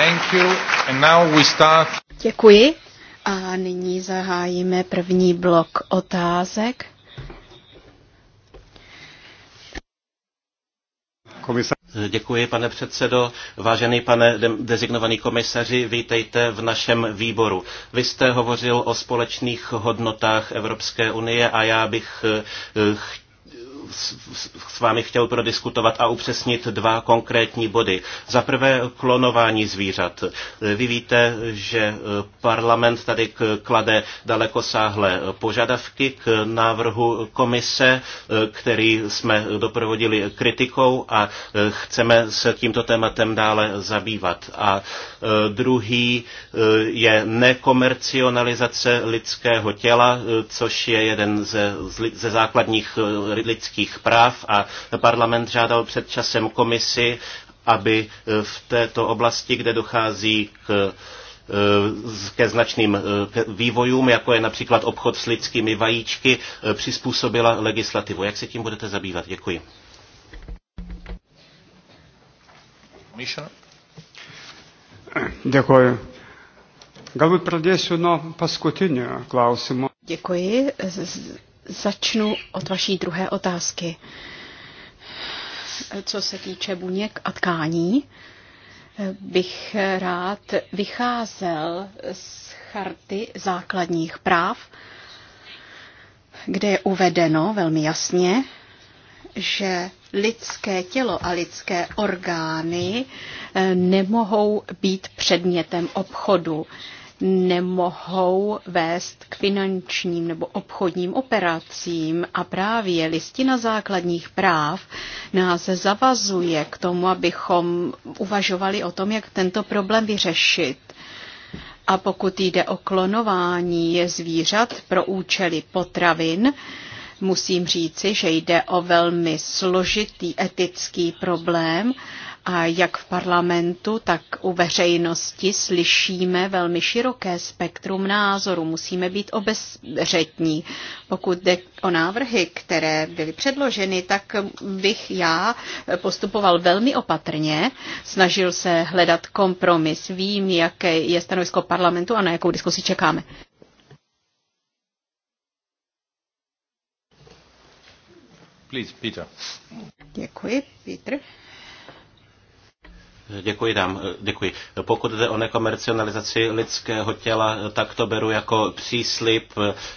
Thank you. And now we start. Děkuji. A nyní zahájíme první blok otázek. Komisar. Děkuji, pane předsedo. Vážený pane dezignovaný komisaři, vítejte v našem výboru. Vy jste hovořil o společných hodnotách Evropské unie a já bych chtěl eh, s vámi chtěl prodiskutovat a upřesnit dva konkrétní body. Za prvé klonování zvířat. Vy víte, že eh, parlament tady klade dalekosáhlé požadavky k návrhu komise, eh, který jsme doprovodili kritikou a eh, chceme se tímto tématem dále zabývat. A druhý je nekomercionalizace lidského těla, což je jeden ze, ze základních lidských lidských práv a parlament žádal před časem komisi, aby e, v této oblasti, kde dochází k e, ke značným e, vývojům, jako je například obchod s lidskými vajíčky, přizpůsobila legislativu. Jak se tím budete zabývat? Děkuji. Míša? Děkuji. Galbūt pradėsiu nuo paskutinio klausimo. Děkuji. Začnu od vaší druhé otázky. Co se týče buněk a tkání, bych rád vycházel z charty základních práv, kde je uvedeno velmi jasně, že lidské tělo a lidské orgány nemohou být předmětem obchodu nemohou vést k finančním nebo obchodním operacím a právě listina základních práv nás zavazuje k tomu, abychom uvažovali o tom, jak tento problém vyřešit. A pokud jde o klonování zvířat pro účely potravin, musím říci, že jde o velmi složitý etický problém a jak v parlamentu, tak u veřejnosti slyšíme velmi široké spektrum názorů. Musíme být obezřetní. Pokud jde o návrhy, které byly předloženy, tak bych já postupoval velmi opatrně. Snažil se hledat kompromis. Vím, jaké je stanovisko parlamentu a na jakou diskusi čekáme. Please, Peter. Děkuji, Peter. Děkuji, dám, děkuji. Pokud jde o nekomercionalizaci lidského těla, tak to beru jako příslip,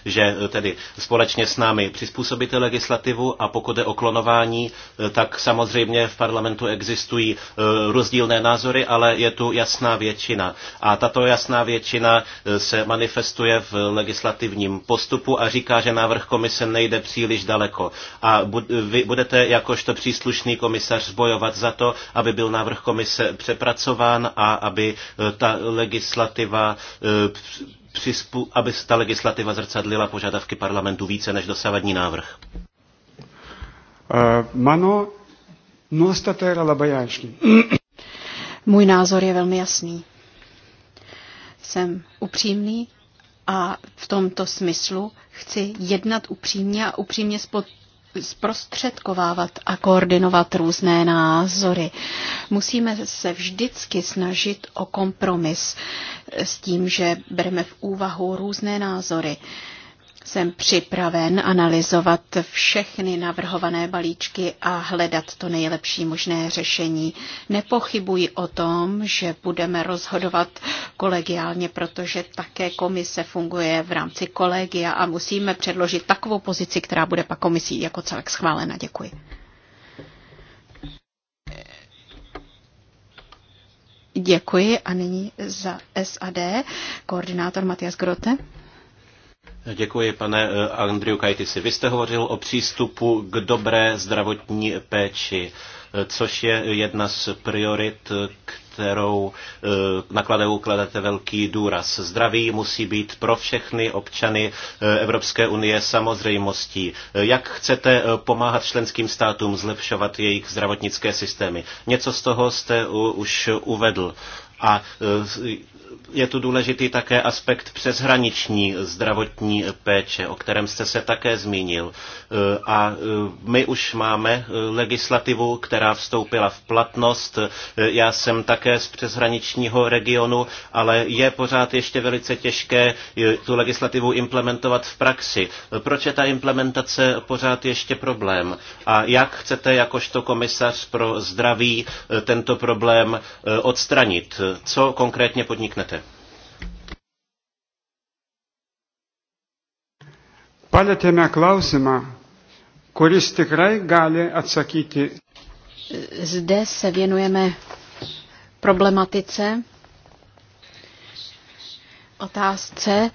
že tedy společně s námi přizpůsobíte legislativu a pokud jde o klonování, tak samozřejmě v parlamentu existují eh, rozdílné názory, ale je tu jasná většina. A tato jasná většina eh, se manifestuje v legislativním postupu a říká, že návrh komise nejde příliš daleko. A vy budete jakožto příslušný komisař bojovat za to, aby byl návrh komise pře- přepracován a aby e, ta legislativa e, přizpů, aby ta legislativa zrcadlila požadavky parlamentu více než dosavadní návrh. E, Mano, no Můj názor je velmi jasný. Jsem upřímný a v tomto smyslu chci jednat upřímně a upřímně s zprostředkovávat a koordinovat různé názory. Musíme se vždycky snažit o kompromis s tím, že bereme v úvahu různé názory. Uh, jsem připraven analyzovat všechny navrhované balíčky a hledat to nejlepší možné řešení. Nepochybuji o tom, že budeme rozhodovat kolegiálně, protože také komise funguje v rámci kolegia a musíme předložit takovou pozici, která bude pak komisí jako celek schválena. Děkuji. Děkuji a nyní za SAD koordinátor Matias Grote. Děkuji, pane eh, Andriu Kajtisi. Vy jste hovořil o přístupu k dobré zdravotní péči, eh, což je jedna z priorit, eh, kterou na kterou kladete velký důraz. Zdraví musí být pro všechny občany Evropské unie samozřejmostí. Jak chcete pomáhat členským státům zlepšovat jejich zdravotnické systémy? Něco z toho jste už uvedl. A je tu důležitý také aspekt přeshraniční zdravotní péče, o kterém jste se také zmínil. E, a e, my už máme e, legislativu, která vstoupila v platnost. Já jsem také z přeshraničního regionu, ale je pořád ještě velice těžké tu legislativu implementovat v praxi. Proč je ta implementace pořád ještě problém? A jak chcete jakožto komisař pro zdraví tento problém odstranit? Co konkrétně podniknete? palėtėme klausimą, kuris tikrai gali atsakyti. Zde se věnujeme problematice, otázce,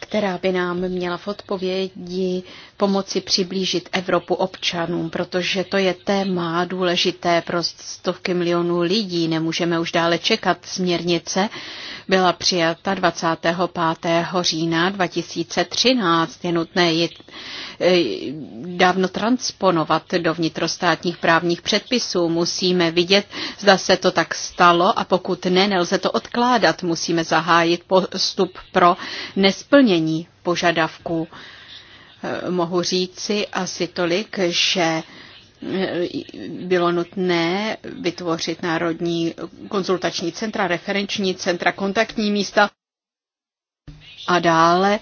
která by nám měla v odpovědi pomoci přiblížit Evropu občanům, protože to je téma důležité pro stovky milionů lidí. Nemůžeme už dále čekat. Směrnice byla přijata 25. října 2013. Je nutné ji e, dávno transponovat do vnitrostátních právních předpisů. Musíme vidět, zda se to tak stalo a pokud ne, nelze to odkládat. Musíme zahájit postup pro nesplnění požadavků mohu říci asi tolik, že eh, bylo nutné vytvořit národní konzultační centra, referenční centra, kontaktní místa a dále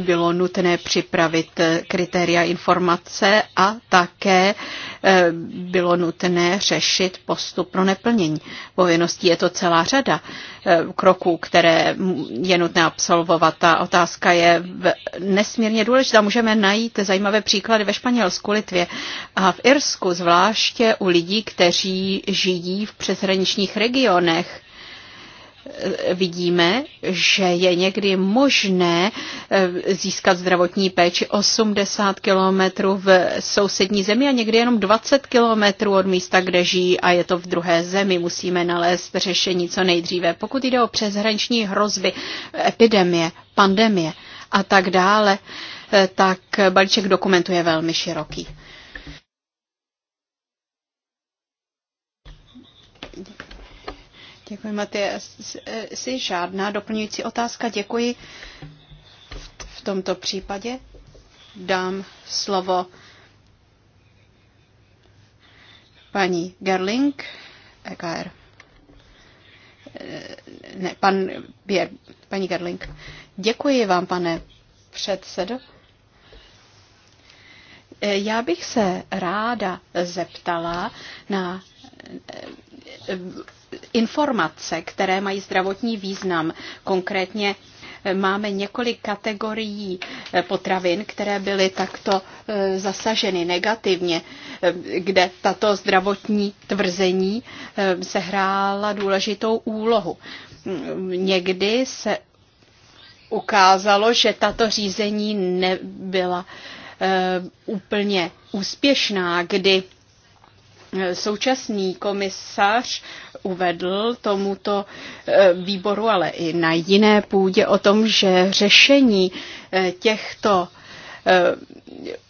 bylo nutné připravit kritéria informace a také eh, bylo nutné řešit postup pro neplnění povinností. Je to celá řada eh, kroků, které je nutné absolvovat. Ta otázka je nesmírně důležitá. Můžeme najít zajímavé příklady ve Španělsku, Litvě a v Irsku, zvláště u lidí, kteří žijí v přeshraničních regionech vidíme, že je někdy možné eh, získat zdravotní péči 80 kilometrů v sousední zemi a někdy jenom 20 kilometrů od místa, kde žijí a je to v druhé zemi. Musíme nalézt řešení co nejdříve. Pokud jde o přeshraniční hrozby, epidemie, pandemie a tak dále, eh, tak balíček dokumentuje velmi široký. Děkuji, Matěj. Si žádná doplňující otázka. Děkuji. V tomto případě dám slovo paní Gerling, EKR. Ne, pan, je, paní Gerling. Děkuji vám, pane předsedo. Já bych se ráda zeptala na informace, které mají zdravotní význam. Konkrétně eh, máme několik kategorií eh, potravin, které byly takto eh, zasaženy negativně, kde tato zdravotní tvrzení sehrála důležitou úlohu. Mm, někdy se ukázalo, že tato řízení nebyla úplně úspěšná, kdy současný komisař uvedl tomuto eh, výboru, ale i na jiné půdě o tom, že řešení eh, těchto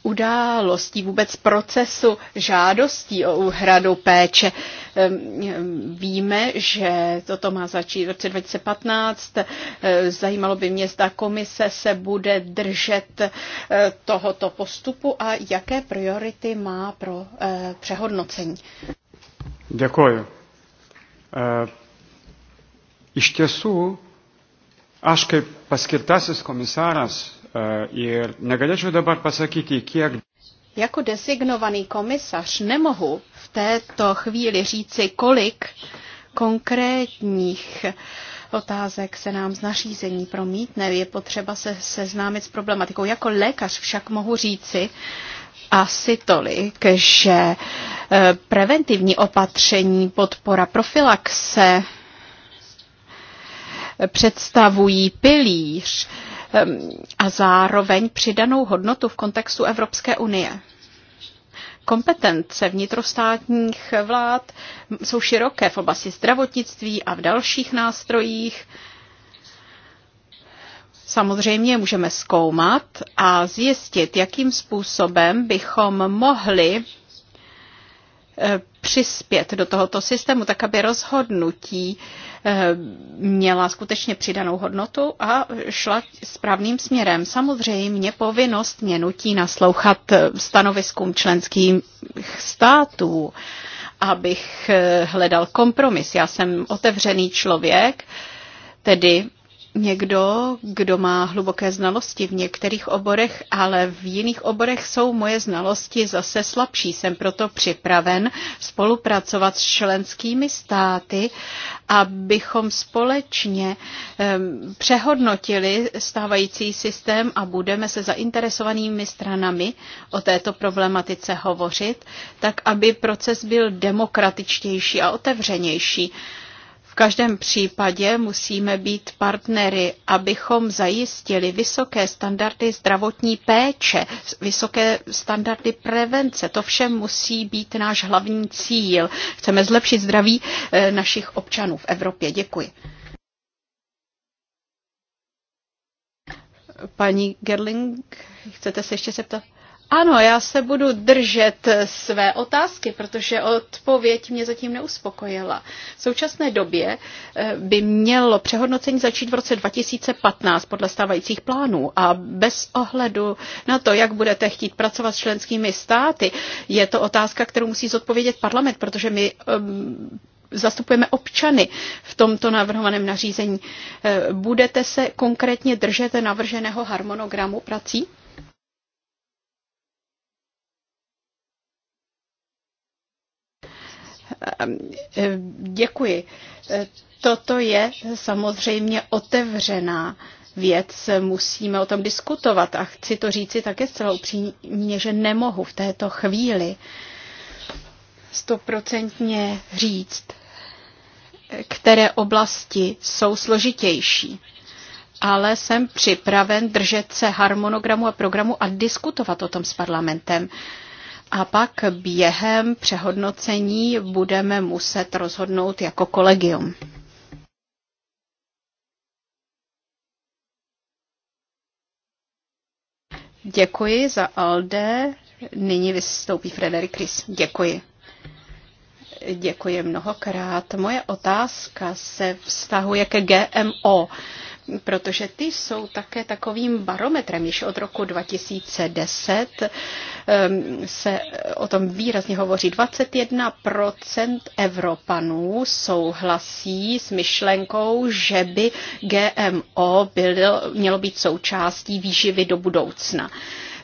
událostí, vůbec procesu žádostí o úhradu péče. Víme, že toto má začít v roce 2015. Zajímalo by mě, zda komise se bude držet tohoto postupu a jaké priority má pro přehodnocení. Děkuji. Iš tiesų, aš kaip paskirtasis komisaras E, ir negalėčiau dabar pasakyti, kiek. Jako designovaný komisař nemohu v této chvíli říci, kolik konkrétních otázek se nám z nařízení promítne. Je potřeba se seznámit s problematikou. Jako lékař však mohu říci, asi tolik, že e, preventivní opatření, podpora profilaxe představují pilíř Ehm, a zároveň přidanou hodnotu v kontextu Evropské unie. Kompetence vnitrostátních vlád jsou široké v oblasti zdravotnictví a v dalších nástrojích. Samozřejmě můžeme zkoumat a zjistit, jakým způsobem bychom mohli Eh, přispět do tohoto systému, tak aby rozhodnutí eh, měla skutečně přidanou hodnotu a šla správným směrem. Samozřejmě povinnost mě nutí naslouchat eh, stanoviskům členských států, abych hledal kompromis. Já jsem otevřený člověk, tedy někdo, kdo má hluboké znalosti v některých oborech, ale v jiných oborech jsou moje znalosti zase slabší. Jsem proto připraven spolupracovat s členskými státy, abychom společně um, přehodnotili stávající systém a budeme se zainteresovanými stranami o této problematice hovořit, tak aby proces byl demokratičtější a otevřenější každém případě musíme být partnery, abychom zajistili vysoké standardy zdravotní péče, vysoké standardy prevence. To vše musí být náš hlavní cíl. Chceme zlepšit zdraví eh, našich občanů v Evropě. Děkuji. Paní Gerling, chcete se ještě zeptat? Ano, já se budu držet své otázky, protože odpověď mě zatím neuspokojila. V současné době eh, by mělo přehodnocení začít v roce 2015 podle stávajících plánů a bez ohledu na to, jak budete chtít pracovat s členskými státy, je to otázka, kterou musí zodpovědět parlament, protože my ehm, zastupujeme občany v tomto navrhovaném nařízení. Eh, budete se konkrétně držet navrženého harmonogramu prací? Ehm, ehm, děkuji. E, toto je samozřejmě otevřená věc, musíme o tom diskutovat a chci to říci také zcela upřímně, že nemohu v této chvíli stoprocentně říct, které oblasti jsou složitější. Ale jsem připraven držet se harmonogramu a programu a diskutovat o tom s parlamentem a pak během přehodnocení budeme muset rozhodnout jako kolegium. Děkuji za Alde. Nyní vystoupí Frederik Chris. Děkuji. Děkuji mnohokrát. Moje otázka se vztahuje ke GMO protože ty jsou také takovým barometrem. Již od roku 2010 ehm, se o tom výrazně hovoří. 21% Evropanů souhlasí s myšlenkou, že by GMO bylo, mělo být součástí výživy do budoucna.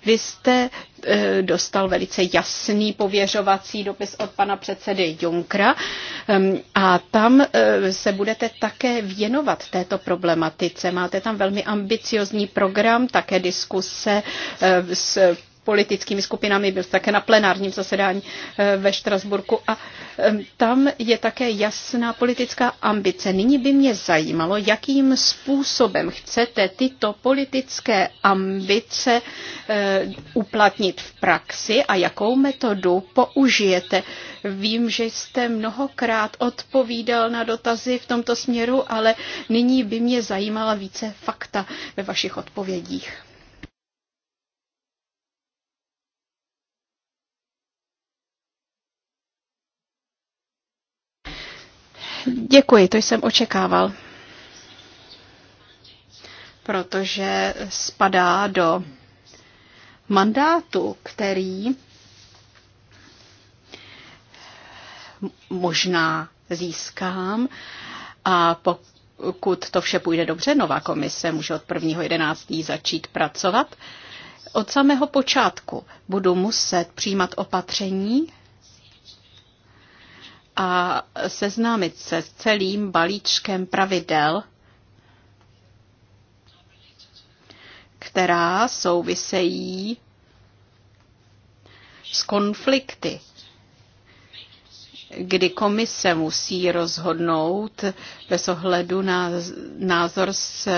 Vy jste Eh, dostal velice jasný pověřovací dopis od pana předsedy Junkra a tam eh, se budete také věnovat této problematice. Máte tam velmi ambiciozní program, také diskuse eh, s politickými skupinami, byl také na plenárním zasedání eh, ve Štrasburku a ehm, tam je také jasná politická ambice. Nyní by mě zajímalo, jakým způsobem chcete tyto politické ambice eh, uplatnit v praxi a jakou metodu použijete. Vím, že jste mnohokrát odpovídal na dotazy v tomto směru, ale nyní by mě zajímala více fakta ve vašich odpovědích. Děkuji, to jsem očekával. Protože spadá do mandátu, který možná získám a pokud to vše půjde dobře, nová komise může od 1.11. začít pracovat. Od samého počátku budu muset přijímat opatření, a seznámit se s celým balíčkem pravidel, která souvisejí s konflikty, kdy komise musí rozhodnout bez ohledu na názor s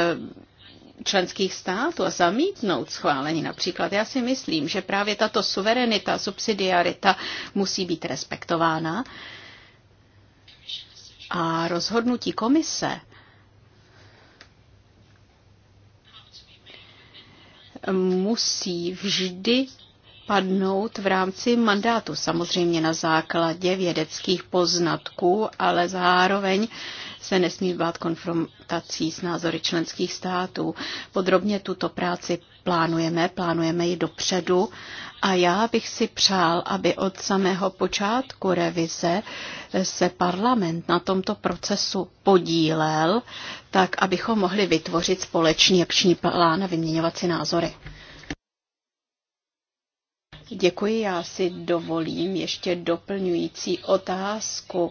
členských států a zamítnout schválení například. Já si myslím, že právě tato suverenita, subsidiarita musí být respektována a rozhodnutí komise musí vždy padnout v rámci mandátu, samozřejmě na základě vědeckých poznatků, ale zároveň se nesmí bát konfrontací s názory členských států. Podrobně tuto práci plánujeme, plánujeme ji dopředu a já bych si přál, aby od samého počátku revize se parlament na tomto procesu podílel, tak abychom mohli vytvořit společný akční plán a vyměňovat si názory. Děkuji, já si dovolím ještě doplňující otázku.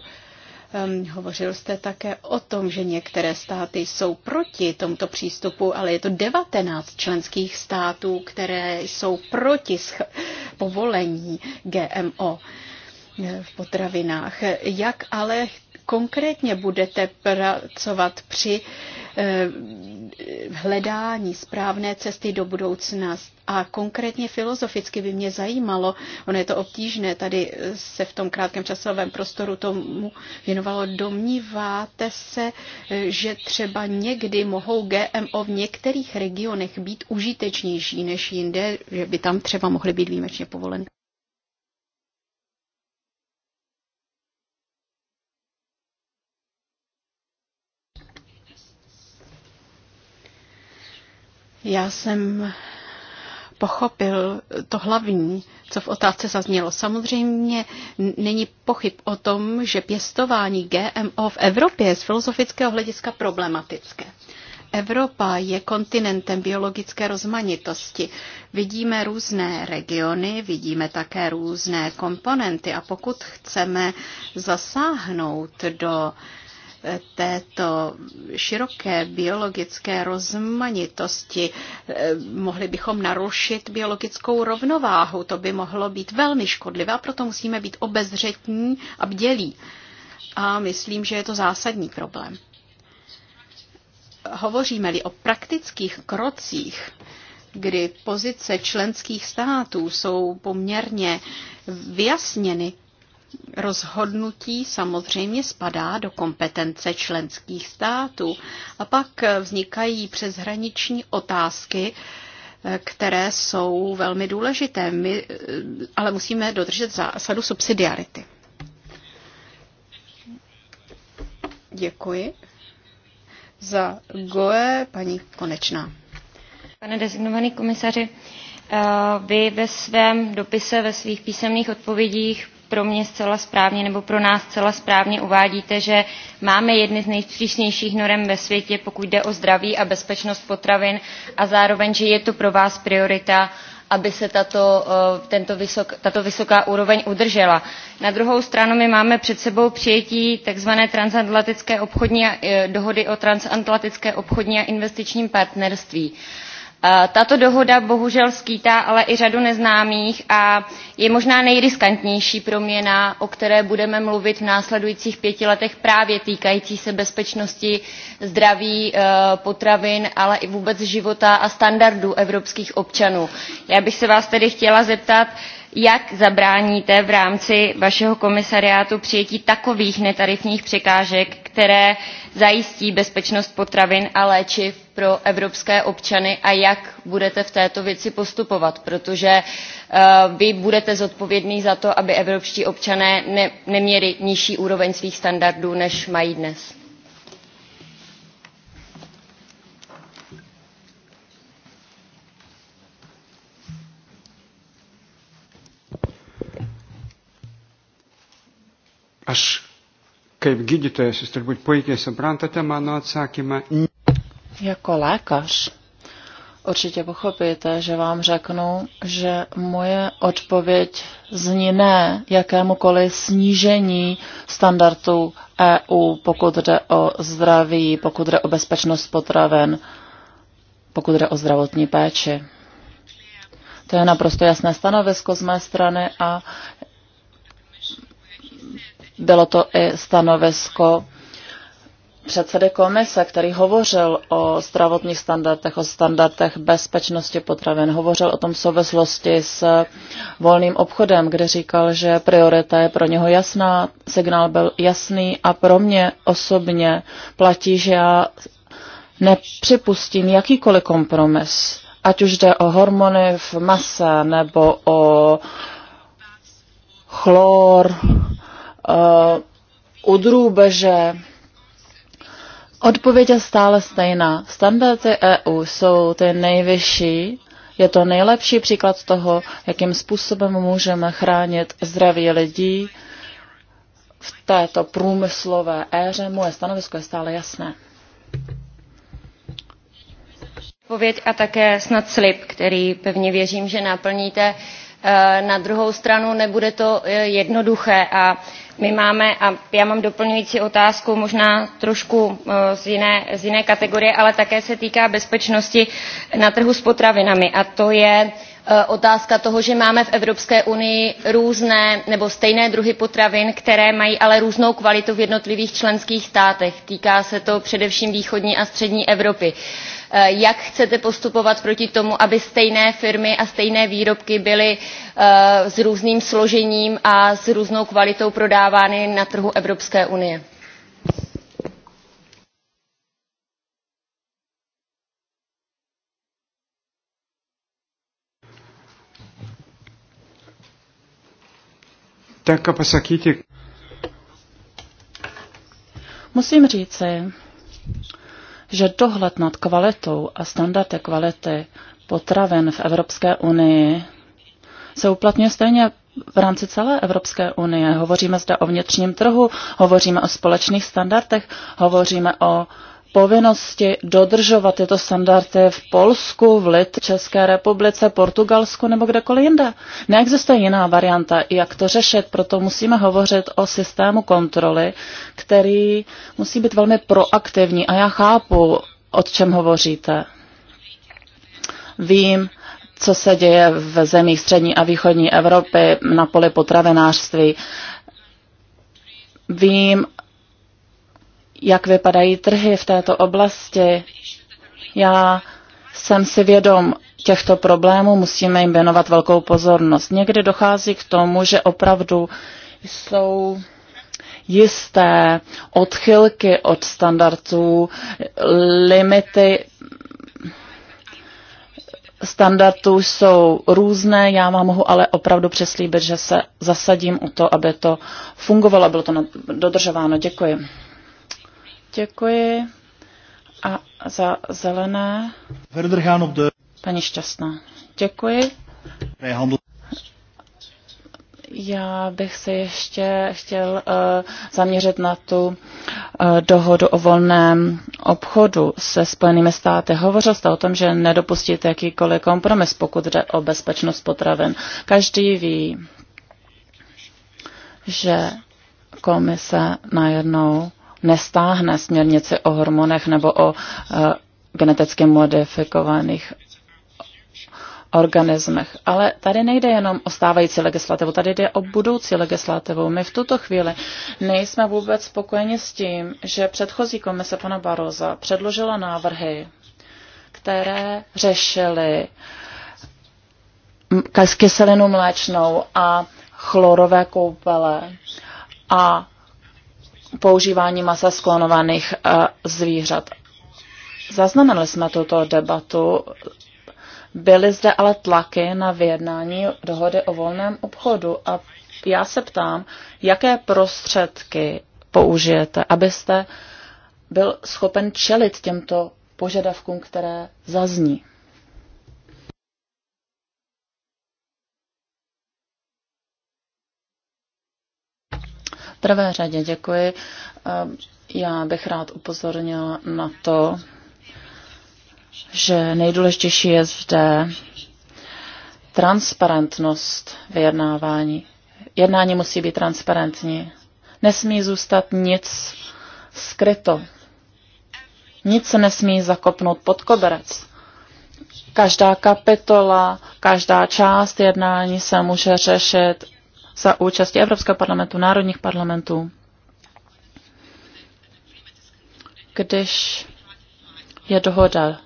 Um, hovořil jste také o tom, že některé státy jsou proti tomuto přístupu, ale je to 19 členských států, které jsou proti povolení GMO v potravinách. Jak ale konkrétně budete pracovat při eh, hledání správné cesty do budoucna. A konkrétně filozoficky by mě zajímalo, ono je to obtížné, tady se v tom krátkém časovém prostoru tomu věnovalo, domníváte se, eh, že třeba někdy mohou GMO v některých regionech být užitečnější než jinde, že by tam třeba mohly být výjimečně povoleny? Já jsem pochopil to hlavní, co v otázce zaznělo. Samozřejmě není pochyb o tom, že pěstování GMO v Evropě je z filozofického hlediska problematické. Evropa je kontinentem biologické rozmanitosti. Vidíme různé regiony, vidíme také různé komponenty a pokud chceme zasáhnout do této široké biologické rozmanitosti. Eh, mohli bychom narušit biologickou rovnováhu. To by mohlo být velmi škodlivé a proto musíme být obezřetní a bdělí. A myslím, že je to zásadní problém. Hovoříme-li o praktických krocích, kdy pozice členských států jsou poměrně vyjasněny, rozhodnutí samozřejmě spadá do kompetence členských států. A pak vznikají přeshraniční otázky, které jsou velmi důležité. My ale musíme dodržet zásadu subsidiarity. Děkuji. Za GOE paní Konečná. Pane designovaný komisaři, eh, vy ve svém dopise, ve svých písemných odpovědích pro mě zcela správně nebo pro nás zcela správně uvádíte, že máme jedny z nejpřísnějších norem ve světě, pokud jde o zdraví a bezpečnost potravin a zároveň, že je to pro vás priorita aby se tato, eh, tento vysok, tato vysoká úroveň udržela. Na druhou stranu my máme před sebou přijetí tzv. transatlantické obchodní eh, dohody o transatlantické obchodní a investičním partnerství. Eh, tato dohoda bohužel skýtá ale i řadu neznámých a je možná nejriskantnější proměna, o které budeme mluvit v následujících pěti letech právě týkající se bezpečnosti, zdraví, eh, potravin, ale i vůbec života a standardů evropských občanů. Já bych se vás tedy chtěla zeptat, jak zabráníte v rámci vašeho komisariátu přijetí takových netarifních překážek které zajistí bezpečnost potravin a léčiv pro evropské občany a jak budete v této věci postupovat protože eh, vy budete zodpovědný za to aby evropští občané neměli nižší úroveň svých standardů než mají dnes. Aš kaip gydytojas, jūs turbūt puikiai suprantate mano atsakymą. Jako lékař určitě pochopíte, že vám řeknu, že moje odpověď zní ne jakémukoliv snížení standardů EU, pokud jde o zdraví, pokud jde o bezpečnost potraven, pokud jde o zdravotní péči. To je naprosto jasné stanovisko z mé strany a bylo to i stanovisko předsedy komise, který hovořil o zdravotních standardech, o standardech bezpečnosti potravin, hovořil o tom v souvislosti s volným obchodem, kde říkal, že priorita je pro něho jasná, signál byl jasný a pro mě osobně platí, že já nepřipustím jakýkoliv kompromis, ať už jde o hormony v mase nebo o chlor, od uh, drůbeže. Odpověď je stále stejná. Standardy EU jsou ty nejvyšší. Je to nejlepší příklad toho, jakým způsobem můžeme chránit zdraví lidí v této průmyslové éře. Moje stanovisko je stále jasné. Odpověď a také snad slib, který pevně věřím, že naplníte. Eh, na druhou stranu nebude to eh, jednoduché a my máme a já mám doplňující otázku možná trošku eh, z jiné, z jiné kategorie ale také se týká bezpečnosti na trhu s potravinami a to je otázka toho že máme v evropské unii různé nebo stejné druhy potravin které mají ale různou kvalitu v jednotlivých členských státech týká se to především východní a střední evropy. Eh, jak chcete postupovat proti tomu aby stejné firmy a stejné výrobky byly eh, s různým složením a s různou kvalitou prodávány na trhu evropské unie. Tak a Musím říci, že dohled nad kvalitou a standardy kvality potravin v Evropské unii se uplatňuje stejně v rámci celé Evropské unie. Hovoříme zde o vnitřním trhu, hovoříme o společných standardech, hovoříme o povinnosti dodržovat tyto standardy v Polsku, v Lit, České republice, Portugalsku nebo kdekoliv jinde. Neexistuje jiná varianta, jak to řešit, proto musíme hovořit o systému kontroly, který musí být velmi proaktivní a já chápu, o čem hovoříte. Vím, co se děje v zemích střední a východní Evropy na poli potravinářství. Vím jak vypadají trhy v této oblasti. Já jsem si vědom těchto problémů, musíme jim věnovat velkou pozornost. Někdy dochází k tomu, že opravdu jsou jisté odchylky od standardů, limity standardů jsou různé, já vám mohu ale opravdu přeslíbit, že se zasadím o to, aby to fungovalo, bylo to dodržováno. Děkuji. Děkuji. A za zelené. Paní Šťastná. Děkuji. Já bych se ještě chtěl uh, zaměřit na tu uh, dohodu o volném obchodu se Spojenými státy. Hovořil jste o tom, že nedopustíte jakýkoliv kompromis, pokud jde o bezpečnost potravin. Každý ví, že komise najednou nestáhne směrnici o hormonech nebo o eh, geneticky modifikovaných organismech. Ale tady nejde jenom o stávající legislativu, tady jde o budoucí legislativu. My v tuto chvíli nejsme vůbec spokojeni s tím, že předchozí komise pana Baroza předložila návrhy, které řešily kyselinu mléčnou a chlorové koupele a používání masa sklonovaných eh, zvířat. Zaznamenali jsme tuto debatu, byly zde ale tlaky na vyjednání dohody o volném obchodu a já se ptám, jaké prostředky použijete, abyste byl schopen čelit těmto požadavkům, které zazní. prvé řadě děkuji. Eh, já bych rád upozornila na to, že nejdůležitější je zde transparentnost vyjednávání. Jednání musí být transparentní. Nesmí zůstat nic skryto. Nic se nesmí zakopnout pod koberec. Každá kapitola, každá část jednání se může řešit za účasti Evropského parlamentu, národních parlamentů. Když je dohoda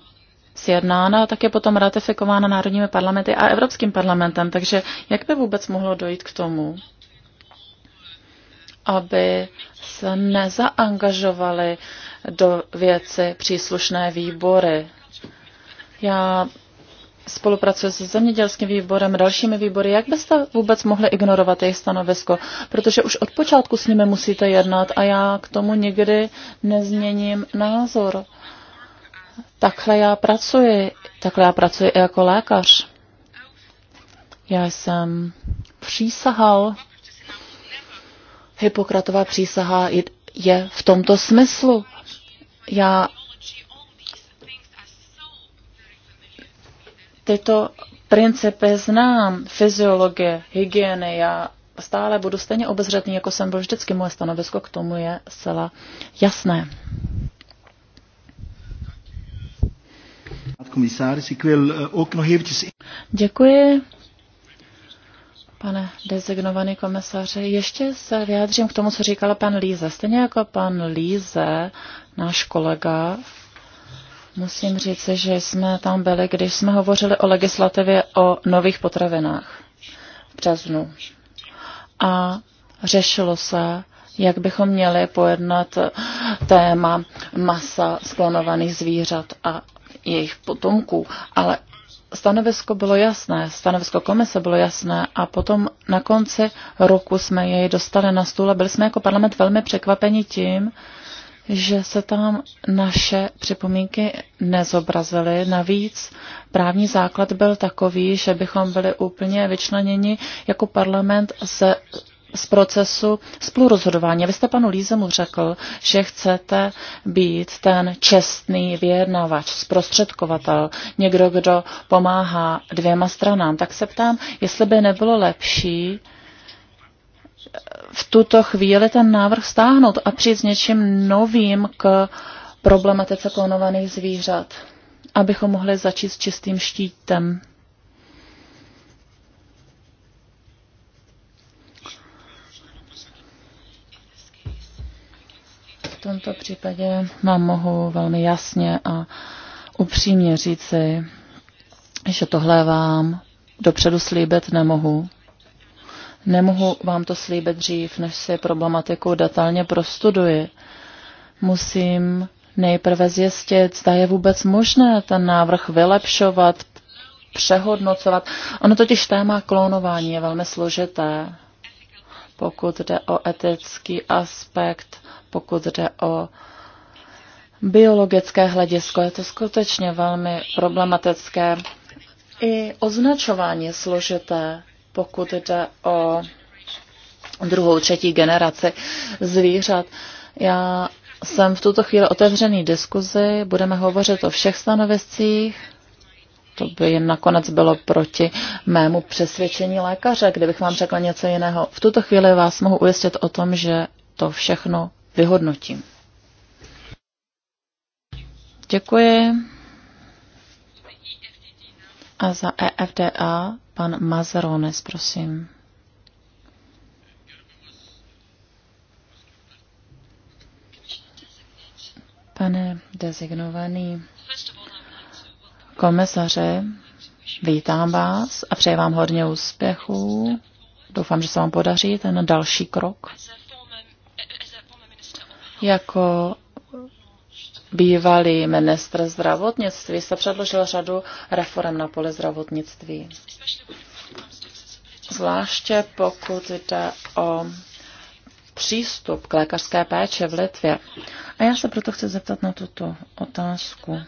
sjednána, tak je potom ratifikována národními parlamenty a Evropským parlamentem. Takže jak by vůbec mohlo dojít k tomu, aby se nezaangažovali do věci příslušné výbory? Já spolupracuje se zemědělským výborem, dalšími výbory, jak byste vůbec mohli ignorovat jejich stanovisko? Protože už od počátku s nimi musíte jednat a já k tomu nikdy nezměním názor. Takhle já pracuji, takhle já pracuji i jako lékař. Já jsem přísahal. Hipokratová přísaha je v tomto smyslu. Já tyto principy znám, fyziologie, hygieny, já stále budu stejně obezřetný, jako jsem byl vždycky. Moje stanovisko k tomu je zcela jasné. Äh, Děkuji, pane designovaný komisaři. Ještě se vyjádřím k tomu, co říkala pan Líze. Stejně jako pan Líze, náš kolega, Musím říct, že jsme tam byli, když jsme hovořili o legislativě o nových potravinách v březnu. A řešilo se, jak bychom měli pojednat téma masa sklonovaných zvířat a jejich potomků, ale stanovisko bylo jasné, stanovisko komise bylo jasné a potom na konci roku jsme jej dostali na stůl a byli jsme jako parlament velmi překvapeni tím, že se tam naše připomínky nezobrazily. Navíc právní základ byl takový, že bychom byli úplně vyčleněni jako parlament ze z procesu spolurozhodování. Vy jste panu Lízemu řekl, že chcete být ten čestný vyjednavač, zprostředkovatel, někdo, kdo pomáhá dvěma stranám. Tak se ptám, jestli by nebylo lepší v tuto chvíli ten návrh stáhnout a přijít s něčím novým k problematice klonovaných zvířat, abychom mohli začít s čistým štítem. V tomto případě vám mohu velmi jasně a upřímně říci, že tohle vám dopředu slíbit nemohu. Nemohu vám to slíbit dřív, než se problematiku detailně prostuduji. Musím nejprve zjistit, zda je vůbec možné ten návrh vylepšovat, přehodnocovat. Ono totiž téma klonování je velmi složité, pokud jde o etický aspekt, pokud jde o biologické hledisko. Je to skutečně velmi problematické. I označování je složité pokud jde o druhou, třetí generaci zvířat. Já jsem v tuto chvíli otevřený diskuzi, budeme hovořit o všech stanoviscích, to by nakonec bylo proti mému přesvědčení lékaře, kdybych vám řekla něco jiného. V tuto chvíli vás mohu ujistit o tom, že to všechno vyhodnotím. Děkuji. A za EFDA Pan Mazarones, prosím. Pane designovaný komisaře, vítám vás a přeji vám hodně úspěchů. Doufám, že se vám podaří ten další krok. Jako bývalý ministr zdravotnictví se předložil řadu reform na poli zdravotnictví. Zvláště pokud jde o přístup k lékařské péči v Litvě. A já se proto chci zeptat na tuto otázku.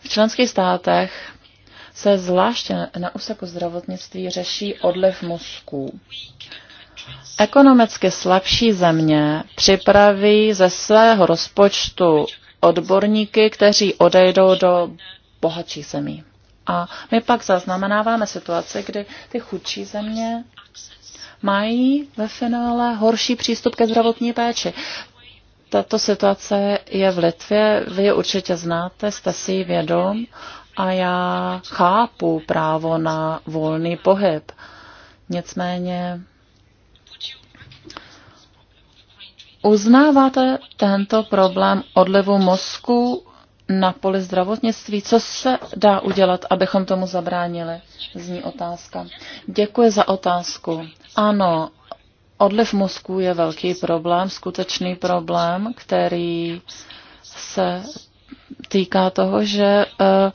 V členských státech se zvláště na úseku zdravotnictví řeší odliv mozků. Ekonomicky slabší země připraví ze svého rozpočtu odborníky, kteří odejdou do bohatších zemí. A my pak zaznamenáváme situaci, kdy ty chudší země mají ve finále horší přístup ke zdravotní péči. Tato situace je v Litvě, vy je určitě znáte, jste si ji vědom a já chápu právo na volný pohyb. Nicméně Uznáváte tento problém odlivu mozku na poli zdravotnictví? Co se dá udělat, abychom tomu zabránili? Zní otázka. Děkuji za otázku. Ano, odliv mozku je velký problém, skutečný problém, který se týká toho, že uh,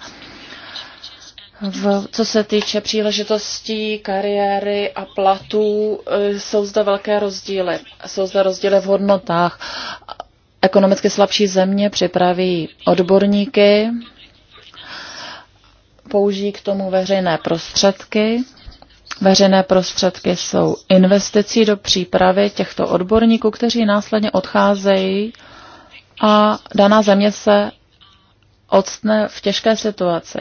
v, co se týče příležitostí, kariéry a platů, e, jsou zde velké rozdíly. Jsou zde rozdíly v hodnotách. Ekonomicky slabší země připraví odborníky, použijí k tomu veřejné prostředky. Veřejné prostředky jsou investicí do přípravy těchto odborníků, kteří následně odcházejí a daná země se odstne v těžké situaci.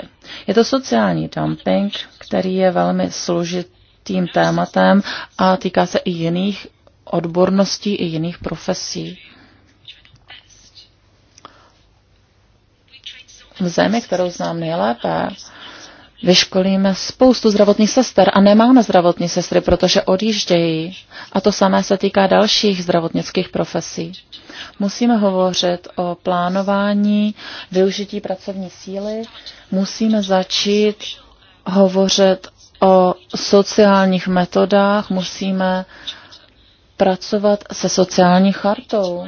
Je to sociální dumping, který je velmi složitým tématem a týká se i jiných odborností, i jiných profesí. V zemi, kterou znám nejlépe, vyškolíme spoustu zdravotních sester a nemáme zdravotní sestry, protože odjíždějí. A to samé se týká dalších zdravotnických profesí. Musíme hovořit o plánování, využití pracovní síly, musíme začít hovořit o sociálních metodách, musíme pracovat se sociální chartou.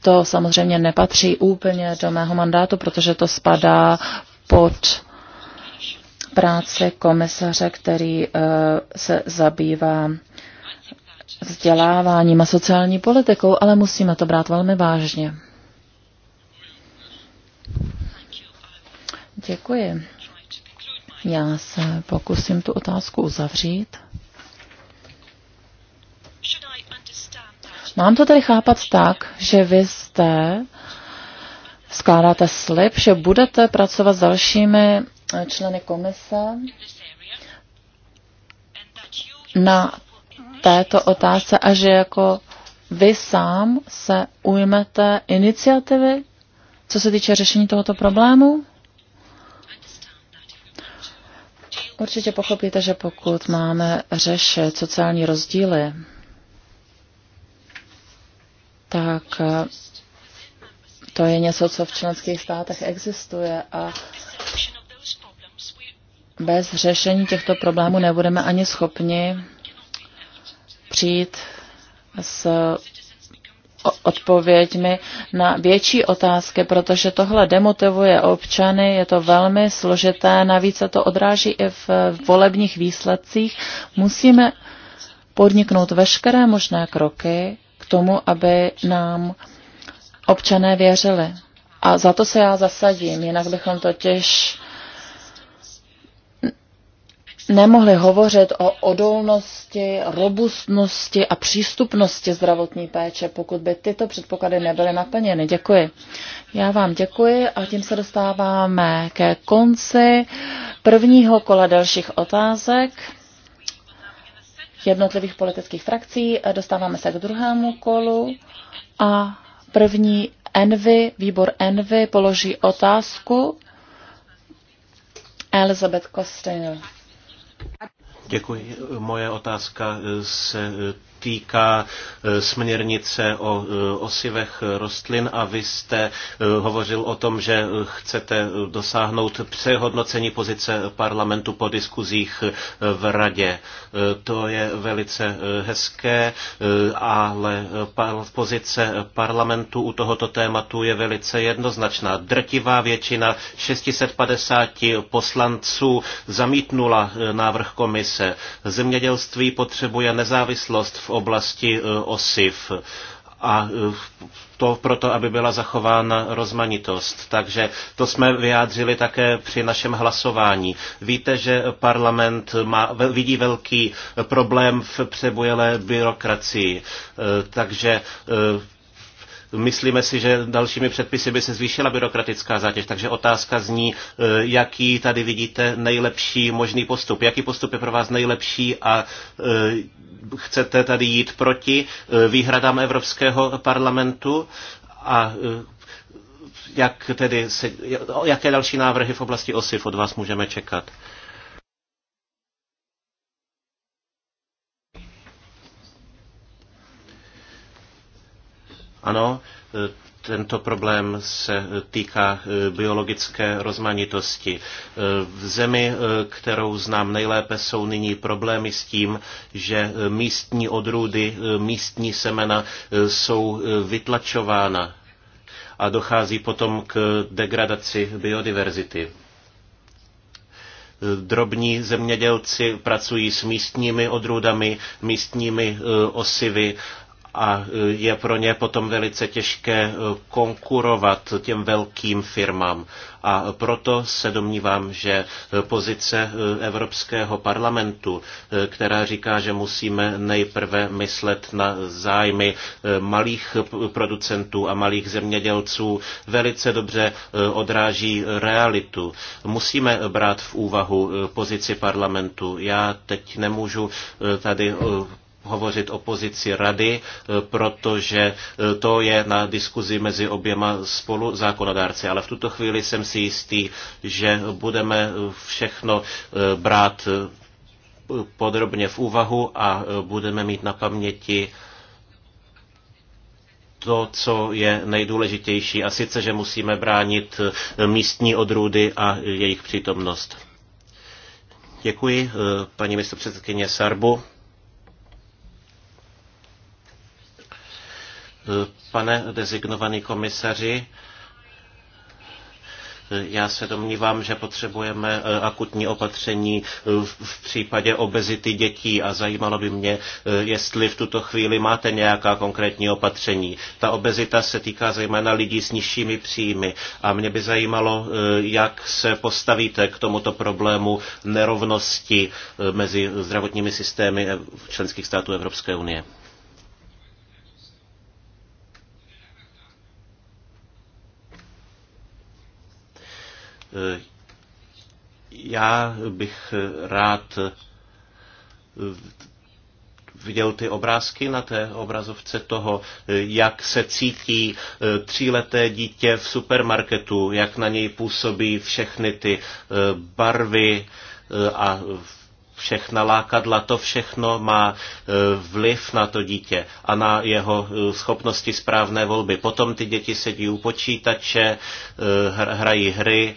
To samozřejmě nepatří úplně do mého mandátu, protože to spadá pod práce komisaře, který eh, se zabývá vzděláváním a sociální politikou, ale musíme to brát velmi vážně. Děkuji. Já se pokusím tu otázku uzavřít. Mám to tedy chápat tak, že vy jste skládáte slib, že budete pracovat s dalšími eh, členy komise na této otázce a že jako vy sám se ujmete iniciativy, co se týče řešení tohoto problému? Určitě pochopíte, že pokud máme řešit sociální rozdíly tak eh, to je něco, co v členských státech existuje a bez řešení těchto problémů nebudeme ani schopni přijít s odpověďmi na větší otázky, protože tohle demotivuje občany, je to velmi složité, navíc se to odráží i v volebních výsledcích. Musíme podniknout veškeré možné kroky, tomu, aby nám občané věřili. A za to se já zasadím, jinak bychom totiž nemohli hovořit o odolnosti, robustnosti a přístupnosti zdravotní péče, pokud by tyto předpoklady nebyly naplněny. Děkuji. Já vám děkuji a tím se dostáváme ke konci prvního kola dalších otázek jednotlivých politických frakcí. Dostáváme se k druhému kolu a první Envy, výbor Envy položí otázku Elizabeth Costello. Děkuji. Moje otázka se týká e, směrnice o e, osivech rostlin a vy jste e, hovořil o tom, že chcete dosáhnout přehodnocení pozice parlamentu po diskuzích v radě. To je velice hezké, ale pozice parlamentu u tohoto tématu je velice jednoznačná. Drtivá většina 650 poslanců zamítnula návrh komise. Zemědělství potřebuje nezávislost v v oblasti e, osiv a e, to proto, aby byla zachována rozmanitost. Takže to jsme vyjádřili také při našem hlasování. Víte, že parlament má, vidí velký problém v přebujelé byrokracii. E, takže myslíme si, že dalšími předpisy by se zvýšila byrokratická zátěž. Takže otázka zní, e, jaký tady vidíte nejlepší možný postup. Jaký postup je pro vás nejlepší a e, chcete tady jít proti e, výhradám Evropského parlamentu a jak tedy se, jaké další návrhy v oblasti OSIF od vás můžeme čekat? Ano, e, tento problém se týká e, biologické rozmanitosti. E, v zemi, kterou znám nejlépe, jsou nyní problémy s tím, že místní odrůdy, místní semena jsou vytlačována a dochází potom k degradaci biodiverzity drobní zemědělci pracují s místními odrůdami, místními osivy a e, je pro ně potom velice těžké e, konkurovat těm velkým firmám. A proto se domnívám, že e, pozice Evropského parlamentu, která říká, že musíme nejprve myslet na zájmy malých producentů a malých zemědělců, velice dobře odráží realitu. Musíme brát v úvahu pozici parlamentu. Já teď nemůžu tady hovořit o pozici rady, e, protože e, to je na diskuzi mezi oběma spolu zákonodárci. Ale v tuto chvíli jsem si jistý, že budeme všechno e, brát podrobně v úvahu a budeme mít na paměti to, co je nejdůležitější, a sice, že musíme bránit místní odrůdy a jejich přítomnost. Děkuji, paní místopředsedkyně Sarbu. Pane dezignovaný komisaři, já se domnívám, že potřebujeme eh, akutní opatření eh, v případě obezity dětí a zajímalo by mě, eh, jestli v tuto chvíli máte nějaká konkrétní opatření. Ta obezita se týká zejména lidí s nižšími příjmy a mě by zajímalo, jak se postavíte k tomuto problému nerovnosti mezi zdravotními systémy členských států Evropské unie. Já bych rád viděl ty obrázky na té obrazovce toho, jak se cítí eh, tříleté dítě v supermarketu, jak na něj působí všechny ty eh, barvy eh, a všechna lákadla, to všechno má e, vliv na to dítě a na jeho e, schopnosti správné volby. Potom ty děti sedí u počítače, e, hrají hry,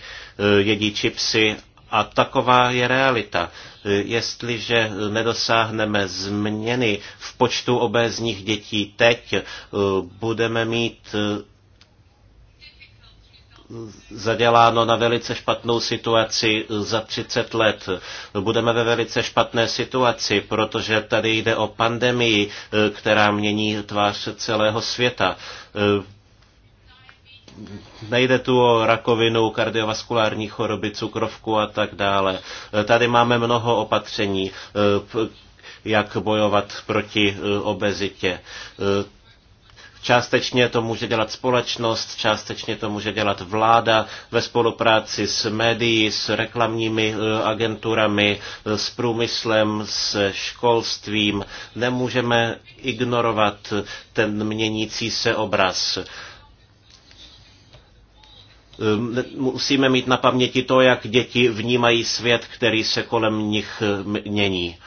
jedí čipsy a taková je realita. Jestliže nedosáhneme změny v počtu obézních dětí teď, budeme mít zaděláno na velice špatnou situaci za 30 let. Budeme ve velice špatné situaci, protože tady jde o pandemii, která mění tvář celého světa. Nejde tu o rakovinu, kardiovaskulární choroby, cukrovku a tak dále. Tady máme mnoho opatření, jak bojovat proti obezitě. Částečně to může dělat společnost, částečně to může dělat vláda ve spolupráci s médií, s reklamními eh, agenturami, eh, s průmyslem, s školstvím. Nemůžeme ignorovat ten měnící se obraz ehm, musíme mít na paměti to, jak děti vnímají svět, který se kolem nich eh, mění.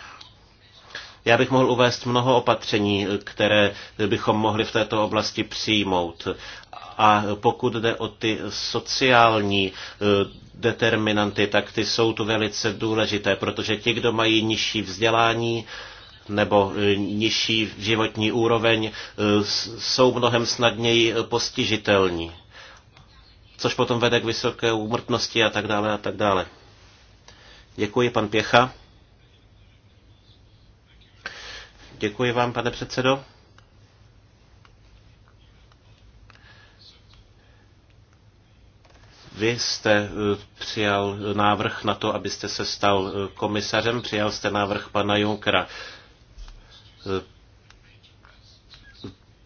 Já bych mohl uvést mnoho opatření, které bychom mohli v této oblasti přijmout. A pokud jde o ty sociální eh, determinanty, tak ty jsou tu velice důležité, protože ti, kdo mají nižší vzdělání, nebo eh, nižší životní úroveň eh, jsou mnohem snadněji postižitelní, což potom vede k vysoké úmrtnosti a tak dále a tak dále. Děkuji, pan Pěcha. Děkuji vám, pane předsedo. Vy jste eh, přijal návrh na to, abyste se stal eh, komisařem, přijal jste návrh pana Junkera. Eh,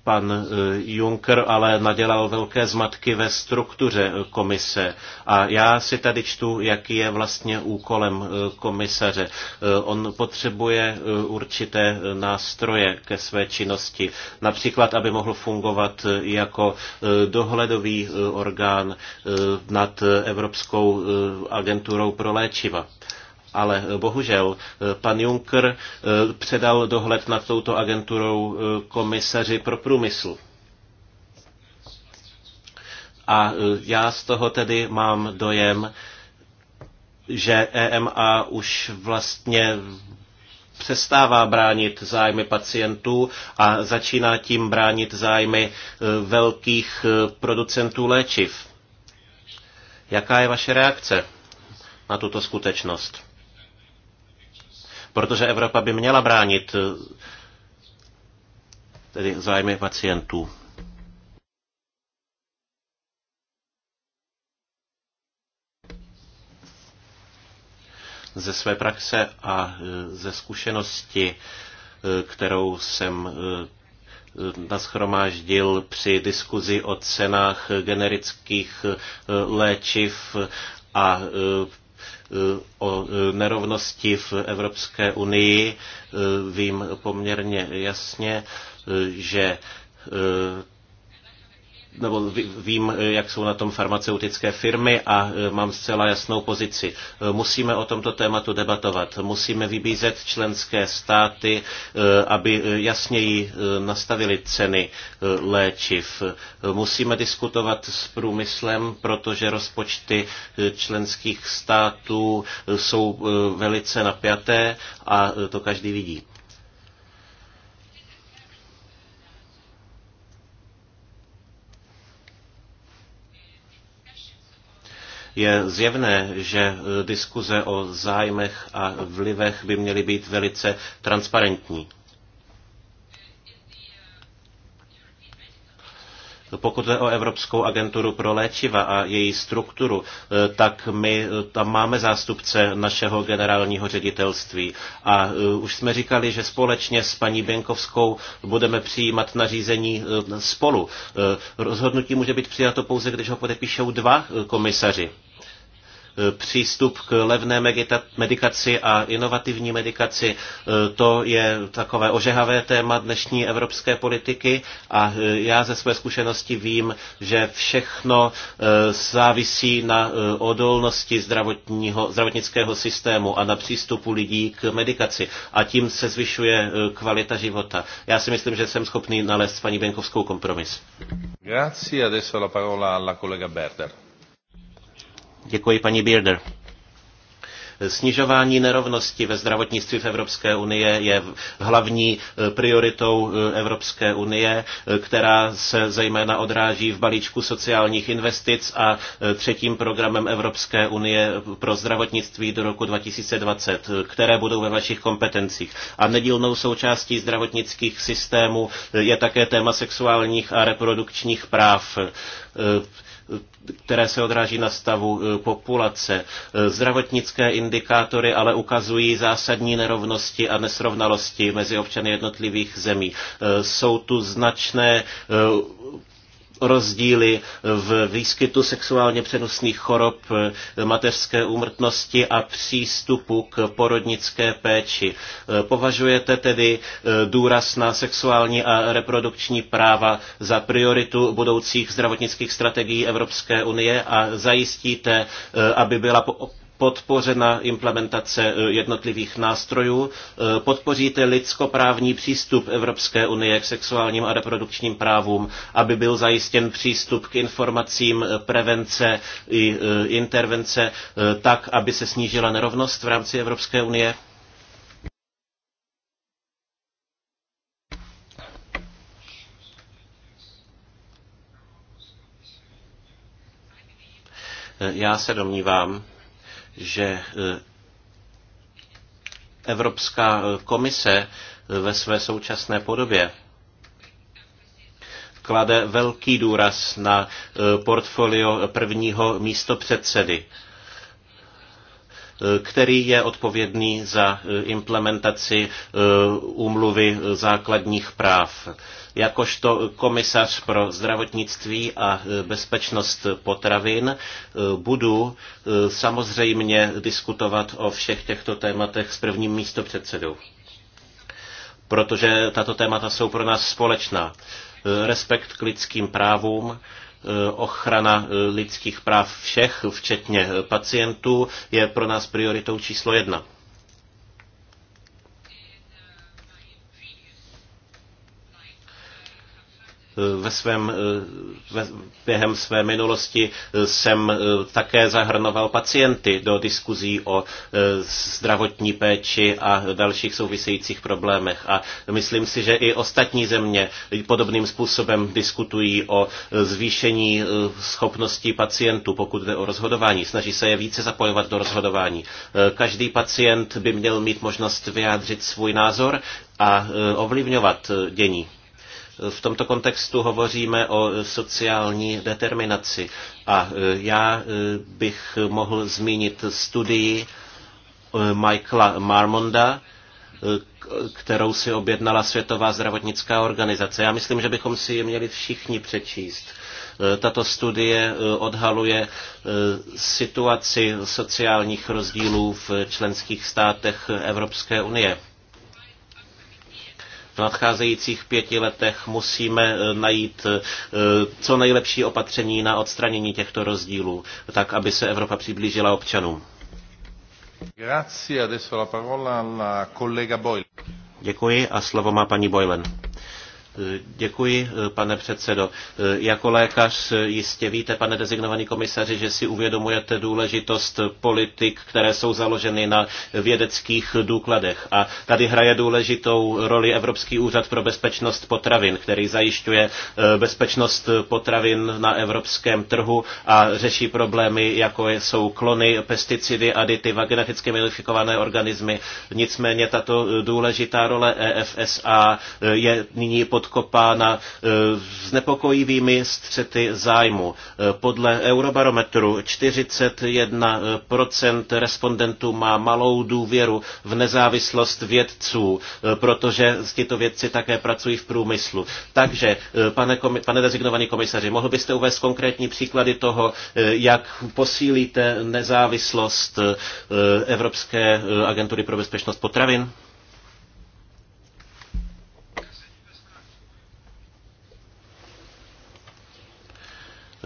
pan eh, Juncker ale nadělal velké zmatky ve struktuře eh, komise. A já si tady čtu, jaký je vlastně úkolem eh, komisaře. On potřebuje určité nástroje ke své činnosti. Například, aby mohl fungovat jako dohledový orgán nad Evropskou agenturou pro léčiva ale eh, bohužel eh, pan Juncker eh, předal dohled nad touto agenturou komisaři pro průmysl. A já z toho tedy mám dojem, že EMA už vlastně přestává bránit zájmy pacientů a začíná tím bránit zájmy velkých producentů léčiv. Jaká je vaše reakce na tuto skutečnost? protože Evropa by měla bránit eh, tedy zájmy pacientů. Ze své praxe a eh, ze zkušenosti, eh, kterou jsem nashromáždil při diskuzi o cenách generických léčiv a o e, nerovnosti v Evropské unii e, vím poměrně jasně, e, že nebo vím, jak jsou na tom farmaceutické firmy a e, mám zcela jasnou pozici. E, musíme o tomto tématu debatovat. Musíme vybízet členské státy, e, aby jasněji nastavili ceny léčiv. Musíme diskutovat s průmyslem, protože rozpočty členských států jsou velice napjaté a to každý vidí. Je zjevné, že e, diskuze o zájmech a vlivech by měly být velice transparentní. Pokud jde o Evropskou agenturu pro léčiva a její strukturu, e, tak my e, tam máme zástupce našeho generálního ředitelství. A už jsme říkali, že společně s paní Benkovskou budeme přijímat nařízení spolu. Rozhodnutí může být přijato pouze, když ho podepíšou dva komisaři. Eh, přístup k levné medikaci a inovativní medikaci, eh, to je takové ožehavé téma dnešní evropské politiky a eh, já ze své zkušenosti vím, že všechno závisí na odolnosti zdravotního, zdravotnického systému a na přístupu lidí k medikaci a tím se zvyšuje kvalita života. Já si myslím, že jsem schopný nalézt s paní Benkovskou kompromis. Grazie, adesso la parola alla collega Berder. Děkuji, paní Bierder. Snižování nerovnosti ve zdravotnictví v Evropské unii je hlavní eh, prioritou eh, Evropské unie, eh, která se zejména odráží v balíčku sociálních investic a třetím programem Evropské unie pro zdravotnictví do roku 2020, které budou ve vašich kompetencích. A nedílnou součástí zdravotnických systémů je také téma sexuálních a reprodukčních práv které se odráží na stavu eh, populace. Eh, zdravotnické indikátory ale ukazují zásadní nerovnosti a nesrovnalosti mezi občany jednotlivých zemí. Eh, jsou tu značné rozdíly v výskytu sexuálně přenosných chorob, eh, mateřské úmrtnosti a přístupu k porodnické péči. Eh, považujete tedy eh, důraz na sexuální a reprodukční práva za prioritu budoucích zdravotnických strategií Evropské unie a zajistíte, aby byla podpořena implementace e, jednotlivých nástrojů, e, podpoříte lidskoprávní přístup Evropské unie k sexuálním a reprodukčním právům, aby byl zajištěn přístup k informacím, e, prevence i intervence tak, aby se snížila nerovnost v rámci Evropské unie? Já se domnívám, že e, Evropská e, komise e, ve své současné podobě klade velký důraz na portfolio prvního místopředsedy. předsedy který je odpovědný za eh, implementaci eh, úmluvy základních práv. Jakožto komisař pro zdravotnictví a eh, bezpečnost potravin budu samozřejmě diskutovat o všech těchto tématech s prvním místopředsedou, protože tato témata jsou pro nás společná. Respekt k lidským právům, Eh, ochrana eh, lidských práv všech, včetně eh, pacientů, je pro nás prioritou číslo jedna. Ve svém, eh, ve, během své minulosti eh, jsem eh, také zahrnoval pacienty do diskuzí o zdravotní péči a dalších souvisejících problémech. A myslím si, že i ostatní země podobným způsobem diskutují o zvýšení schopností pacientů, pokud jde o rozhodování. Snaží se je více zapojovat do rozhodování. Každý pacient by měl mít možnost vyjádřit svůj názor a ovlivňovat dění. V tomto kontextu hovoříme o sociální determinaci a e, já e, bych mohl zmínit studii e, Michaela Marmonda, kterou si objednala Světová zdravotnická organizace. Já myslím, že bychom si ji měli všichni přečíst. Tato studie odhaluje situaci sociálních rozdílů v členských státech Evropské unie v nadcházejících pěti letech musíme eh, najít eh, co nejlepší opatření na odstranění těchto rozdílů, tak aby se Evropa přiblížila občanům. Děkuji a slovo má paní Boylen. Děkuji, pane předsedo. Jako lékař jistě víte, pane designovaný komisaři, že si uvědomujete důležitost politik, které jsou založeny na vědeckých důkladech. A tady hraje důležitou roli Evropský úřad pro bezpečnost potravin, který zajišťuje eh, bezpečnost potravin na evropském trhu a řeší problémy, jako jsou klony, pesticidy, aditiva, geneticky modifikované organismy. Nicméně tato eh, důležitá role EFSA eh, je nyní pod podkopána e, nepokojivými střety zájmu. E, podle Eurobarometru 41% respondentů má malou důvěru v nezávislost vědců, e, protože tyto vědci také pracují v průmyslu. Takže, pane, komi- pane rezignovaný komisaři, mohl byste uvést konkrétní příklady toho, jak posílíte nezávislost Evropské agentury pro bezpečnost potravin?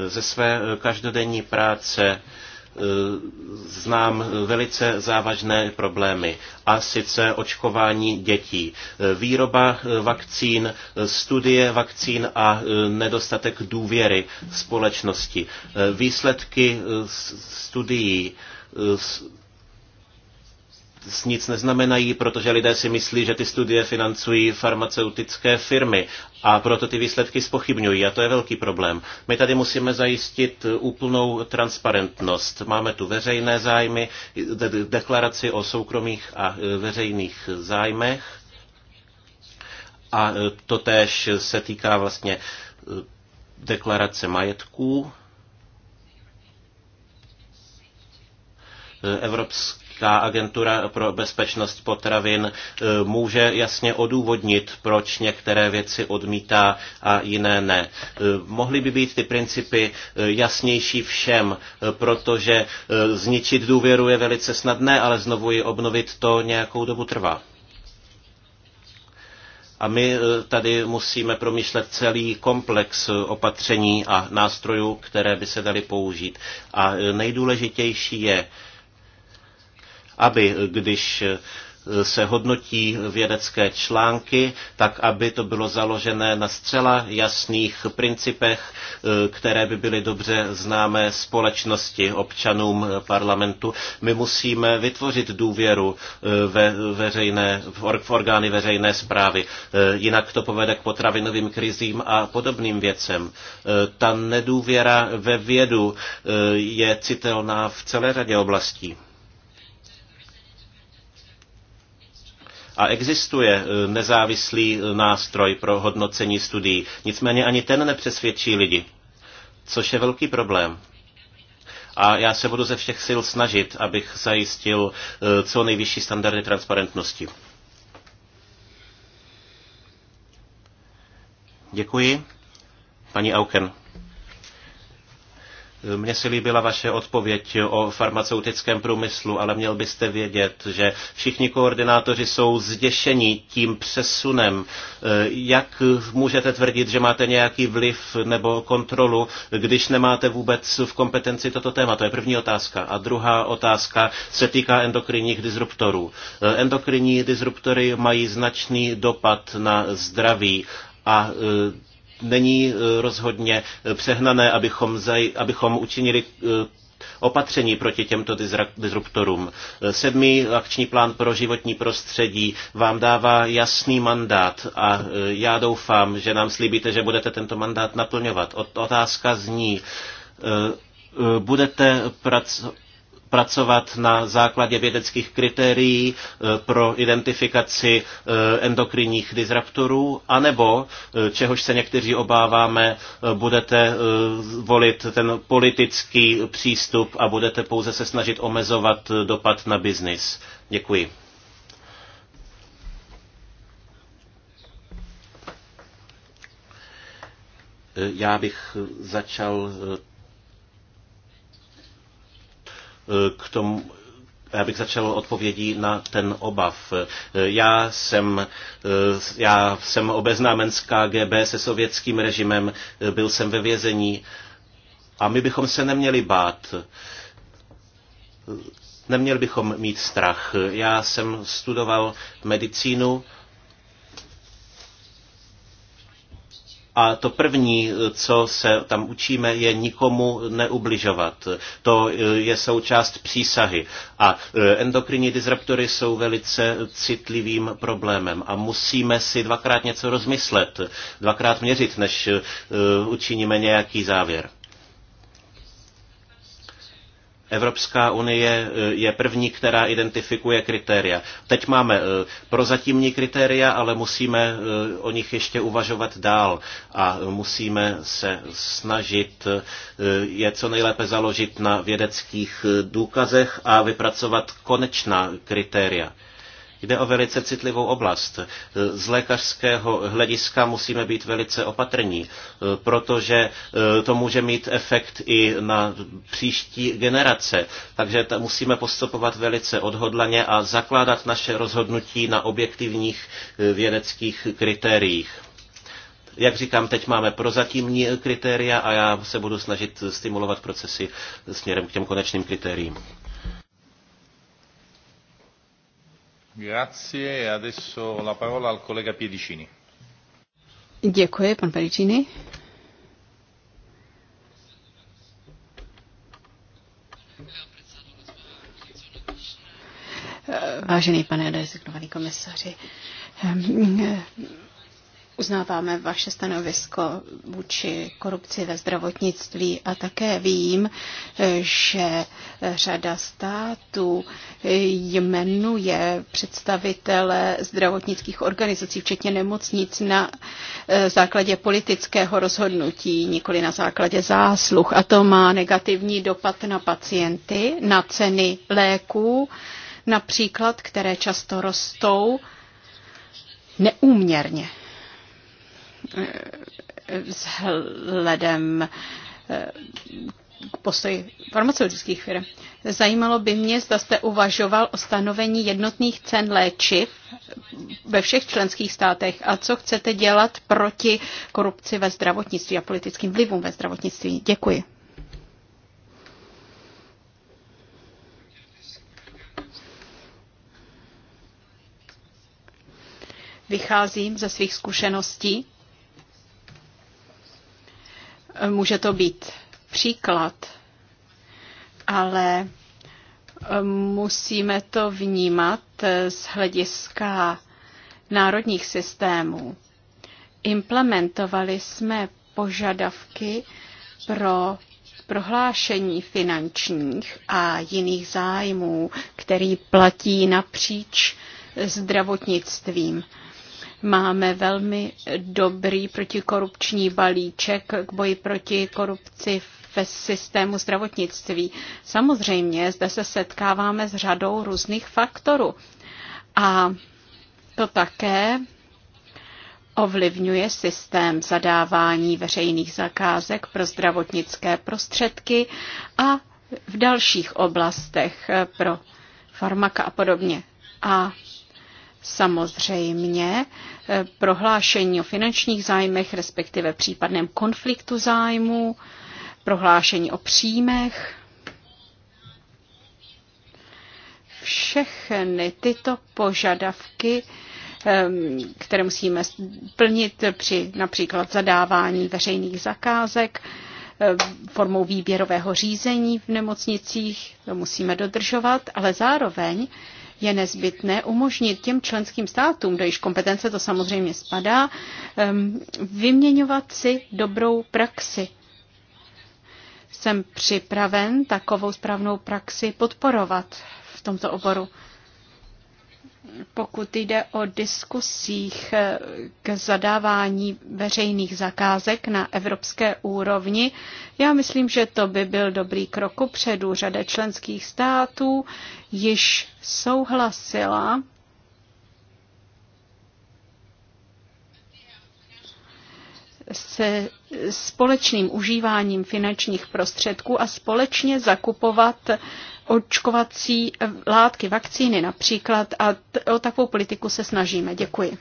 Ze své eh, každodenní práce eh, znám eh, velice závažné problémy, a sice očkování dětí, výroba vakcín, studie vakcín a nedostatek důvěry společnosti. Výsledky studií nic neznamenají, protože lidé si myslí, že ty studie financují farmaceutické firmy a proto ty výsledky spochybňují a to je velký problém. My tady musíme zajistit úplnou transparentnost. Máme tu veřejné zájmy, deklaraci o soukromých a e, veřejných zájmech a e, to též se týká vlastně e, deklarace majetků. Evropské ta agentura pro bezpečnost potravin e, může jasně odůvodnit, proč některé věci odmítá a jiné ne. E, mohly by být ty principy e, jasnější všem, protože zničit důvěru je velice snadné, ale znovu ji obnovit to nějakou dobu trvá. A my tady musíme promýšlet celý komplex opatření a nástrojů, které by se daly použít. A nejdůležitější je, aby když eh, se hodnotí vědecké články, tak aby to bylo založené na zcela jasných principech, eh, které by byly dobře známé společnosti, občanům eh, parlamentu. My musíme vytvořit důvěru ve veřejné, v orgány veřejné zprávy, jinak to povede k potravinovým krizím a podobným věcem. Ta nedůvěra ve vědu je citelná v celé řadě oblastí. A existuje e, nezávislý e, nástroj pro hodnocení studií. Nicméně ani ten nepřesvědčí lidi, což je velký problém. A já se budu ze všech sil snažit, abych zajistil e, co nejvyšší standardy transparentnosti. Děkuji. Paní Auken. Mně se líbila vaše odpověď o farmaceutickém průmyslu, ale měl byste vědět, že všichni koordinátoři jsou zděšeni tím přesunem. Eh, jak můžete tvrdit, že máte nějaký vliv nebo kontrolu, když nemáte vůbec v kompetenci toto téma? To je první otázka. A druhá otázka se týká endokrinních disruptorů. Eh, endokrinní disruptory mají značný dopad na zdraví a eh, není eh, rozhodně eh, přehnané, abychom, zaj, abychom učinili eh, opatření proti těmto disruptorům. Sedmý akční plán pro životní prostředí vám dává jasný mandát a já doufám, že nám slíbíte, že budete tento mandát naplňovat. Otázka zní, budete pracovat pracovat na základě vědeckých kritérií e, pro identifikaci e, endokrinních disruptorů, anebo, e, čehož se někteří obáváme, budete volit ten politický přístup a budete pouze se snažit omezovat dopad na biznis. Děkuji. Já bych začal Eh, k tomu, já bych začal odpovědí na ten obav. Eh, já jsem, eh, já jsem obeznámen z KGB, se sovětským režimem, byl jsem ve vězení a my bychom se neměli bát. Neměli bychom mít strach. Já jsem studoval medicínu A to první, co se tam učíme, je nikomu neubližovat. To eh, je součást přísahy. A eh, endokrinní disruptory jsou velice citlivým problémem a musíme si dvakrát něco rozmyslet, dvakrát měřit, než eh, učiníme nějaký závěr. Evropská unie eh, je první, která identifikuje kritéria. Teď máme eh, prozatímní kritéria, ale musíme eh, o nich ještě uvažovat dál a musíme se snažit je co nejlépe založit na vědeckých důkazech a vypracovat konečná kritéria. Jde o velice citlivou oblast. Z lékařského hlediska musíme být velice opatrní, protože eh, to může mít efekt i na příští generace. Takže musíme postupovat velice odhodlaně a zakládat naše rozhodnutí na objektivních eh, vědeckých kritériích jak říkám, teď máme prozatímní kritéria a já se budu snažit stimulovat procesy směrem k těm konečným kritériím. E Piedicini. Děkuji, pan Pedicini. Vážený pane rezignovaný komisaři, Uznáváme vaše stanovisko vůči korupci ve zdravotnictví a také vím, že řada států jmenuje představitele zdravotnických organizací, včetně nemocnic, na eh, základě politického rozhodnutí, nikoli na základě zásluh. A to má negativní dopad na pacienty, na ceny léků, například, které často rostou neúměrně vzhledem eh, k postoji farmaceutických firm. Zajímalo by mě, zda jste uvažoval o stanovení jednotných cen léčiv ve všech členských státech a co chcete dělat proti korupci ve zdravotnictví a politickým vlivům ve zdravotnictví. Děkuji. Vycházím ze svých zkušeností Může to být příklad, ale eh, musíme to vnímat eh, z hlediska národních systémů. Implementovali jsme požadavky pro prohlášení finančních a jiných zájmů, který platí napříč zdravotnictvím. Máme velmi dobrý protikorupční balíček k boji proti korupci ve systému zdravotnictví. Samozřejmě zde se setkáváme s řadou různých faktorů. A to také ovlivňuje systém zadávání veřejných zakázek pro zdravotnické prostředky a v dalších oblastech pro farmaka a podobně. A Samozřejmě eh, prohlášení o finančních zájmech, respektive případném konfliktu zájmu, prohlášení o příjmech. Všechny tyto požadavky ehm, které musíme plnit při například zadávání veřejných zakázek, ehm, formou výběrového řízení v nemocnicích, to musíme dodržovat, ale zároveň je nezbytné umožnit těm členským státům, do jejich kompetence to samozřejmě spadá, vyměňovat si dobrou praxi. Jsem připraven takovou správnou praxi podporovat v tomto oboru pokud jde o diskusích eh, k zadávání veřejných zakázek na evropské úrovni, já myslím, že to by byl dobrý krok předu. Řada členských států již souhlasila se společným užíváním finančních prostředků a společně zakupovat očkovací eh, látky, vakcíny například a o takovou politiku se snažíme. Děkuji.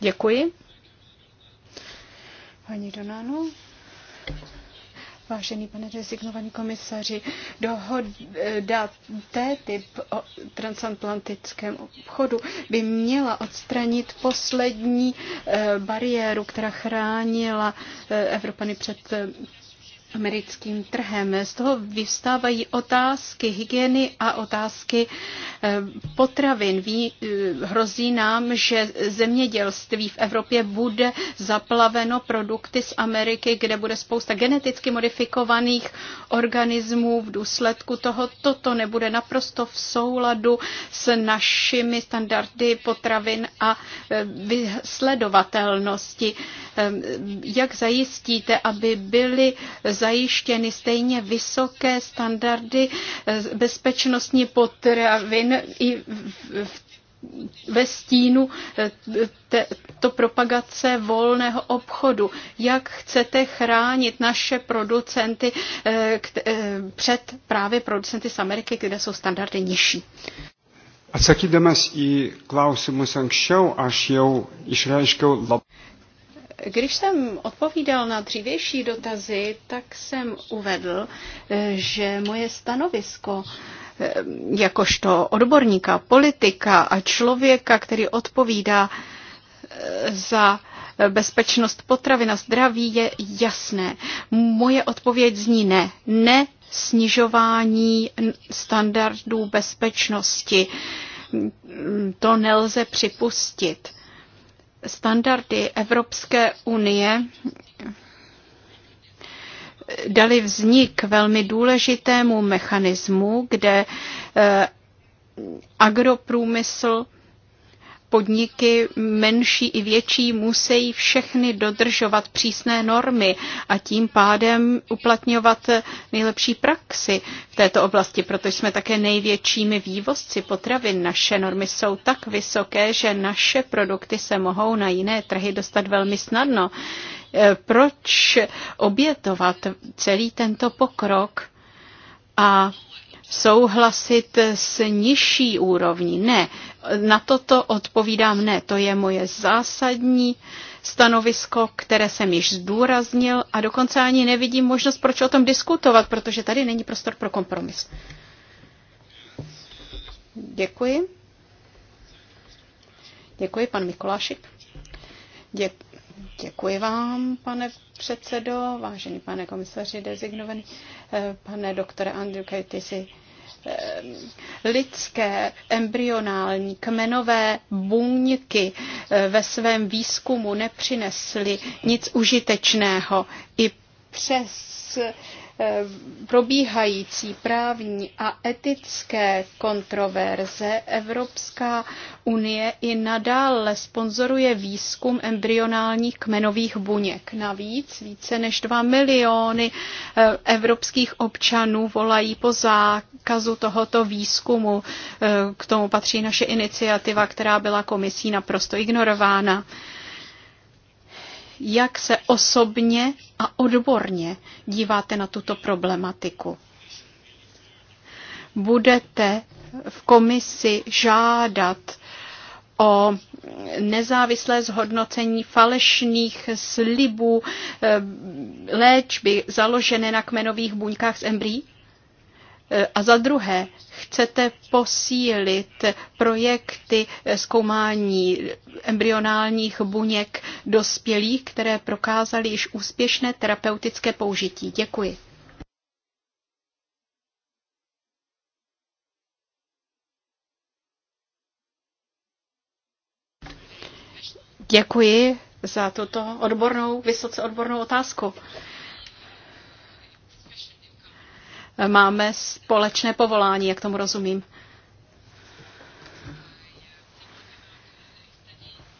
Děkuji. Paní Donánu. Vážený pane rezignovaný komisaři, dohoda TTIP o transatlantickém obchodu by měla odstranit poslední eh, bariéru, která chránila eh, Evropany před americkým trhem. Z toho vyvstávají otázky hygieny a otázky eh, potravin. Ví, eh, hrozí nám, že zemědělství v Evropě bude zaplaveno produkty z Ameriky, kde bude spousta geneticky modifikovaných organismů. V důsledku toho toto nebude naprosto v souladu s našimi standardy potravin a eh, sledovatelnosti. Ehm, jak zajistíte, aby byly za zajištěny stejně vysoké standardy eh, bezpečnostní potravin i v ve stínu eh, te, to propagace volného obchodu. Jak chcete chránit naše producenty eh, kte, před právě producenty z Ameriky, kde jsou standardy nižší? Atsakydamas į klausimus anksčiau, aš jau išreiškiau lab... Když jsem odpovídal na dřívější dotazy, tak jsem uvedl, eh, že moje stanovisko eh, jakožto odborníka, politika a člověka, který odpovídá eh, za bezpečnost potravy na zdraví, je jasné. Moje odpověď zní ne. Ne snižování standardů bezpečnosti. To nelze připustit standardy Evropské unie dali vznik velmi důležitému mechanismu, kde eh, agroprůmysl podniky menší i větší musí všechny dodržovat přísné normy a tím pádem uplatňovat nejlepší praxi v této oblasti, protože jsme také největšími vývozci potravin. Naše normy jsou tak vysoké, že naše produkty se mohou na jiné trhy dostat velmi snadno. E, proč obětovat celý tento pokrok a souhlasit s nižší úrovní. Ne, na toto odpovídám ne. To je moje zásadní stanovisko, které jsem již zdůraznil a dokonce ani nevidím možnost, proč o tom diskutovat, protože tady není prostor pro kompromis. Děkuji. Děkuji, pan Mikulášik. Děkuji. Děkuji vám, pane předsedo, vážený pane komisaři dezignovaný, eh, pane doktore Andrew Kajtisi. Eh, lidské embryonální kmenové buňky eh, ve svém výzkumu nepřinesly nic užitečného. I přes Eh, probíhající právní a etické kontroverze Evropská unie i nadále sponzoruje výzkum embryonálních kmenových buněk. Navíc více než 2 miliony eh, evropských občanů volají po zákazu tohoto výzkumu. Eh, k tomu patří naše iniciativa, která byla komisí naprosto ignorována jak se osobně a odborně díváte na tuto problematiku. Budete v komisi žádat o nezávislé zhodnocení falešných slibů eh, léčby založené na kmenových buňkách z embryí? Eh, a za druhé, chcete posílit projekty zkoumání embryonálních buněk dospělých, které prokázaly již úspěšné terapeutické použití. Děkuji. Děkuji za tuto odbornou, vysoce odbornou otázku máme společné povolání, jak tomu rozumím.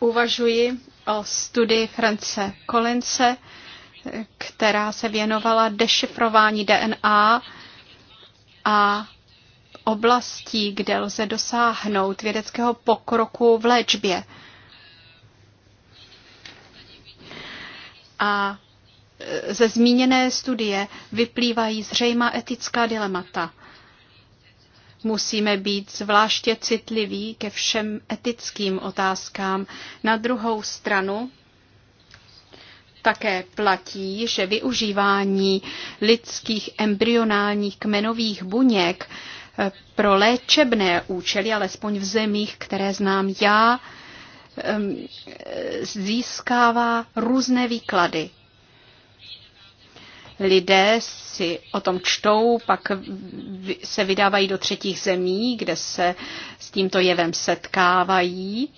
Uvažuji o studii France Kolince, která se věnovala dešifrování DNA a oblastí, kde lze dosáhnout vědeckého pokroku v léčbě. A ze zmíněné studie vyplývají zřejmá etická dilemata. Musíme být zvláště citliví ke všem etickým otázkám. Na druhou stranu také platí, že využívání lidských embryonálních kmenových buněk eh, pro léčebné účely, alespoň v zemích, které znám já, ehm, získává různé výklady lidé si o tom čtou, pak se vydávají do třetích zemí, kde se s tímto jevem setkávají.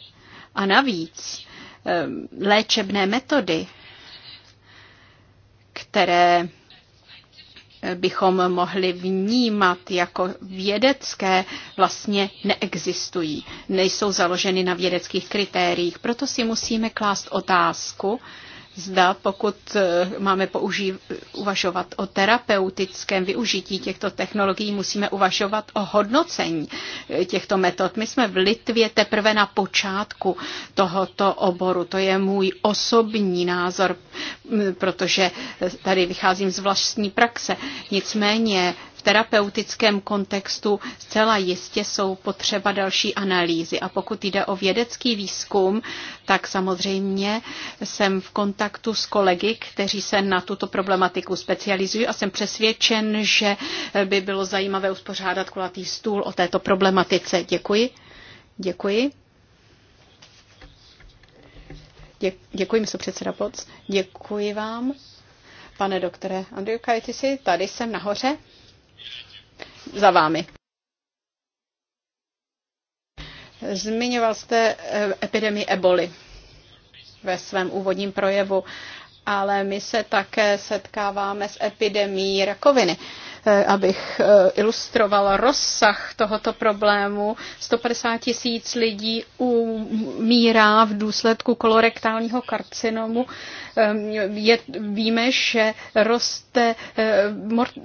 A navíc ehm, léčebné metody, které eh, bychom mohli vnímat jako vědecké, vlastně neexistují. Nejsou založeny na vědeckých kritériích. Proto si musíme klást otázku, Zda pokud eh, máme použív, uvažovat o terapeutickém využití těchto technologií, musíme uvažovat o hodnocení eh, těchto metod. My jsme v Litvě teprve na počátku tohoto oboru. To je můj osobní názor, protože eh, tady vycházím z vlastní praxe. Nicméně v terapeutickém kontextu zcela jistě jsou potřeba další analýzy. A pokud jde o vědecký výzkum, tak samozřejmě jsem v kontaktu s kolegy, kteří se na tuto problematiku specializují a jsem přesvědčen, že by bylo zajímavé uspořádat kulatý stůl o této problematice. Děkuji. Děkuji. Děkuji, mi předseda Poc. Děkuji vám, pane doktore ty Kajtisi. Tady jsem nahoře za vámi. Zmiňoval jste eh, epidemii eboli ve svém úvodním projevu, ale my se také setkáváme s epidemí rakoviny. Eh, abych eh, ilustrovala rozsah tohoto problému. 150 tisíc lidí umírá v důsledku kolorektálního karcinomu. Ehm, je, víme, že roste eh,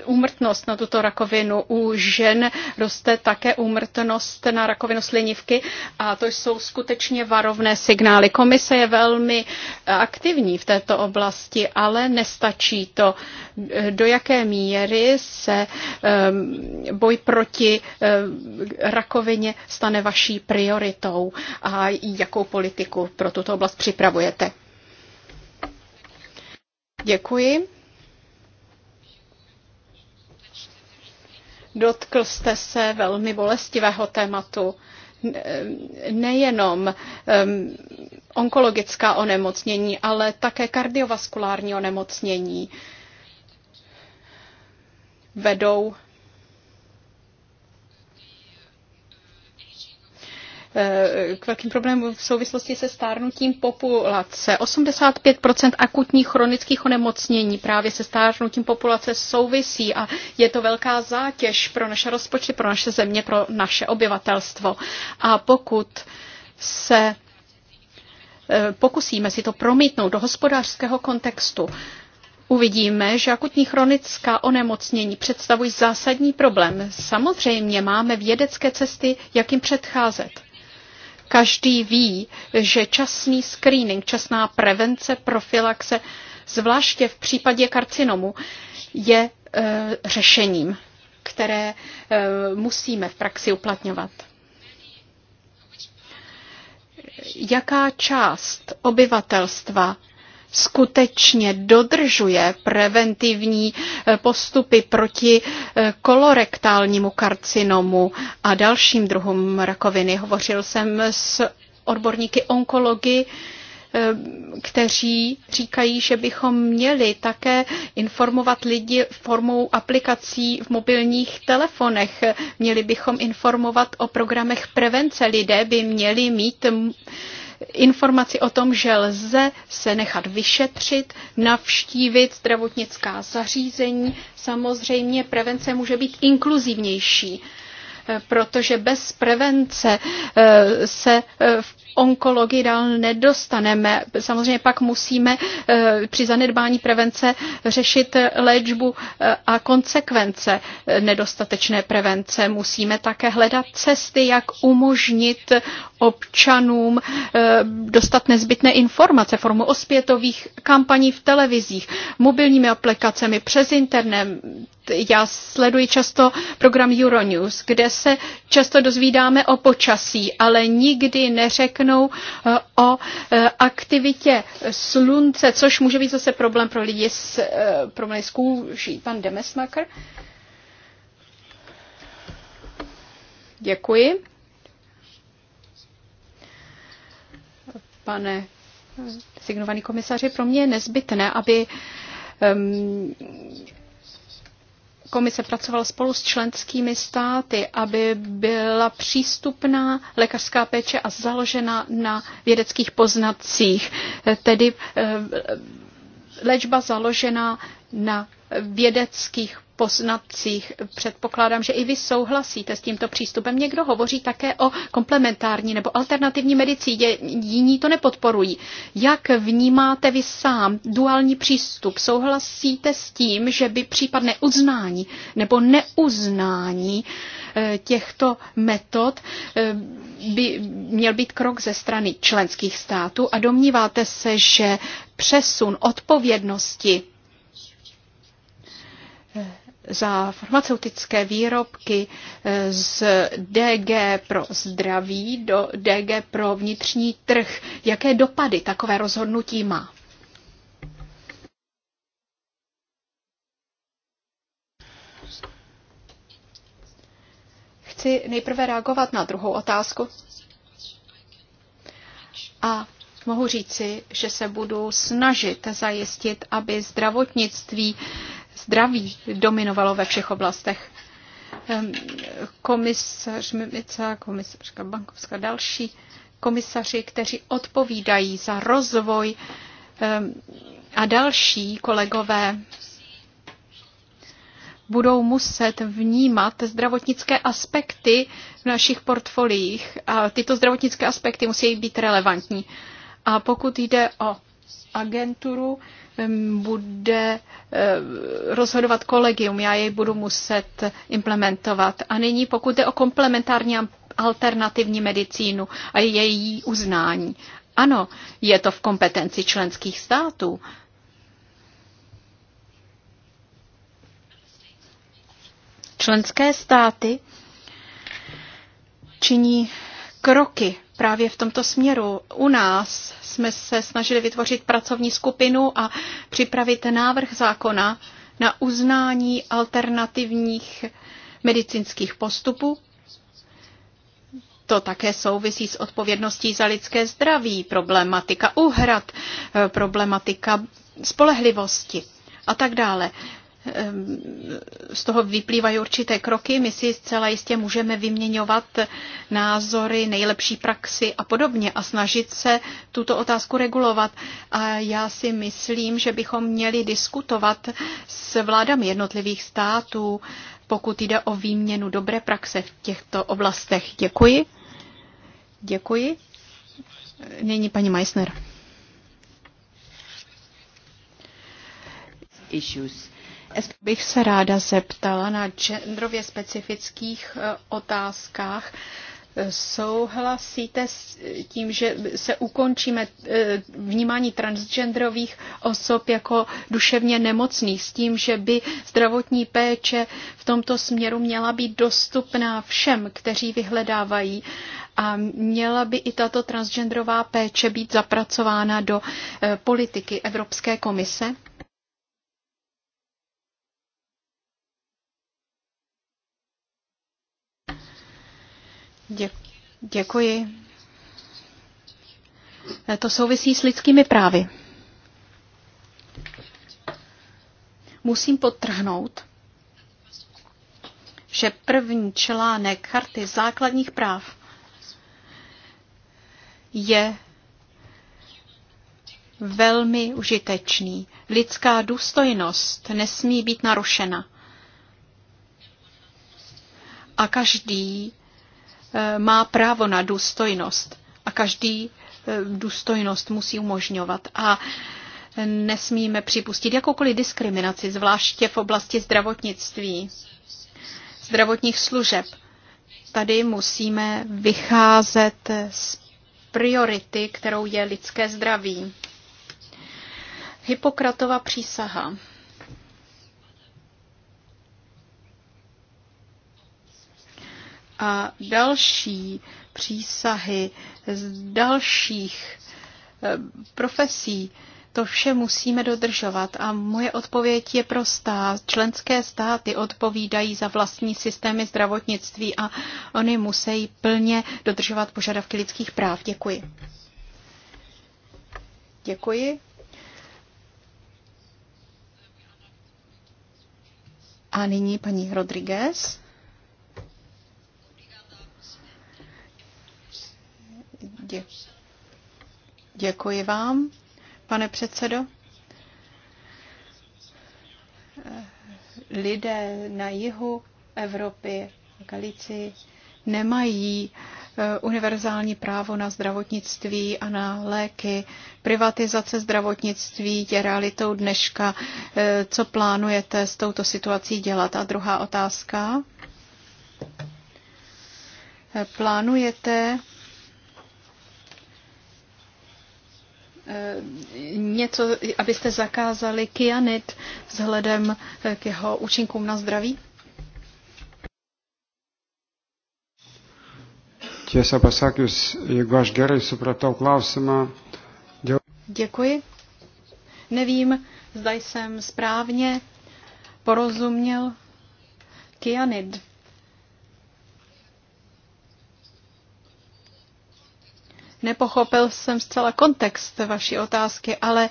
úmrtnost na tuto rakovinu. U žen roste také úmrtnost na rakovinu slinivky a to jsou skutečně varovné signály. Komise je velmi aktivní v této oblasti, ale nestačí to. Do jaké míry se ehm, boj proti ehm, rakovině stane vaší prioritou a jakou politiku pro tuto oblast připravujete? Děkuji. Dotkl jste se velmi bolestivého tématu nejenom um, onkologická onemocnění, ale také kardiovaskulární onemocnění vedou eh, k velkým problémům v souvislosti se stárnutím populace. 85% akutních chronických onemocnění právě se stárnutím populace souvisí a je to velká zátěž pro naše rozpočty, pro naše země, pro naše obyvatelstvo. A pokud se eh, pokusíme si to promítnout do hospodářského kontextu, uvidíme, že akutní chronická onemocnění představují zásadní problém. Samozřejmě máme vědecké cesty, jak jim předcházet. Každý ví, že časný screening, časná prevence, profilaxe, zvláště v případě karcinomu, je e, řešením, které e, musíme v praxi uplatňovat. Jaká část obyvatelstva skutečně dodržuje preventivní eh, postupy proti eh, kolorektálnímu karcinomu a dalším druhům rakoviny. Hovořil jsem s odborníky onkologi, eh, kteří říkají, že bychom měli také informovat lidi formou aplikací v mobilních telefonech. Měli bychom informovat o programech prevence. Lidé by měli mít informaci o tom, že lze se nechat vyšetřit, navštívit zdravotnická zařízení. Samozřejmě prevence může být inkluzivnější Eh, protože bez prevence eh, se eh, v onkologii dál nedostaneme. Samozřejmě pak musíme při zanedbání prevence řešit léčbu a konsekvence nedostatečné prevence. Musíme také hledat cesty, jak umožnit občanům dostat nezbytné informace formou ospětových kampaní v televizích, mobilními aplikacemi přes internet, já sleduji často program Euronews, kde se často dozvídáme o počasí, ale nikdy neřeknou eh, o eh, aktivitě slunce, což může být zase problém pro lidi s eh, problémy s kůží. Pan Demesmaker. Děkuji. Pane signovaný komisaři, pro mě je nezbytné, aby um, komise pracoval spolu s členskými státy, aby byla přístupná lékařská péče a založena na vědeckých poznatcích, tedy eh, léčba založená na vědeckých poznatcích. Předpokládám, že i vy souhlasíte s tímto přístupem. Někdo hovoří také o komplementární nebo alternativní medicíně, jiní to nepodporují. Jak vnímáte vy sám duální přístup? Souhlasíte s tím, že by případné uznání nebo neuznání eh, těchto metod eh, by měl být krok ze strany členských států a domníváte se, že přesun odpovědnosti za farmaceutické výrobky z DG pro zdraví do DG pro vnitřní trh. Jaké dopady takové rozhodnutí má? Chci nejprve reagovat na druhou otázku. A mohu říci, že se budu snažit zajistit, aby zdravotnictví eh, zdraví dominovalo ve všech oblastech. Ehm, komisař Mimica, komisařka Bankovská, další komisaři, kteří odpovídají za rozvoj ehm, a další kolegové budou muset vnímat zdravotnické aspekty v našich portfoliích. A tyto zdravotnické aspekty musí být relevantní. A pokud jde o agenturu bude eh, rozhodovat kolegium. Já jej budu muset implementovat. A nyní, pokud je o komplementární alternativní medicínu a její uznání. Ano, je to v kompetenci členských států. Členské státy činí kroky právě v tomto směru. U nás jsme se snažili vytvořit pracovní skupinu a připravit návrh zákona na uznání alternativních medicínských postupů. To také souvisí s odpovědností za lidské zdraví, problematika úhrad, eh, problematika spolehlivosti a tak dále z toho vyplývají určité kroky. My si zcela jistě můžeme vyměňovat názory, nejlepší praxi a podobně a snažit se tuto otázku regulovat. A já si myslím, že bychom měli diskutovat s vládami jednotlivých států, pokud jde o výměnu dobré praxe v těchto oblastech. Děkuji. Děkuji. Nyní paní Meissner. Issues bych se ráda zeptala na genderově specifických e, otázkách. Souhlasíte s tím, že se ukončíme e, vnímání transgenderových osob jako duševně nemocných, s tím, že by zdravotní péče v tomto směru měla být dostupná všem, kteří vyhledávají a měla by i tato transgenderová péče být zapracována do e, politiky Evropské komise? Děkuji. E, to souvisí s lidskými právy. Musím podtrhnout, že první článek Charty základních práv je velmi užitečný. Lidská důstojnost nesmí být narušena. A každý Eh, má právo na důstojnost a každý eh, důstojnost musí umožňovat. A nesmíme připustit jakoukoliv diskriminaci, zvláště v oblasti zdravotnictví, zdravotních služeb. Tady musíme vycházet z priority, kterou je lidské zdraví. Hipokratova přísaha a další přísahy z dalších eh, profesí. To vše musíme dodržovat a moje odpověď je prostá. Členské státy odpovídají za vlastní systémy zdravotnictví a oni musí plně dodržovat požadavky lidských práv. Děkuji. Děkuji. A nyní paní Rodriguez. Dě- děkuji vám, pane předsedo. Lidé na jihu Evropy, Galicii, nemají eh, univerzální právo na zdravotnictví a na léky. Privatizace zdravotnictví je realitou dneška. Eh, co plánujete s touto situací dělat? A druhá otázka. Eh, plánujete Eh, něco, abyste zakázali kyanit vzhledem eh, k jeho účinkům na zdraví? Tiesą pasakius, jeigu aš gerai supratau klausimą. Dėl... Děkuji. Nevím, zda jsem správně porozuměl kyanid. Nepochopil jsem zcela kontext vaší otázky, ale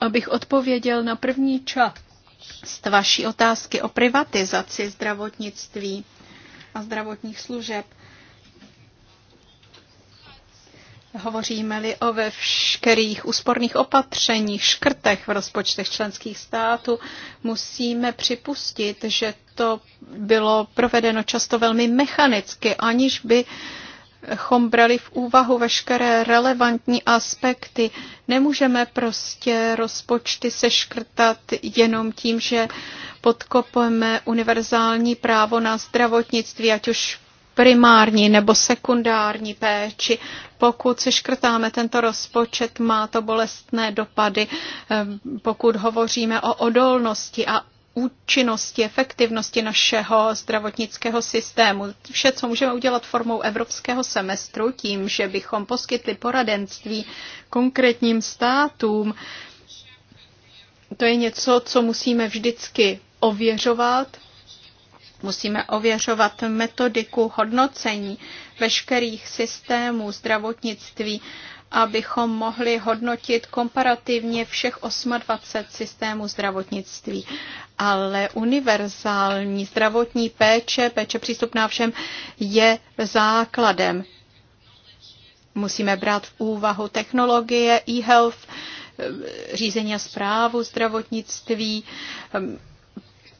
abych odpověděl na první část vaší otázky o privatizaci zdravotnictví a zdravotních služeb. Hovoříme-li o veškerých úsporných opatřeních, škrtech v rozpočtech členských států, musíme připustit, že to bylo provedeno často velmi mechanicky, aniž by uh, abychom brali v úvahu veškeré relevantní aspekty. Nemůžeme prostě rozpočty seškrtat jenom tím, že podkopujeme univerzální právo na zdravotnictví, ať už primární nebo sekundární péči. Pokud seškrtáme škrtáme tento rozpočet, má to bolestné dopady, eh, pokud hovoříme o odolnosti a účinnosti, efektivnosti našeho zdravotnického systému. Vše, co můžeme udělat formou evropského semestru, tím, že bychom poskytli poradenství konkrétním státům, to je něco, co musíme vždycky ověřovat. Musíme ověřovat metodiku hodnocení veškerých systémů zdravotnictví abychom mohli hodnotit komparativně všech 28 systémů zdravotnictví. Ale univerzální zdravotní péče, péče přístupná všem, je základem. Musíme brát v úvahu technologie, e-health, řízení a zprávu zdravotnictví,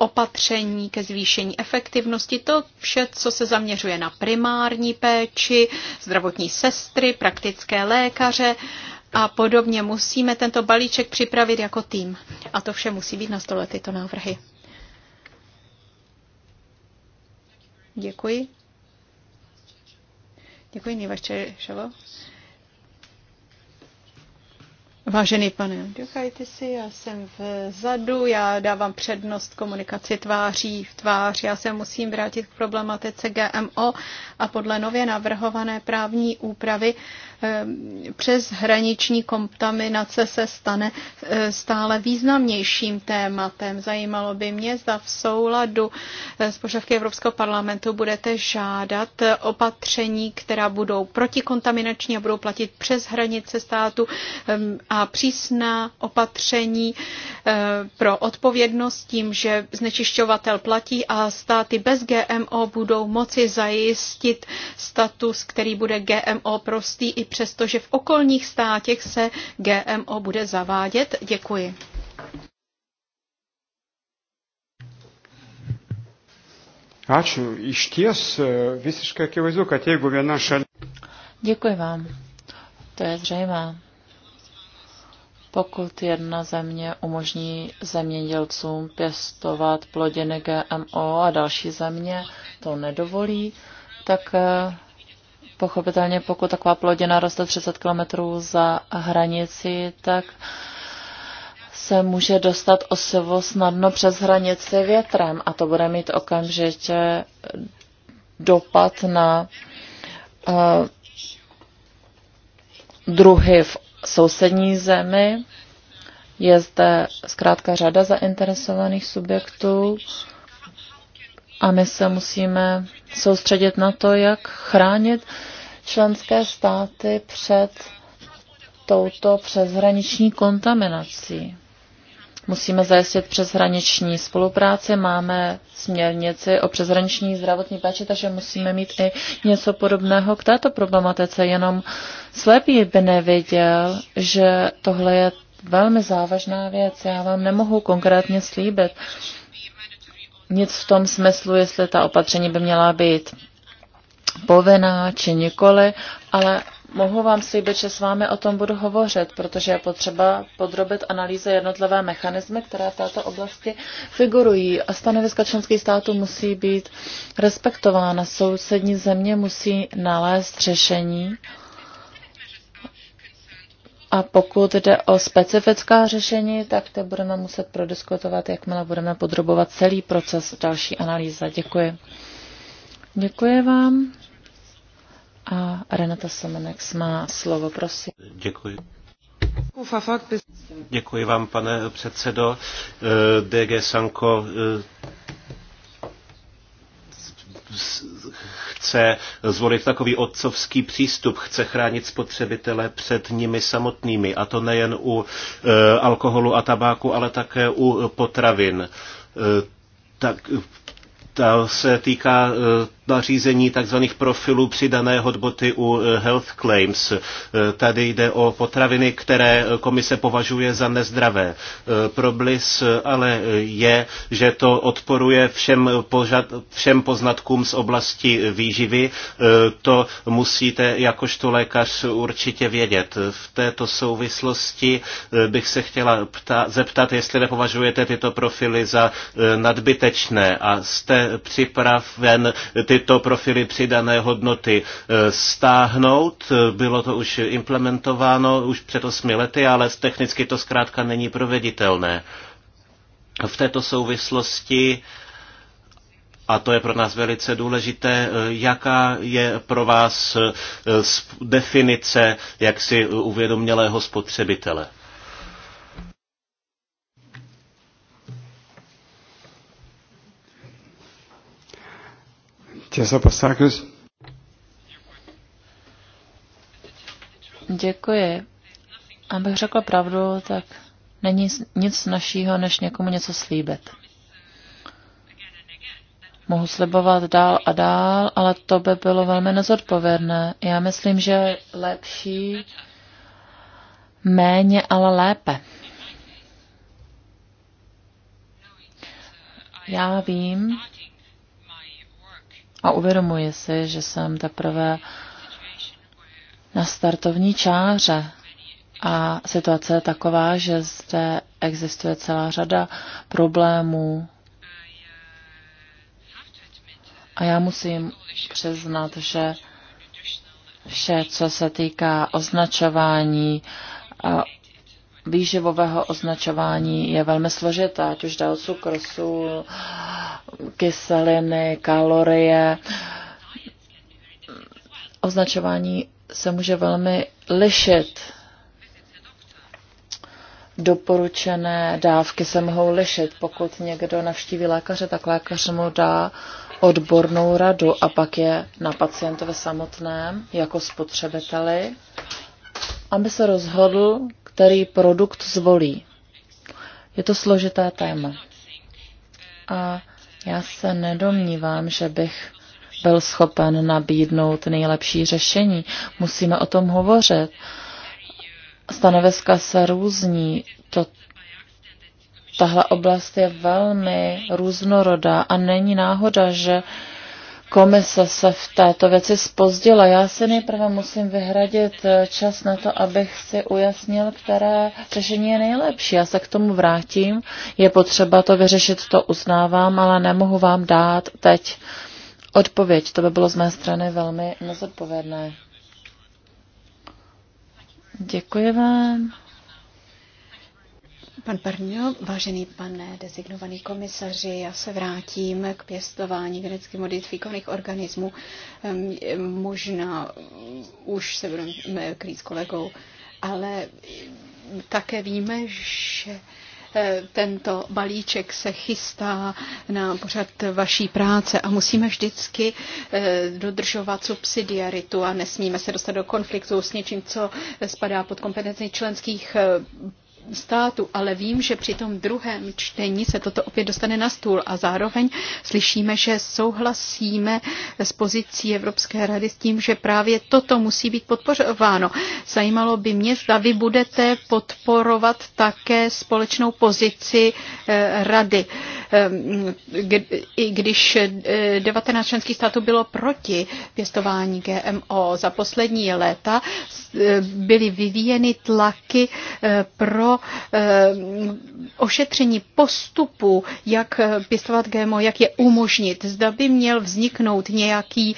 opatření ke zvýšení efektivnosti, to vše, co se zaměřuje na primární péči, zdravotní sestry, praktické lékaře a podobně. Musíme tento balíček připravit jako tým. A to vše musí být na stole tyto návrhy. Děkuji. Děkuji, Nejvaše Šavo. Vážený pane děkajte si, já jsem vzadu, já dávám přednost komunikaci tváří v tvář, já se musím vrátit k problematice GMO a podle nově navrhované právní úpravy eh, přes hraniční kontaminace se stane eh, stále významnějším tématem. Zajímalo by mě, zda v souladu eh, s požadavky Evropského parlamentu budete žádat opatření, která budou protikontaminační a budou platit přes hranice státu a přísná opatření eh, pro odpovědnost tím, že znečišťovatel platí a státy bez GMO budou moci zajistit status, který bude GMO prostý, i přesto, že v okolních státech se GMO bude zavádět. Děkuji. Ačiū. Iš ties e, visiškai akivaizdu, kad jeigu viena šalis. Děkuji vám. To je zřejmé pokud jedna země umožní zemědělcům pěstovat plodiny GMO a další země to nedovolí, tak eh, pochopitelně pokud taková plodina roste 30 km za hranici, tak se může dostat osivo snadno přes hranici větrem a to bude mít okamžitě dopad na uh, druhy v sousední zemi. Je zde zkrátka řada zainteresovaných subjektů a my se musíme soustředit na to, jak chránit členské státy před touto přeshraniční kontaminací. Musíme zajistit přeshraniční spolupráci, máme směrnici o přeshraniční zdravotní péči, takže musíme mít i něco podobného k této problematice. Jenom slepý by nevěděl, že tohle je velmi závažná věc. Já vám nemohu konkrétně slíbit nic v tom smyslu, jestli ta opatření by měla být povinná či nikoli, ale mohu vám slíbit, že s vámi o tom budu hovořit, protože je potřeba podrobit analýze jednotlivé mechanismy, které v této oblasti figurují. A stanoviska členských států musí být respektována. Sousední země musí nalézt řešení. A pokud jde o specifická řešení, tak to budeme muset prodiskutovat, jakmile budeme podrobovat celý proces další analýza. Děkuji. Děkuji vám. A Renata Semenex má slovo, prosím. Děkuji. Děkuji vám, pane předsedo. Eh, DG Sanko eh, chce zvolit takový otcovský přístup, chce chránit spotřebitele před nimi samotnými, a to nejen u eh, alkoholu a tabáku, ale také u potravin. tak ta se týká nařízení tzv. profilů přidané hodnoty u eh, health claims. Eh, tady jde o potraviny, které eh, komise považuje za nezdravé. Problis ale je, že to odporuje všem, požad, všem poznatkům z oblasti výživy. To musíte jakožto lékař určitě vědět. V této souvislosti bych se chtěla pta, zeptat, jestli nepovažujete tyto profily za nadbytečné a jste připraven ty tyto profily přidané hodnoty eh, stáhnout. Bylo to už implementováno už před osmi lety, ale technicky to zkrátka není proveditelné. V této souvislosti a to je pro nás velice důležité, eh, jaká je pro vás eh, definice jaksi uvědomělého spotřebitele. Těsa Pasákus. Děkuji. Abych řekla pravdu, tak není nic našího, než někomu něco slíbit. Mohu slibovat dál a dál, ale to by bylo velmi nezodpovědné. Já myslím, že lepší méně, ale lépe. Já vím, a uvědomuji si, že jsem teprve na startovní čáře a situace je taková, že zde existuje celá řada problémů a já musím přiznat, že vše, co se týká označování, a výživového označování je velmi složité, ať už jde o cukr, sůl, kyseliny, kalorie. Označování se může velmi lišit. Doporučené dávky se mohou lišit. Pokud někdo navštíví lékaře, tak lékař mu dá odbornou radu a pak je na pacientovi samotném jako spotřebiteli, aby se rozhodl, který produkt zvolí. Je to složité téma. A já se nedomnívám, že bych byl schopen nabídnout nejlepší řešení. Musíme o tom hovořit. Stanoviska se různí. To, tahle oblast je velmi různorodá a není náhoda, že komise se v této věci spozdila. Já si nejprve musím vyhradit eh, čas na to, abych si ujasnil, které řešení je nejlepší. Já se k tomu vrátím. Je potřeba to vyřešit, to uznávám, ale nemohu vám dát teď odpověď. To by bylo z mé strany velmi nezodpovědné. Děkuji vám. Pan Parňo, vážený pane designovaný komisaři, já se vrátím k pěstování geneticky modifikovaných organismů. Ehm, možná už se budeme krýt s kolegou, ale také víme, že eh, tento balíček se chystá na pořad vaší práce a musíme vždycky eh, dodržovat subsidiaritu a nesmíme se dostat do konfliktu s něčím, co spadá pod kompetenci členských eh, státu, ale vím, že při tom druhém čtení se toto opět dostane na stůl a zároveň slyšíme, že souhlasíme s pozicí Evropské rady s tím, že právě toto musí být podporováno. Zajímalo by mě, zda vy budete podporovat také společnou pozici eh, rady. Ehm, i když 19 eh, členských států bylo proti pěstování GMO. Za poslední léta eh, byly vyvíjeny tlaky eh, pro ošetření postupu, jak pěstovat GMO, jak je umožnit. Zda by měl vzniknout nějaký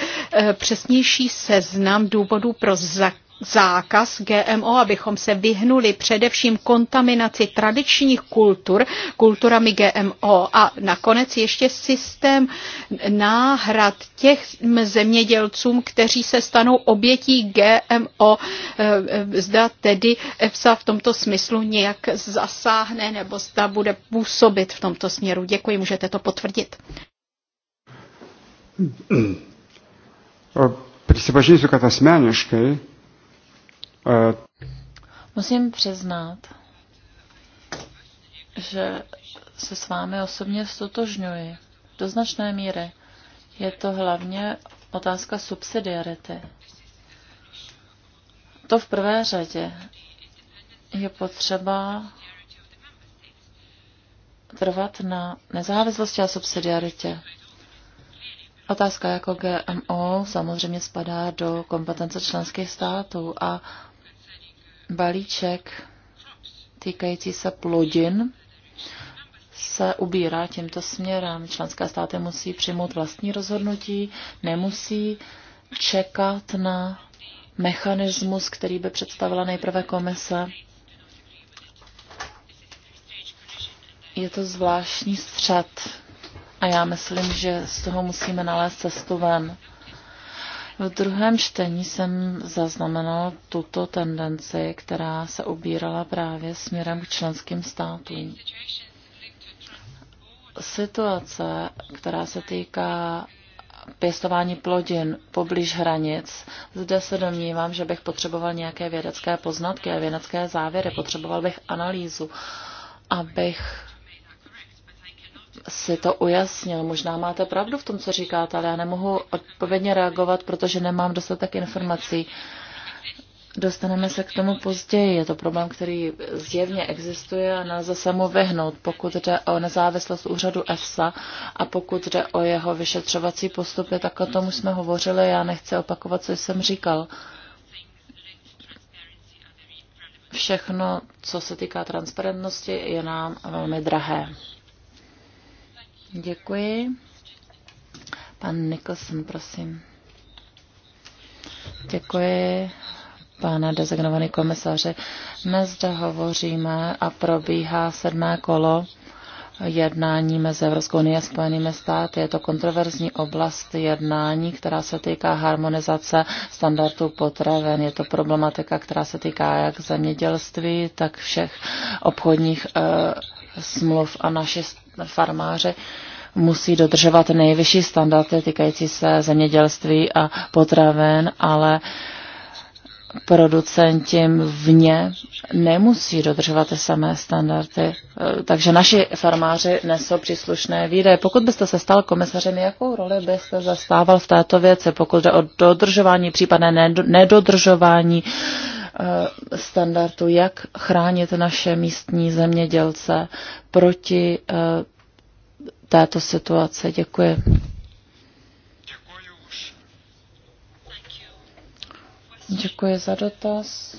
přesnější seznam důvodů pro zakázání zákaz GMO, abychom se vyhnuli především kontaminaci tradičních kultur, kulturami GMO a nakonec ještě systém náhrad těch zemědělcům, kteří se stanou obětí GMO, e, e, zda tedy EFSA v tomto smyslu nějak zasáhne nebo zda bude působit v tomto směru. Děkuji, můžete to potvrdit. E, prisipažinsiu, kad asmeniškai Eh, musím přiznat, že se s vámi osobně stotožňuji. Do značné míry. Je to hlavně otázka subsidiarity. To v prvé řadě je potřeba trvat na nezávislosti a subsidiaritě. Otázka jako GMO samozřejmě spadá do kompetence členských států a balíček týkající se plodin se ubírá tímto směrem. Členské státy musí přijmout vlastní rozhodnutí, nemusí čekat na mechanismus, který by představila nejprve komise. Je to zvláštní střed a já myslím, že z toho musíme nalézt cestu ven. V druhém čtení jsem zaznamenal tuto tendenci, která se ubírala právě směrem k členským státům. Situace, která se týká pěstování plodin poblíž hranic. Zde se domnívám, že bych potřeboval nějaké vědecké poznatky a vědecké závěry, potřeboval bych analýzu, abych si to ujasnil. Možná máte pravdu v tom, co říkáte, ale já nemohu odpovědně reagovat, protože nemám dostatek informací. Dostaneme se k tomu později. Je to problém, který zjevně existuje a nelze se mu vyhnout, pokud jde o nezávislost úřadu EFSA a pokud jde o jeho vyšetřovací postupy, tak o tom už jsme hovořili. Já nechci opakovat, co jsem říkal. Všechno, co se týká transparentnosti, je nám velmi drahé. Děkuji. Pan Nicholson, prosím. Děkuji, pane dezignovaný komisaři. Dnes zde hovoříme a probíhá sedmé kolo jednání mezi Evropskou unii a Spojenými státy. Je to kontroverzní oblast jednání, která se týká harmonizace standardů potravin. Je to problematika, která se týká jak zemědělství, tak všech obchodních e, smluv a naše Farmáře musí dodržovat nejvyšší standardy týkající se zemědělství a potraven, ale producenti vně nemusí dodržovat ty samé standardy. Eh, takže naši farmáři nesou příslušné výdaje. Pokud byste se stal komisařem, jakou roli byste zastával v této věci, pokud jde o dodržování, případné nedodržování Eh, standardu, jak chránit naše místní zemědělce proti eh, této situaci. Děkuji. Děkuji za dotaz.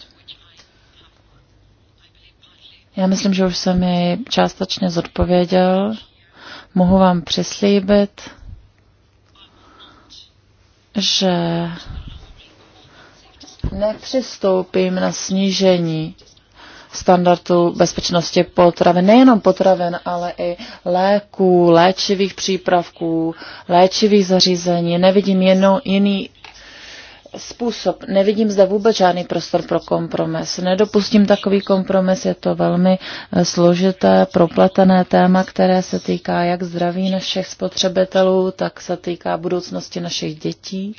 Já myslím, že už jsem jej částečně zodpověděl. Mohu vám přislíbit, že nepřistoupím na snížení standardu bezpečnosti potravin, nejenom potravin, ale i léků, léčivých přípravků, léčivých zařízení. Nevidím jenom jiný způsob. Nevidím zde vůbec žádný prostor pro kompromis. Nedopustím takový kompromis, je to velmi eh, složité, propletené téma, které se týká jak zdraví našich spotřebitelů, tak se týká budoucnosti našich dětí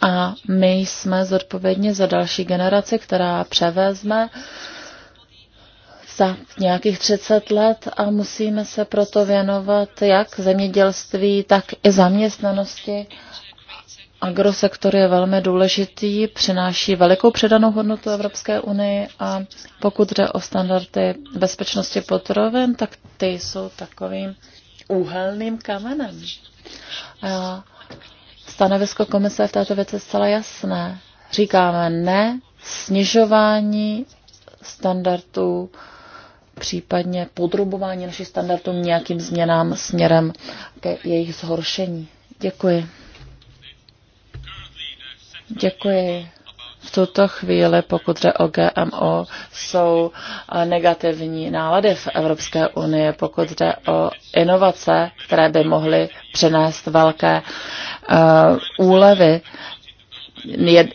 a my jsme zodpovědní za další generaci, která převezme za nějakých 30 let a musíme se proto věnovat jak zemědělství, tak i zaměstnanosti. Agrosektor je velmi důležitý, přináší velikou předanou hodnotu Evropské unii a pokud jde o standardy bezpečnosti potravin, tak ty jsou takovým úhelným kamenem. A Stanovisko komise v této věci zcela jasné. Říkáme ne snižování standardů, případně podrobování našich standardů nějakým změnám směrem ke jejich zhoršení. Děkuji. Děkuji. V tuto chvíli, pokud jde o GMO, jsou eh, negativní nálady v Evropské unii, pokud jde o inovace, které by mohly přinést velké uh, úlevy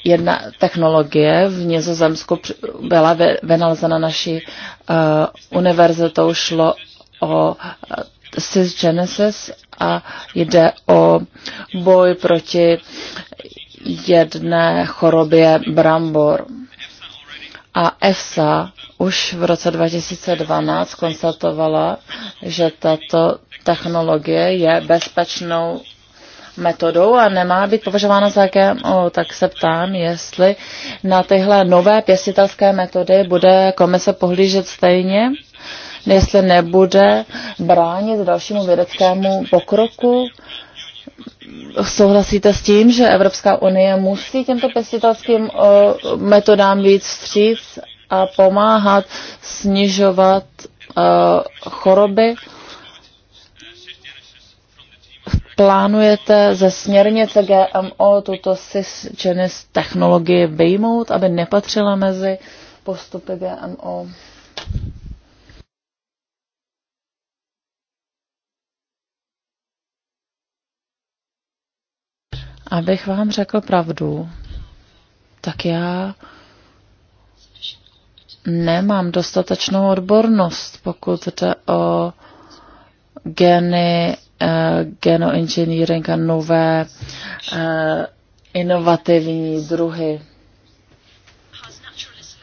jedna technologie v Nizozemsku byla vynalezena naší uh, univerzitou, šlo o cisgenesis a jde o boj proti jedné chorobě brambor. A EFSA už v roce 2012 konstatovala, že tato technologie je bezpečnou metodou a nemá být považována za GMO, tak se ptám, jestli na tyhle nové pěstitelské metody bude komise pohlížet stejně, jestli nebude bránit dalšímu vědeckému pokroku, souhlasíte s tím, že Evropská unie musí těmto pestitelským eh, metodám víc vstříc a pomáhat snižovat eh, choroby? Plánujete ze směrnice GMO tuto cisgenis technologii vyjmout, aby nepatřila mezi postupy GMO? Abych vám řekl pravdu, tak já nemám dostatečnou odbornost, pokud jde o geny, eh, genoengineering a nové eh, inovativní druhy.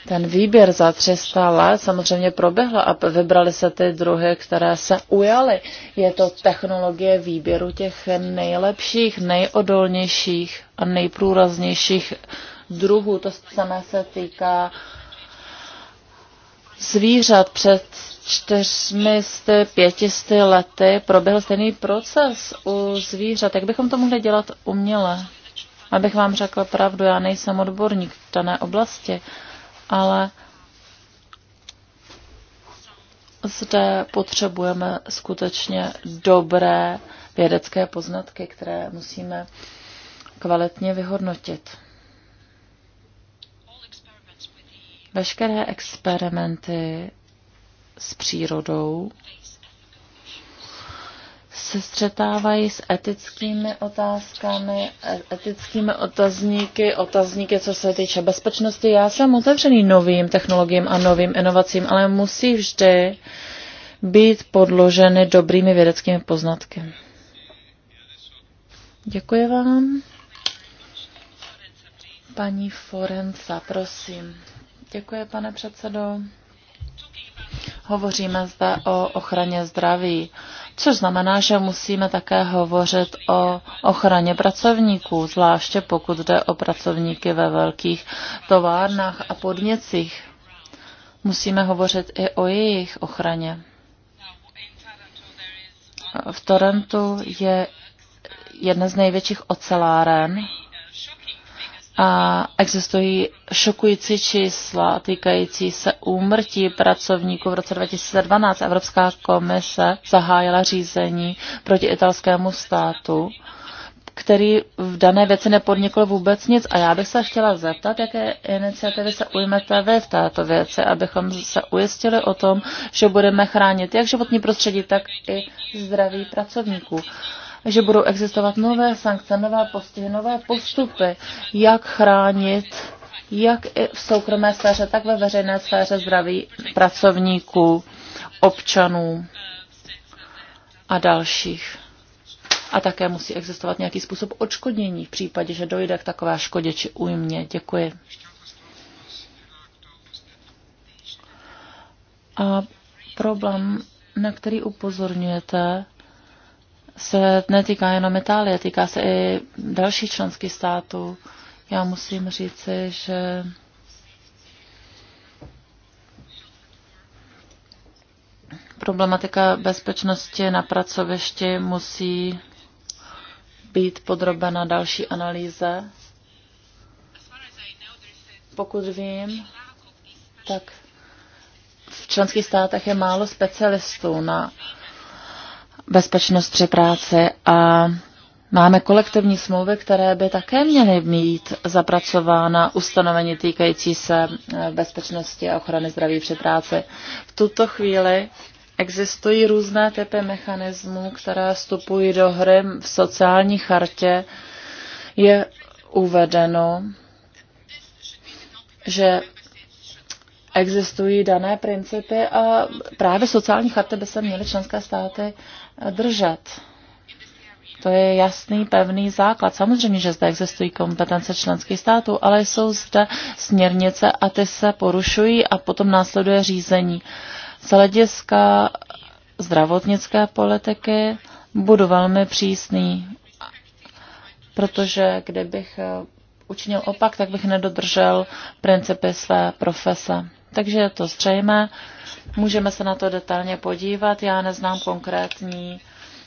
Ten výběr za 300 let samozřejmě proběhl a vybrali se ty druhy, které se ujaly. Je to technologie výběru těch nejlepších, nejodolnějších a nejprůraznějších druhů. To samé se týká zvířat před čtyřmi z pětisty lety proběhl stejný proces u zvířat. Jak bychom to mohli dělat uměle? Abych vám řekla pravdu, já nejsem odborník v dané oblasti, ale zde potřebujeme skutečně dobré vědecké poznatky, které musíme kvalitně vyhodnotit. Veškeré experimenty s přírodou se střetávají s etickými otázkami, etickými otazníky, otazníky, co se týče bezpečnosti. Já jsem otevřený novým technologiím a novým inovacím, ale musí vždy být podloženy dobrými vědeckými poznatky. Děkuji vám. Paní Forenca, prosím. Děkuji, pane předsedo. Hovoříme zde o ochraně zdraví, což znamená, že musíme také hovořit o ochraně pracovníků, zvláště pokud jde o pracovníky ve velkých továrnách a podnicích. Musíme hovořit i o jejich ochraně. V Torentu je jedna z největších oceláren a existují šokující čísla týkající se úmrtí pracovníků. V roce 2012 Evropská komise zahájila řízení proti italskému státu, který v dané věci nepodnikl vůbec nic. A já bych se chtěla zeptat, jaké iniciativy se ujmete vy v této věci, abychom se ujistili o tom, že budeme chránit jak životní prostředí, tak i zdraví pracovníků. Uh, že budou existovat nové sankce, nové postihy, nové postupy, jak chránit jak i v soukromé sféře, tak ve veřejné sféře zdraví pracovníků, občanů a dalších. A také musí existovat nějaký způsob odškodnění v případě, že dojde k takové škodě či újmě. Děkuji. A problém, na který upozorňujete, se netýká jenom Itálie, týká se i dalších členských států. Já musím říci, že problematika bezpečnosti na pracovišti musí být podrobena další analýze. Pokud vím, tak v členských státech je málo specialistů na bezpečnost při práci a máme kolektivní smlouvy, které by také měly mít zapracována ustanovení týkající se e, bezpečnosti a ochrany zdraví při práci. V tuto chvíli existují různé typy mechanismů, které vstupují do hry v sociální chartě. Je uvedeno, že existují dané principy a právě sociální charty by se měly členské státy držet. To je jasný, pevný základ. Samozřejmě, že zde existují kompetence členských států, ale jsou zde směrnice a ty se porušují a potom následuje řízení. Z hlediska zdravotnické politiky budu velmi přísný, protože kdybych učinil opak, tak bych nedodržel principy své profese takže je to zřejmé. Můžeme se na to detailně podívat. Já neznám konkrétní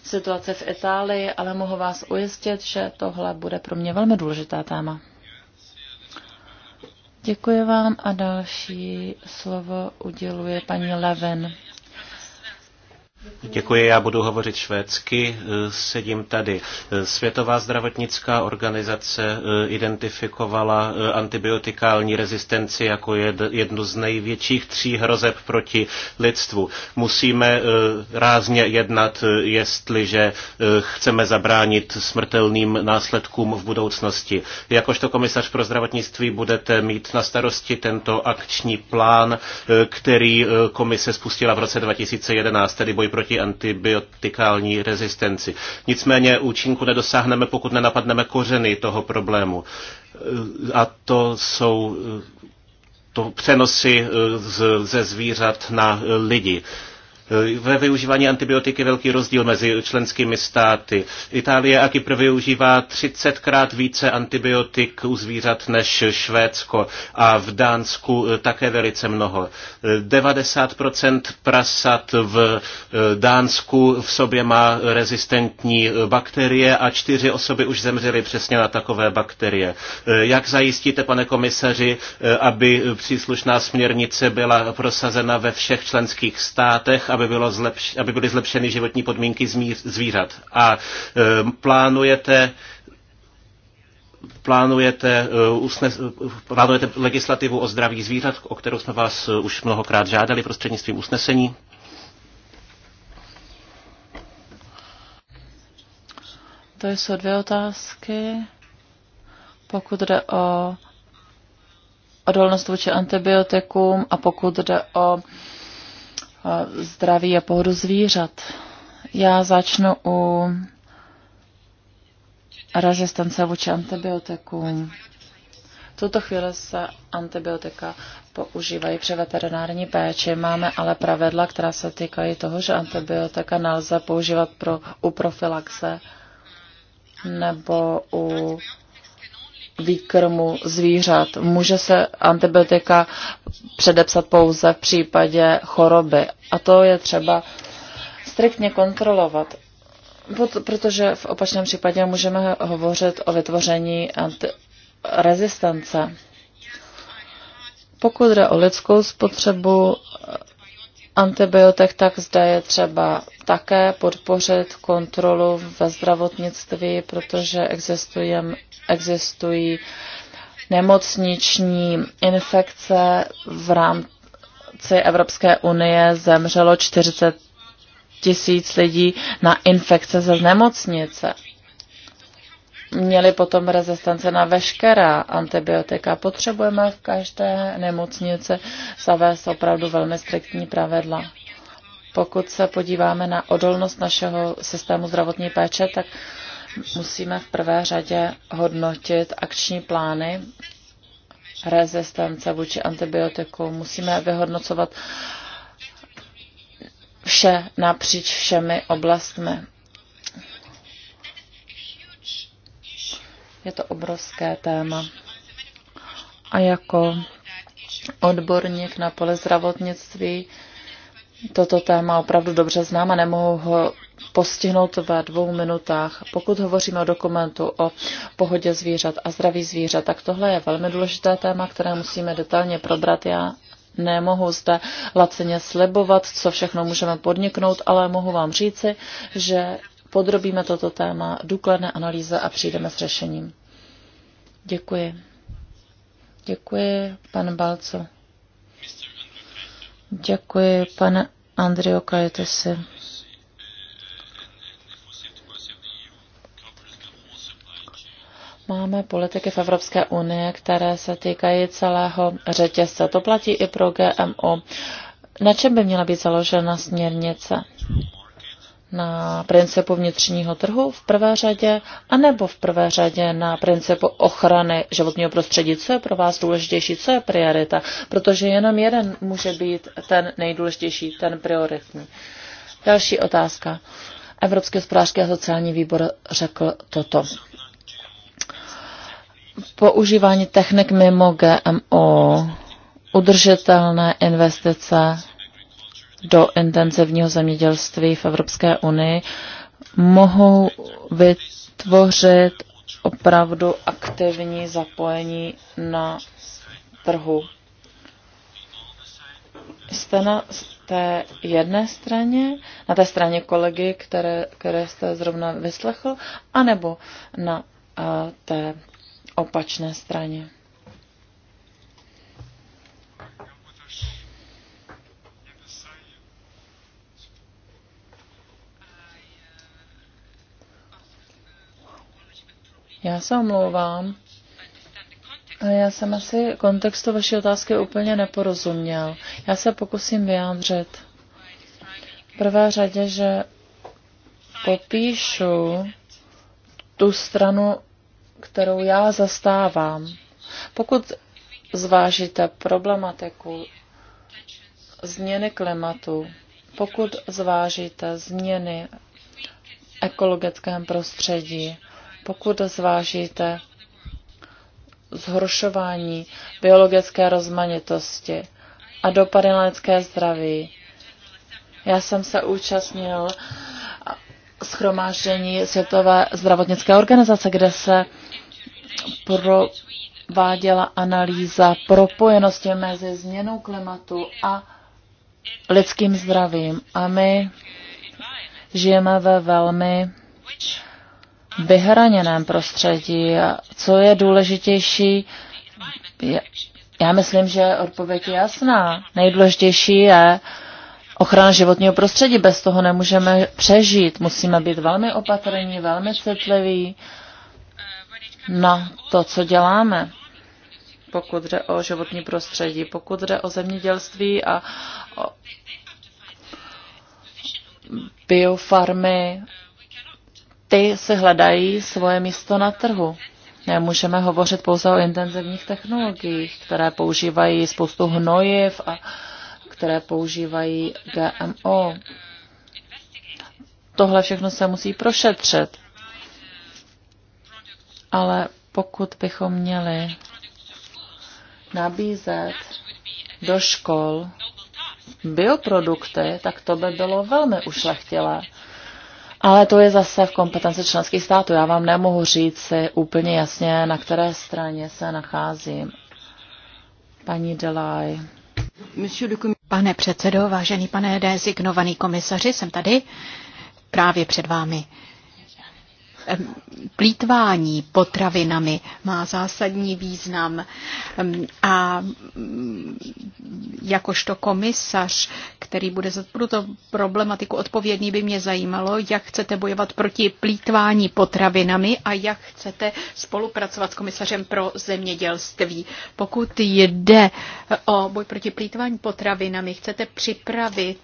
situace v Itálii, ale mohu vás ujistit, že tohle bude pro mě velmi důležitá téma. Děkuji vám a další slovo uděluje paní Levin. Děkuji, já budu hovořit švédsky. Sedím tady. Světová zdravotnická organizace identifikovala antibiotikální rezistenci jako jednu z největších tří hrozeb proti lidstvu. Musíme eh, rázně jednat, jestliže eh, chceme zabránit smrtelným následkům v budoucnosti. Jakožto komisař pro zdravotnictví budete mít na starosti tento akční plán, eh, který komise spustila v roce 2011, tedy boj proti antibiotikální rezistenci. Nicméně účinku nedosáhneme, pokud nenapadneme kořeny toho problému. A to jsou to přenosy eh, z, ze zvířat na lidi. Ve využívání antibiotik je velký rozdíl mezi členskými státy. Itálie a Kypr využívá 30krát více antibiotik u zvířat než Švédsko a v Dánsku eh, také velice mnoho. 90% eh, prasat v eh, Dánsku v sobě má rezistentní bakterie a čtyři osoby už zemřely přesně na takové bakterie. Jak zajistíte, pane komisaři, aby příslušná směrnice byla prosazena ve všech členských státech, aby aby, bylo zlepš- aby byly zlepšeny životní podmínky zvířat. A e, plánujete plánujete, e, usnes, plánujete legislativu o zdraví zvířat, o kterou jsme vás e, už mnohokrát žádali prostřednictvím usnesení? To jsou dvě otázky. Pokud jde o odolnost vůči antibiotikům a pokud jde o zdraví a pohodu zvířat. Já začnu u rezistence vůči antibiotikům. V tuto chvíli se antibiotika používají při veterinární péči. Máme ale pravidla, která se týkají toho, že antibiotika nelze používat pro, u profilaxe nebo u výkrmu zvířat. Může se antibiotika předepsat pouze v případě choroby a to je třeba striktně kontrolovat, protože v opačném případě můžeme hovořit o vytvoření anti- rezistence. Pokud jde o lidskou spotřebu, antibiotik, tak zde je třeba také podpořit kontrolu ve zdravotnictví, protože existují, existují nemocniční infekce v rámci Evropské unie zemřelo 40 tisíc lidí na infekce ze nemocnice měli potom rezistence na veškerá antibiotika. Potřebujeme v každé nemocnici zavést opravdu velmi striktní pravidla. Pokud se podíváme na odolnost našeho systému zdravotní péče, tak musíme v prvé řadě hodnotit akční plány rezistence vůči antibiotiku. Musíme vyhodnocovat vše napříč všemi oblastmi. Je to obrovské téma. A jako odborník na pole zdravotnictví toto téma opravdu dobře znám a nemohu ho postihnout ve dvou minutách. Pokud hovoříme o dokumentu o pohodě zvířat a zdraví zvířat, tak tohle je velmi důležité téma, které musíme detailně probrat. Já nemohu zde lacině slibovat, co všechno můžeme podniknout, ale mohu vám říci, že podrobíme toto téma důkladné analýze a přijdeme s řešením. Děkuji. Děkuji, pan Balco. Děkuji, pane Andrio Kajetesi. Máme politiky v Evropské unii, které se týkají celého řetězce. To platí i pro GMO. Na čem by měla být založena směrnice? na principu vnitřního trhu v prvé řadě, anebo v prvé řadě na principu ochrany životního prostředí. Co je pro vás důležitější, co je priorita? Protože jenom jeden může být ten nejdůležitější, ten prioritní. Další otázka. Evropský hospodářský a sociální výbor řekl toto. Používání technik mimo GMO, udržitelné investice do intenzivního zemědělství v Evropské unii mohou vytvořit opravdu aktivní zapojení na trhu. Jste na té jedné straně, na té straně kolegy, které, které jste zrovna vyslechl, anebo na eh, té opačné straně. Já se omlouvám. Já jsem asi kontextu vaší otázky úplně neporozuměl. Já se pokusím vyjádřit. V prvé řadě, že popíšu tu stranu, kterou já zastávám. Pokud zvážíte problematiku změny klimatu, pokud zvážíte změny ekologickém prostředí, pokud zvážíte zhoršování biologické rozmanitosti a dopady na lidské zdraví, já jsem se účastnil schromáždění Světové zdravotnické organizace, kde se prováděla analýza propojenosti mezi změnou klimatu a lidským zdravím. A my žijeme ve velmi vyhraněném prostředí. A co je důležitější, já myslím, že odpověď je jasná. Nejdůležitější je ochrana životního prostředí. Bez toho nemůžeme přežít. Musíme být velmi opatrní, velmi citliví na to, co děláme pokud jde o životní prostředí, pokud jde o zemědělství a o biofarmy ty se hledají svoje místo na trhu. Nemůžeme hovořit pouze o intenzivních technologiích, které používají spoustu hnojiv a které používají GMO. Tohle všechno se musí prošetřit. Ale pokud bychom měli nabízet do škol bioprodukty, tak to by bylo velmi ušlechtilé. Ale to je zase v kompetenci členských států. Já vám nemohu říct si úplně jasně, na které straně se nacházím. Paní Delaj. Pane předsedo, vážený pane designovaný komisaři, jsem tady právě před vámi plítvání potravinami má zásadní význam. A mm, jakožto komisař, který bude za tuto problematiku odpovědný, by mě zajímalo, jak chcete bojovat proti plítvání potravinami a jak chcete spolupracovat s komisařem pro zemědělství. Pokud jde o boj proti plítvání potravinami, chcete připravit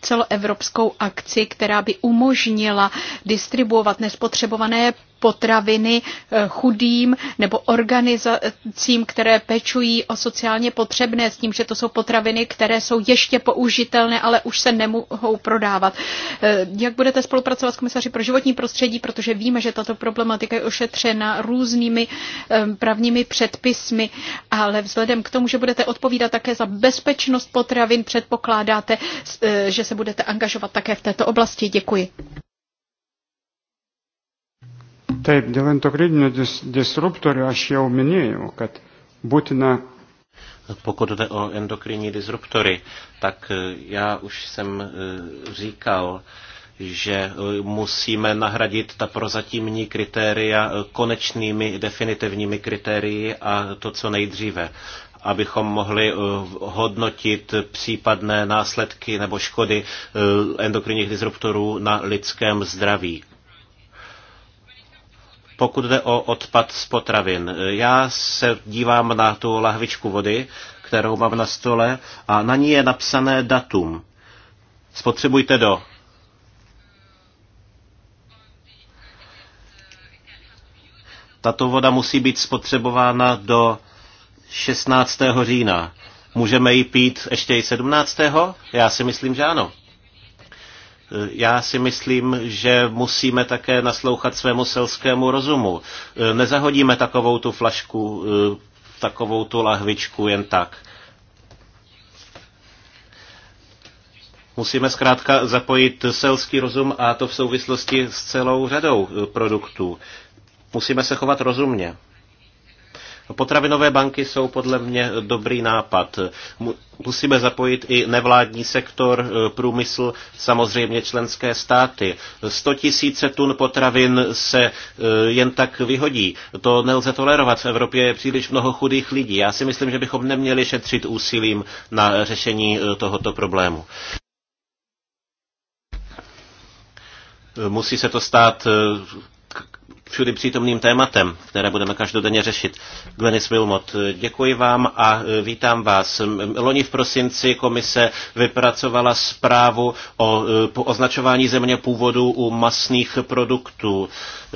celoevropskou akci, která by umožnila distribuovat nespotřebované potraviny eh, chudým nebo organizacím, které pečují o sociálně potřebné, s tím, že to jsou potraviny, které jsou ještě použitelné, ale už se nemohou prodávat. Eh, jak budete spolupracovat s komisaři pro životní prostředí, protože víme, že tato problematika je ošetřena různými eh, právními předpisy, ale vzhledem k tomu, že budete odpovídat také za bezpečnost potravin, předpokládáte, že se budete angažovat také v této oblasti. Děkuji. Taip, dėl endokrininių dis disruptorių aš jau minėjau, kad būtina. Pokud jde o endokrinní disruptory, tak e, já už jsem e, říkal, že e, musíme nahradit ta prozatímní kritéria konečnými definitivními kritérii a to, co nejdříve abychom mohli hodnotit případné následky nebo škody endokrinních disruptorů na lidském zdraví. Pokud jde o odpad z potravin, já se dívám na tu lahvičku vody, kterou mám na stole, a na ní je napsané datum. Spotřebujte do. Tato voda musí být spotřebována do 16. října. Můžeme ji pít ještě i 17. Já si myslím, že ano. Já si myslím, že musíme také naslouchat svému selskému rozumu. E, nezahodíme takovou tu flašku, e, takovou tu lahvičku jen tak. Musíme zkrátka zapojit selský rozum a to v souvislosti s celou řadou e, produktů. Musíme se chovat rozumně. Potravinové banky jsou podle mě dobrý nápad. Musíme zapojit i nevládní sektor, e, průmysl, samozřejmě členské státy. 100 tisíce tun potravin se e, jen tak vyhodí. To nelze tolerovat. V Evropě je příliš mnoho chudých lidí. Já si myslím, že bychom neměli šetřit úsilím na řešení e, tohoto problému. Musí se to stát všudy přítomným tématem, které budeme každodenně řešit. Glenis Wilmot, děkuji vám a e, vítám vás. Loni v prosinci komise vypracovala zprávu o e, označování země původu u masných produktů.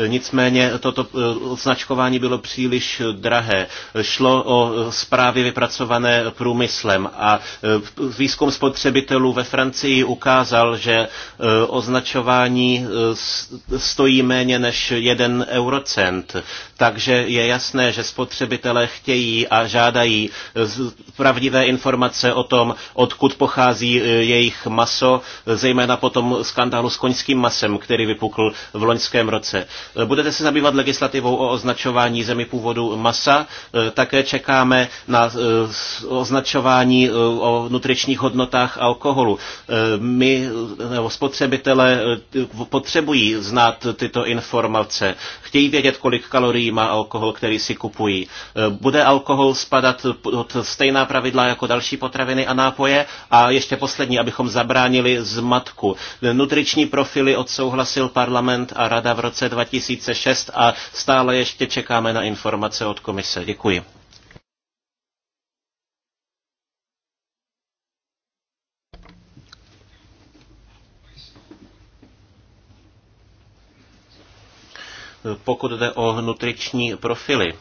E, nicméně toto označkování bylo příliš drahé. Šlo o zprávy vypracované průmyslem a výzkum spotřebitelů ve Francii ukázal, že označování stojí méně než jeden eurocent. Takže je jasné, že spotřebitelé chtějí a žádají pravdivé informace o tom, odkud pochází e, jejich maso, zejména po tom skandálu s koňským masem, který vypukl v loňském roce. E, budete se zabývat legislativou o označování zemi původu masa. E, také čekáme na označování o nutričních hodnotách alkoholu. My, nebo spotřebitelé, potřebují znát tyto informace. Chtějí vědět, kolik kalorií má alkohol, který si kupují. E, Bude alkohol spadat pod stejná pravidla jako další potraviny a nápoje? A ještě poslední, abychom zabránili zmatku. Nutriční profily odsouhlasil parlament a rada v roce 2006 a stále ještě čekáme na informace od komise. Děkuji. Pokud jde o nutriční profily,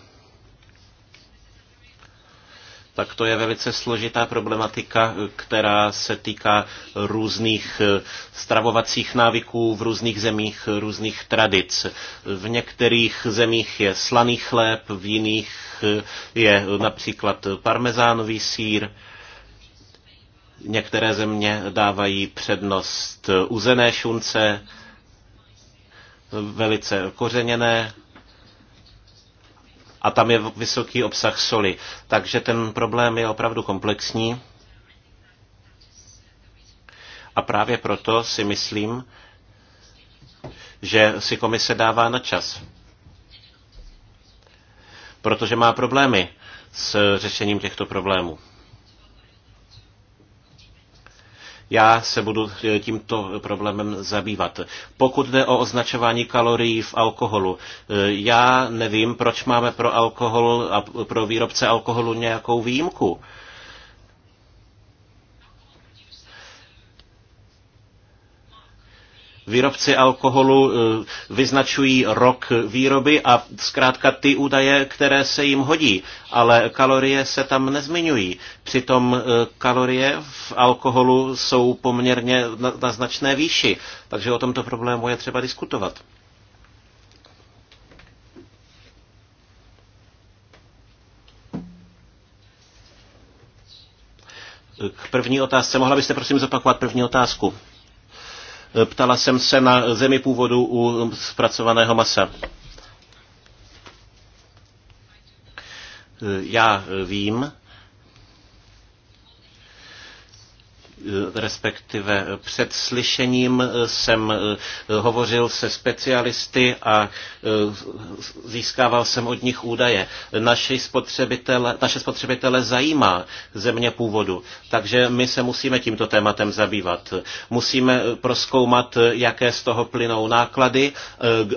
tak to je velice složitá problematika, která se týká různých eh, stravovacích návyků v různých zemích, různých tradic. V některých zemích je slaný chléb, v jiných eh, je například parmezánový sír. Některé země dávají přednost uzené šunce, velice kořeněné a tam je vysoký obsah soli. Takže ten problém je opravdu komplexní. A právě proto si myslím, že si komise dává na čas. Protože má problémy s řešením těchto problémů. Já se budu eh, tímto problémem zabývat. Pokud jde o označování kalorií v alkoholu, eh, já nevím, proč máme pro alkohol a pro výrobce alkoholu nějakou výjimku. výrobci alkoholu eh, vyznačují rok výroby a zkrátka ty údaje, které se jim hodí, ale kalorie se tam nezmiňují. Přitom eh, kalorie v alkoholu jsou poměrně na značné výši, takže o tomto problému je třeba diskutovat. K první otázce. Mohla byste prosím zopakovat první otázku? Ptala jsem se na zemi původu u zpracovaného masa. Já vím, respektive před slyšením jsem eh, hovořil se specialisty a eh, získával jsem od nich údaje. Naši spotřebitele, naše spotřebitele zajímá země původu, takže my se musíme tímto tématem zabývat. Musíme eh, proskoumat, jaké z toho plynou náklady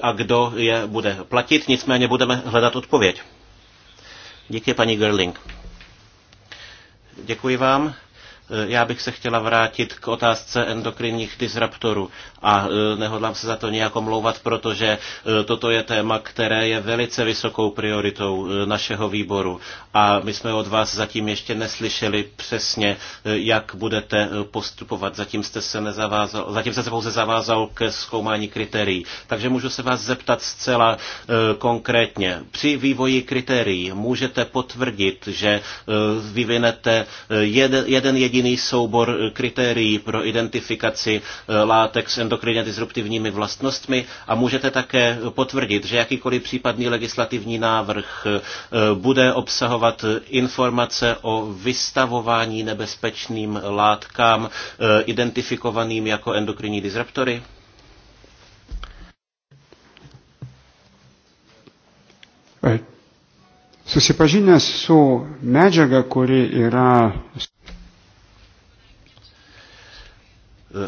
a kdo je bude platit, nicméně budeme hledat odpověď. Díky paní Gerling. Děkuji vám. Eh, já bych se chtěla vrátit k otázce endokrinních disruptorů a eh, nehodlám se za to nějak omlouvat, protože eh, toto je téma, které je velice vysokou prioritou našeho výboru a my jsme od vás zatím ještě neslyšeli přesně, jak budete postupovat. Zatím jste se, nezavázal, zatím jste se pouze zavázal ke zkoumání kritérií. Takže můžu se vás zeptat zcela konkrétně. Při vývoji kritérií můžete potvrdit, že vyvinete jeden jediný jediný soubor eh, kritérií pro identifikaci eh, látek s endokrinně disruptivními vlastnostmi a můžete také potvrdit, že jakýkoliv případný legislativní návrh eh, bude obsahovat informace o vystavování nebezpečným látkám identifikovaným jako endokrinní disruptory? Susipažinęs su medžiaga, kuri yra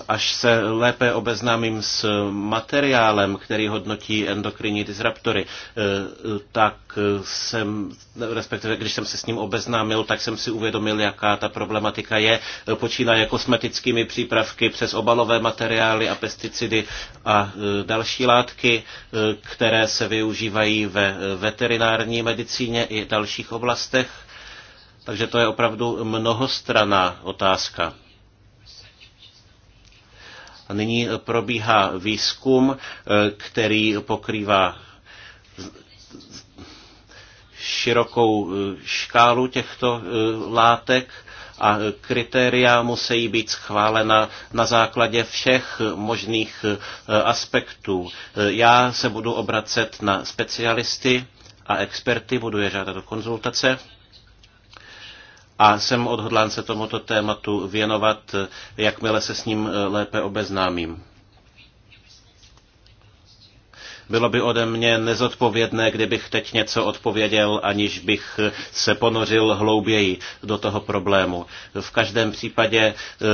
až se lépe obeznámím s materiálem, který hodnotí endokrinní disruptory, eh, tak jsem, respektive když jsem se s ním obeznámil, tak jsem si uvědomil, jaká ta problematika je. Počínaje kosmetickými přípravky přes obalové materiály a pesticidy a eh, další látky, eh, které se využívají ve veterinární medicíně i dalších oblastech. Takže to je opravdu mnohostraná otázka. Nyní probíhá výzkum, eh, který pokrývá širokou eh, škálu těchto eh, látek a kritéria musí být schválena na základě všech možných aspektů. Já se budu obracet na specialisty a experty, budu je žádat do konzultace a jsem odhodlán se tomuto tématu věnovat, jakmile se s ním eh, lépe obeznámím. Bylo by ode mě nezodpovědné, kdybych teď něco odpověděl, aniž bych eh, se ponořil hlouběji do toho problému. V každém případě eh,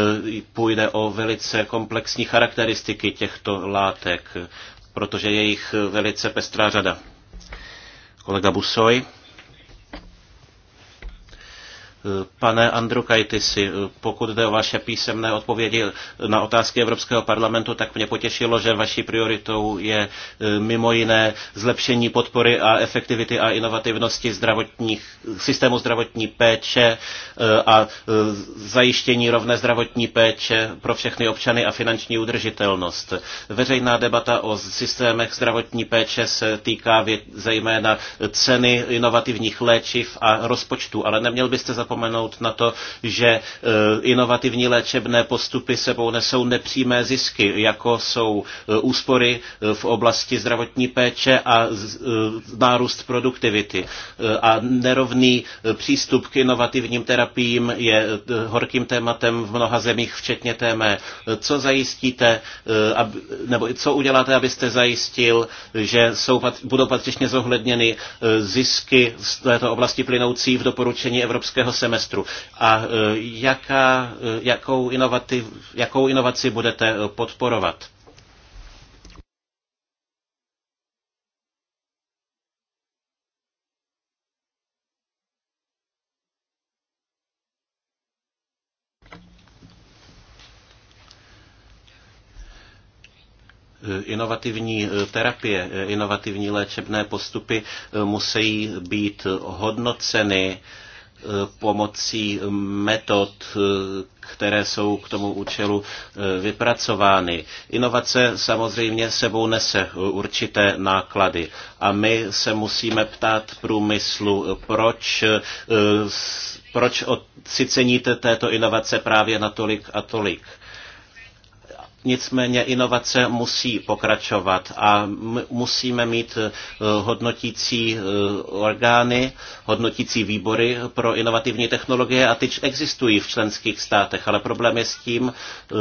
půjde o velice komplexní charakteristiky těchto látek, protože je jich velice pestrá řada. Kolega Busoj. Pane Andrukajtisi, pokud jde o vaše písemné odpovědi na otázky Evropského parlamentu, tak mě potěšilo, že vaší prioritou je e, mimo jiné zlepšení podpory a efektivity a inovativnosti zdravotních, systému zdravotní péče e, a e, zajištění rovné zdravotní péče pro všechny občany a finanční udržitelnost. Veřejná debata o systémech zdravotní péče se týká zejména ceny inovativních léčiv a rozpočtu, ale neměl byste zapomínat zapomenout na to, že e, inovativní léčebné postupy sebou nesou nepřímé zisky, jako jsou e, úspory e, v oblasti zdravotní péče a nárůst produktivity. A nerovný přístup k inovativním terapiím je horkým tématem v mnoha zemích, včetně té mé. Co zajistíte, nebo co uděláte, abyste zajistil, že jsou, budou patřičně zohledněny zisky z této oblasti plynoucí v doporučení Evropského semestru. A e, jaká, e, jakou, inovativ, jakou inovaci budete e, podporovat? inovativní terapie, inovativní léčebné postupy musí být hodnoceny pomocí metod, které jsou k tomu účelu eh, vypracovány. Inovace samozřejmě sebou nese eh, určité náklady a my se musíme ptát průmyslu, proč, eh, proč si ceníte této inovace právě na tolik a tolik Nicméně inovace musí pokračovat a musíme mít eh, hodnotící eh, orgány, hodnotící výbory pro inovativní technologie a ty existují v členských státech, ale problém je s tím, eh,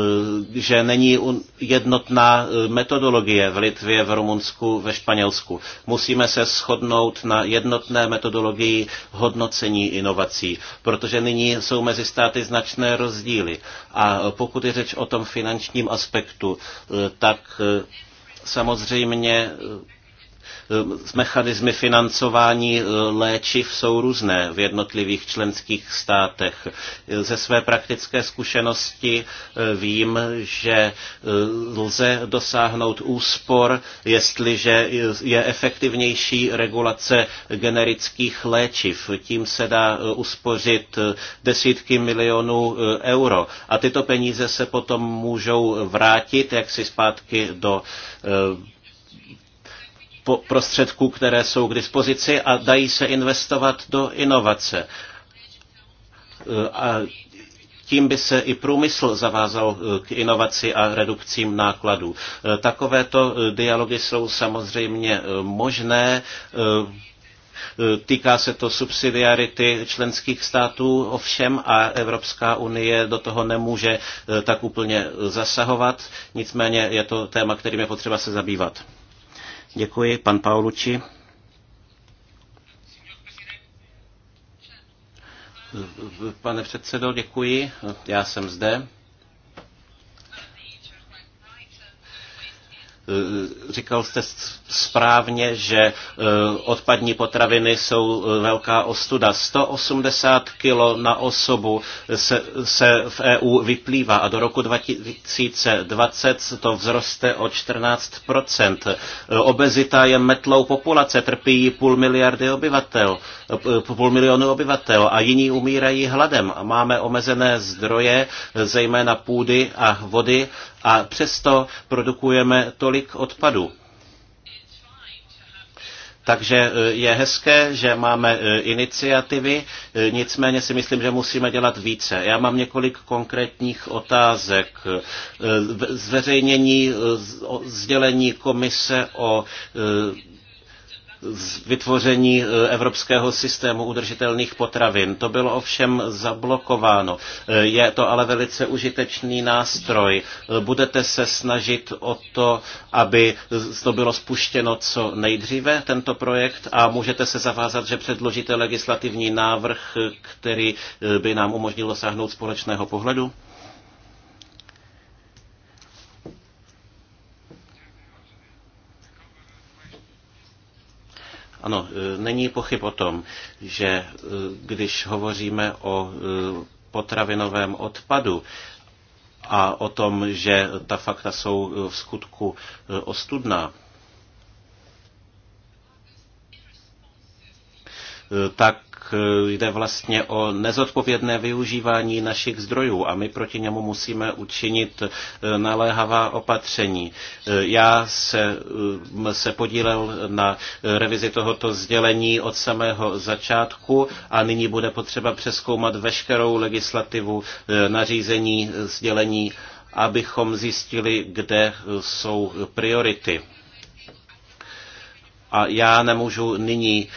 že není jednotná metodologie v Litvě, v Rumunsku, ve Španělsku. Musíme se shodnout na jednotné metodologii hodnocení inovací, protože nyní jsou mezi státy značné rozdíly. A pokud je řeč o tom finančním aspektu, aspektu, eh, tak eh, samozřejmě eh, Mechanizmy financování e, léčiv jsou různé v jednotlivých členských státech. Ze své praktické zkušenosti e, vím, že e, lze dosáhnout úspor, jestliže je efektivnější regulace generických léčiv. Tím se dá uspořit desítky milionů euro. A tyto peníze se potom můžou vrátit jaksi zpátky do prostředků, které jsou k dispozici a dají se investovat do inovace. E, a tím by se i průmysl zavázal e, k inovaci a redukcím nákladů. E, takovéto dialogy jsou samozřejmě možné. Týká se to subsidiarity členských států ovšem a Evropská unie do toho nemůže tak úplně zasahovat. Nicméně je to téma, kterým je potřeba se zabývat. Děkuji, pan Paulucci. Pane předsedo, děkuji. Já jsem zde. Eh, říkal jste správně, že eh, odpadní potraviny jsou eh, velká ostuda. 180 kilo na osobu se, se v EU vyplývá a do roku 2020 to vzroste o 14 Obezita je metlou populace, trpí půl miliardy obyvatel, půl milionu obyvatel a jiní umírají hladem. Máme omezené zdroje, zejména půdy a vody a přesto produkujeme tolik odpadu. Takže e, je hezké, že máme e, iniciativy, e, nicméně si myslím, že musíme dělat více. Já mám několik konkrétních otázek. Zveřejnění sdělení komise o vytvoření e, evropského systému udržitelných potravin. To bylo ovšem zablokováno. E, je to ale velice užitečný nástroj. E, budete se snažit o to, aby to bylo spuštěno co nejdříve, tento projekt, a můžete se zavázat, že předložíte legislativní návrh, který by nám umožnil dosáhnout společného pohledu? Ano, e, není pochyb o tom, že e, když hovoříme o e, potravinovém odpadu a o tom, že ta fakta jsou v skutku ostudná, tak eh, jde vlastně o nezodpovědné využívání našich zdrojů a my proti němu musíme učinit eh, naléhavá opatření. Eh, já se, se podílel na revizi tohoto sdělení od samého začátku a nyní bude potřeba přeskoumat veškerou legislativu, nařízení, sdělení, abychom zjistili, kde jsou priority a já nemůžu nyní e,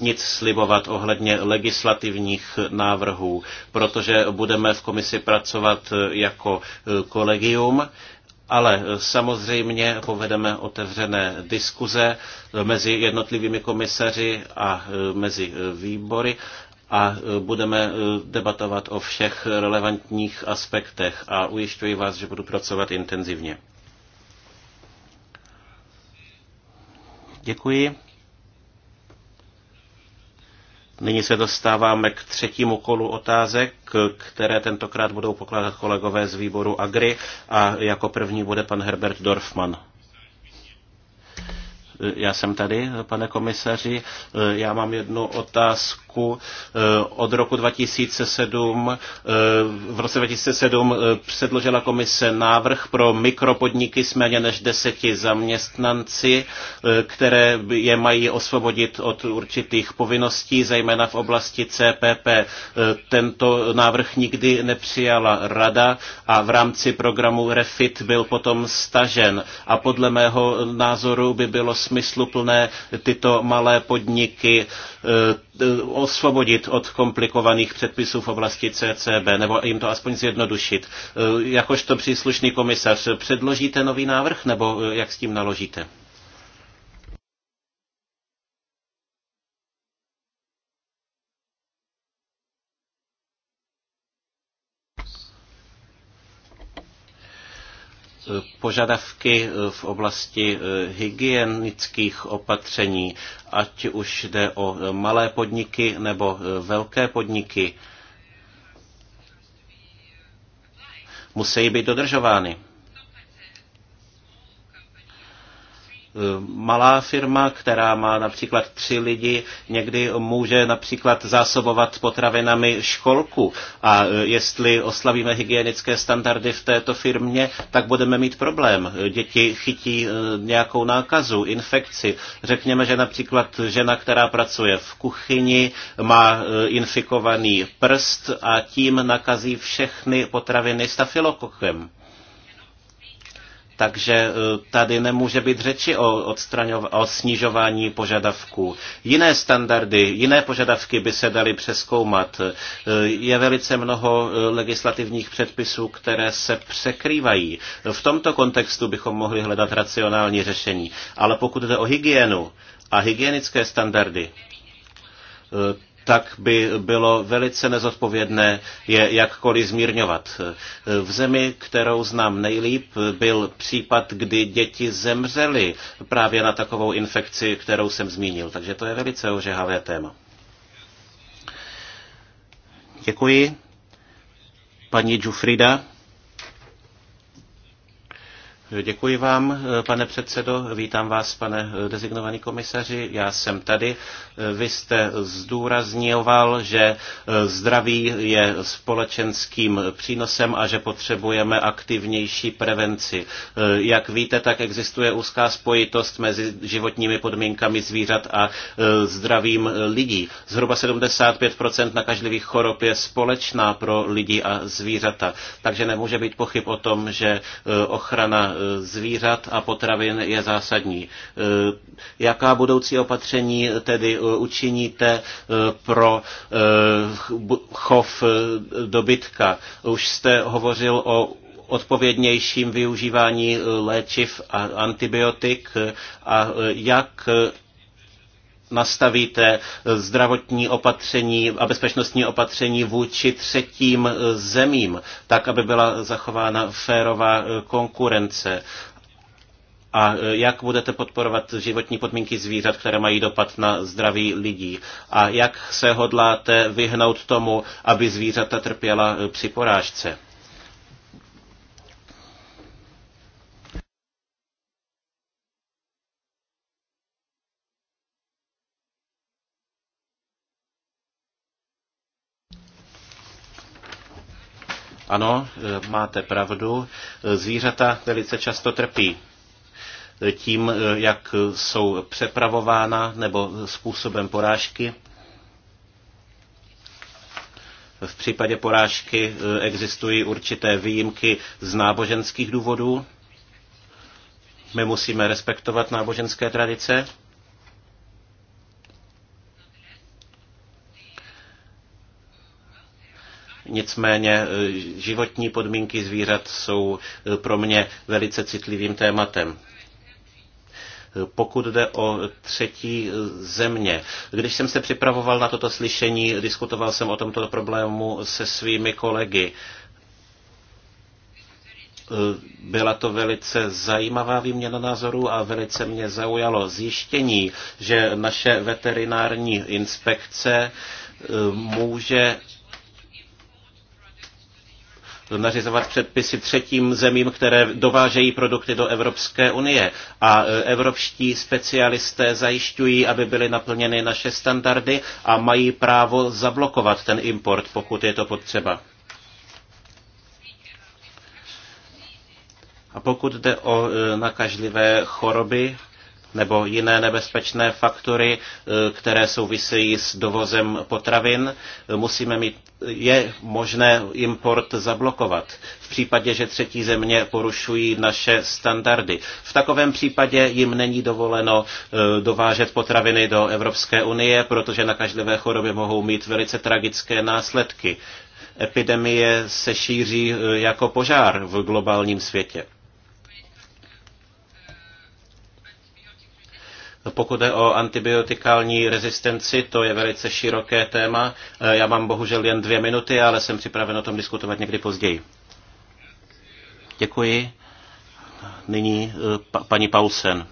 nic slibovat ohledně legislativních návrhů, protože budeme v komisi pracovat e, jako e, kolegium. Ale samozřejmě povedeme otevřené diskuze mezi jednotlivými komisaři a mezi výbory a budeme debatovat o všech relevantních aspektech a ujišťuji vás, že budu pracovat intenzivně. Děkuji. Nyní se dostáváme k třetímu kolu otázek, které tentokrát budou pokládat kolegové z výboru Agri a jako první bude pan Herbert Dorfman. Já jsem tady, pane komisaři. Já mám jednu otázku. Od roku 2007, v roce 2007 předložila komise návrh pro mikropodniky s méně než deseti zaměstnanci, které je mají osvobodit od určitých povinností, zejména v oblasti CPP. Tento návrh nikdy nepřijala rada a v rámci programu REFIT byl potom stažen. A podle mého názoru by bylo smysl smysluplné tyto malé podniky eh, eh, osvobodit od komplikovaných předpisů v oblasti CCB, nebo jim to aspoň zjednodušit. Eh, jakožto příslušný komisař, předložíte nový návrh, nebo jak s tím naložíte? požadavky eh, v oblasti eh, hygienických opatření, ať už jde o eh, malé podniky nebo velké podniky, musí být dodržovány. Eh, malá firma, která má například tři lidi, někdy může například zásobovat potravinami školku. A eh, jestli oslavíme hygienické standardy v této firmě, tak budeme mít problém. Děti chytí eh, nějakou nákazu, infekci. Řekněme, že například žena, která pracuje v kuchyni, má infikovaný prst a tím nakazí všechny potraviny stafilokokem. Takže e, tady nemůže být řeči o, odstraňov, o snižování požadavků. Jiné standardy, jiné požadavky by se daly přeskoumat. E, je velice mnoho e, legislativních předpisů, které se překrývají. V tomto kontextu bychom mohli hledat racionální řešení. Ale pokud jde o hygienu a hygienické standardy, tak by bylo velice nezodpovědné je jakkoliv zmírňovat. V zemi, kterou znám nejlíp, byl případ, kdy děti zemřely právě na takovou infekci, kterou jsem zmínil. Takže to je velice ožehavé téma. Děkuji. Paní Jufrida. Děkuji vám, pane předsedo. Vítám vás, pane designovaný komisaři. Já jsem tady. Vy jste zdůrazňoval, že zdraví je společenským přínosem a že potřebujeme aktivnější prevenci. Jak víte, tak existuje úzká spojitost mezi životními podmínkami zvířat a zdravím lidí. Zhruba 75 nakažlivých chorob je společná pro lidi a zvířata. Takže nemůže být pochyb o tom, že ochrana Eh, zvířat a potravin je zásadní. Eh, jaká budoucí opatření tedy eh, učiníte pro chov dobytka? Už jste hovořil o odpovědnějším využívání léčiv a antibiotik a jak nastavíte zdravotní opatření a bezpečnostní opatření vůči třetím zemím, tak aby byla zachována férová eh, konkurence. A eh, jak budete podporovat životní podmínky zvířat, které mají dopad na zdraví lidí? A jak se hodláte vyhnout tomu, aby zvířata trpěla eh, při porážce? Ano, eh, máte pravdu. Eh, zvířata velice často trpí eh, tím, jak jsou přepravována nebo způsobem porážky. V případě porážky existují určité výjimky z náboženských důvodů. My musíme respektovat náboženské tradice. Nicméně e, životní podmínky zvířat jsou e, pro mě velice citlivým tématem e, pokud jde o třetí země. Když jsem se připravoval na toto slyšení, diskutoval jsem o tomto problému se svými kolegy. Byla to velice zajímavá výměna názorů a velice mě zaujalo zjištění, že naše veterinární inspekce může nařizovat předpisy třetím zemím, které dovážejí produkty do Evropské unie. A e, evropští specialisté zajišťují, aby byly naplněny naše standardy a mají právo zablokovat ten import, pokud je to potřeba. A pokud jde o e, nakažlivé choroby, nebo jiné nebezpečné faktory, e, které souvisejí s dovozem potravin. E, musíme mít, je možné import zablokovat v případě, že třetí země porušují naše standardy. V takovém případě jim není dovoleno e, dovážet potraviny do Evropské unie, protože nakažlivé choroby mohou mít velice tragické následky epidemie se šíří jako požár v globálním světě. Pokud je o antibiotikální rezistenci, to je velice široké téma. Eh, já mám bohužel jen dvě minuty, ale jsem připraven o tom diskutovat někdy později. Děkuji. Nyní eh, pa, paní Paulsen.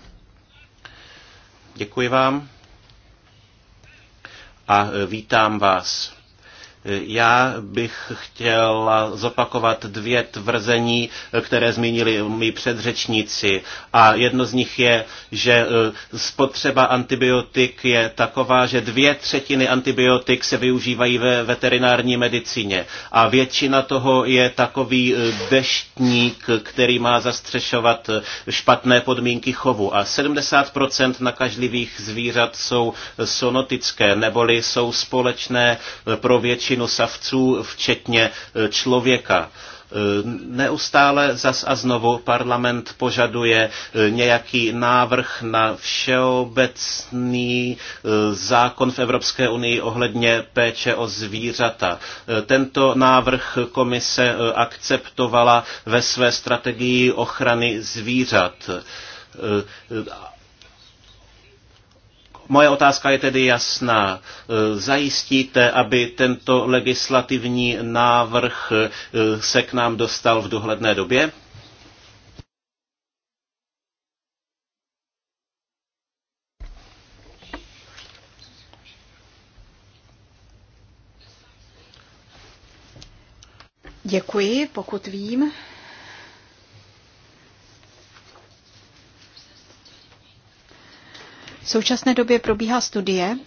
Děkuji vám a eh, vítám vás. Já bych chtěl zopakovat dvě tvrzení, které zmínili mý předřečníci. A jedno z nich je, že e, spotřeba antibiotik je taková, že dvě třetiny antibiotik se využívají ve veterinární medicíně. A většina toho je takový e, deštník, který má zastřešovat e, špatné podmínky chovu. A 70% nakažlivých zvířat jsou sonotické, neboli jsou společné pro většinu většinu savců, včetně eh, člověka. Eh, neustále zas a znovu parlament požaduje eh, nějaký návrh na všeobecný zákon v Evropské unii ohledně péče o zvířata. Tento návrh komise akceptovala ve své strategii ochrany zvířat Moje otázka je tedy jasná. E, zajistíte, aby tento legislativní návrh e, se k nám dostal v dohledné době? Děkuji, pokud vím, V současné době probíhá studie,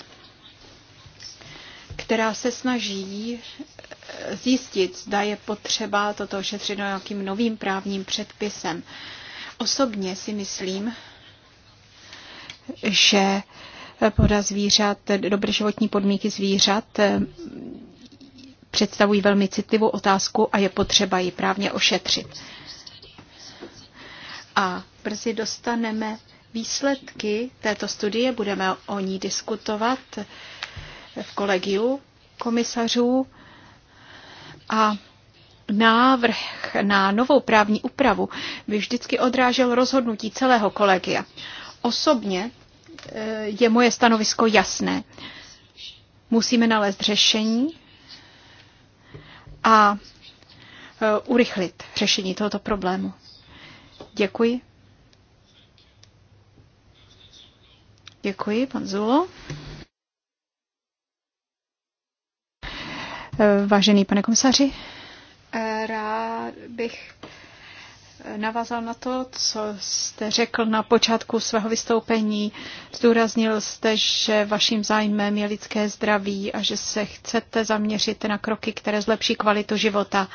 která se snaží eh, zjistit, zda je potřeba toto ošetřit no, nějakým novým právním předpisem. Osobně si myslím, že poda zvířat, dobré životní podmínky zvířat eh, představují velmi citlivou otázku a je potřeba ji právně ošetřit. A brzy dostaneme výsledky této studie, budeme o ní diskutovat v kolegiu komisařů a návrh na novou právní úpravu by vždycky odrážel rozhodnutí celého kolegia. Osobně e, je moje stanovisko jasné. Musíme nalézt řešení a e, urychlit řešení tohoto problému. Děkuji. Děkuji, pan Zulo. Eh, vážený pane komisaři, eh, rád bych eh, navázal na to, co jste řekl na počátku svého vystoupení. Zdůraznil jste, že vaším zájmem je lidské zdraví a že se chcete zaměřit na kroky, které zlepší kvalitu života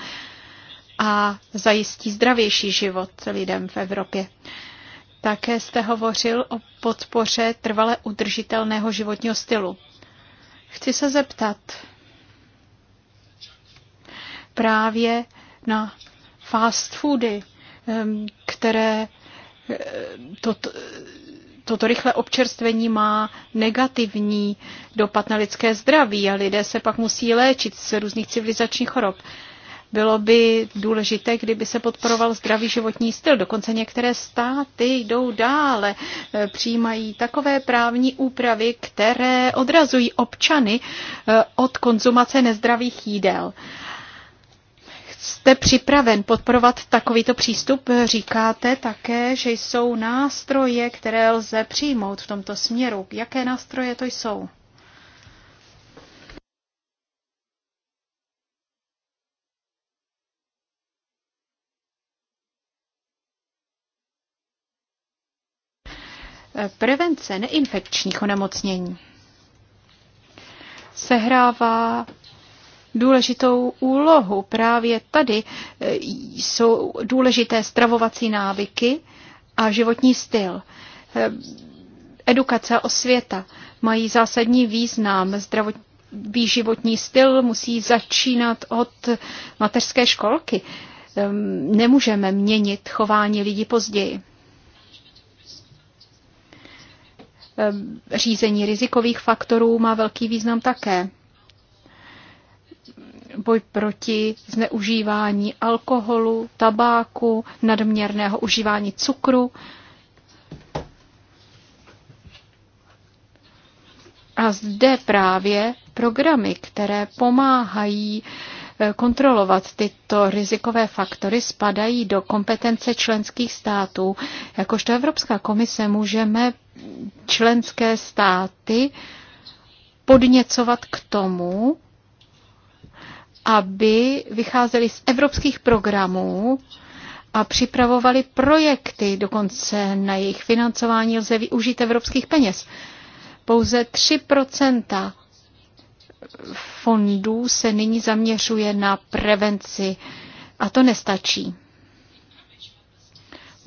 a zajistí zdravější život lidem v Evropě. Uh, také jste hovořil o podpoře trvale udržitelného životního stylu. Chci se zeptat právě na fast foody, které eh, toto, toto rychlé občerstvení má negativní dopad na lidské zdraví a lidé se pak musí léčit z různých civilizačních chorob. Bylo by důležité, kdyby se podporoval zdravý životní styl. Dokonce některé státy jdou dále, e, přijímají takové právní úpravy, které odrazují občany e, od konzumace nezdravých jídel jste připraven podporovat takovýto přístup? Říkáte také, že jsou nástroje, které lze přijmout v tomto směru. Jaké nástroje to jsou? prevence neinfekčních onemocnění sehrává důležitou úlohu. Právě tady e, jsou důležité stravovací návyky a životní styl. E, edukace a osvěta mají zásadní význam. Zdravotní životní styl musí začínat od mateřské školky. Nemůžeme měnit chování lidí později. Ehm, řízení rizikových faktorů má velký význam také. Boj proti zneužívání alkoholu, tabáku, nadměrného užívání cukru. A zde právě programy, které pomáhají eh, kontrolovat tyto rizikové faktory, spadají do kompetence členských států. Jakožto Evropská komise můžeme členské státy podněcovat k tomu, aby vycházeli z evropských programů a připravovali projekty, dokonce na jejich financování lze využít evropských peněz. Pouze 3 fondů se nyní zaměřuje na prevenci a to nestačí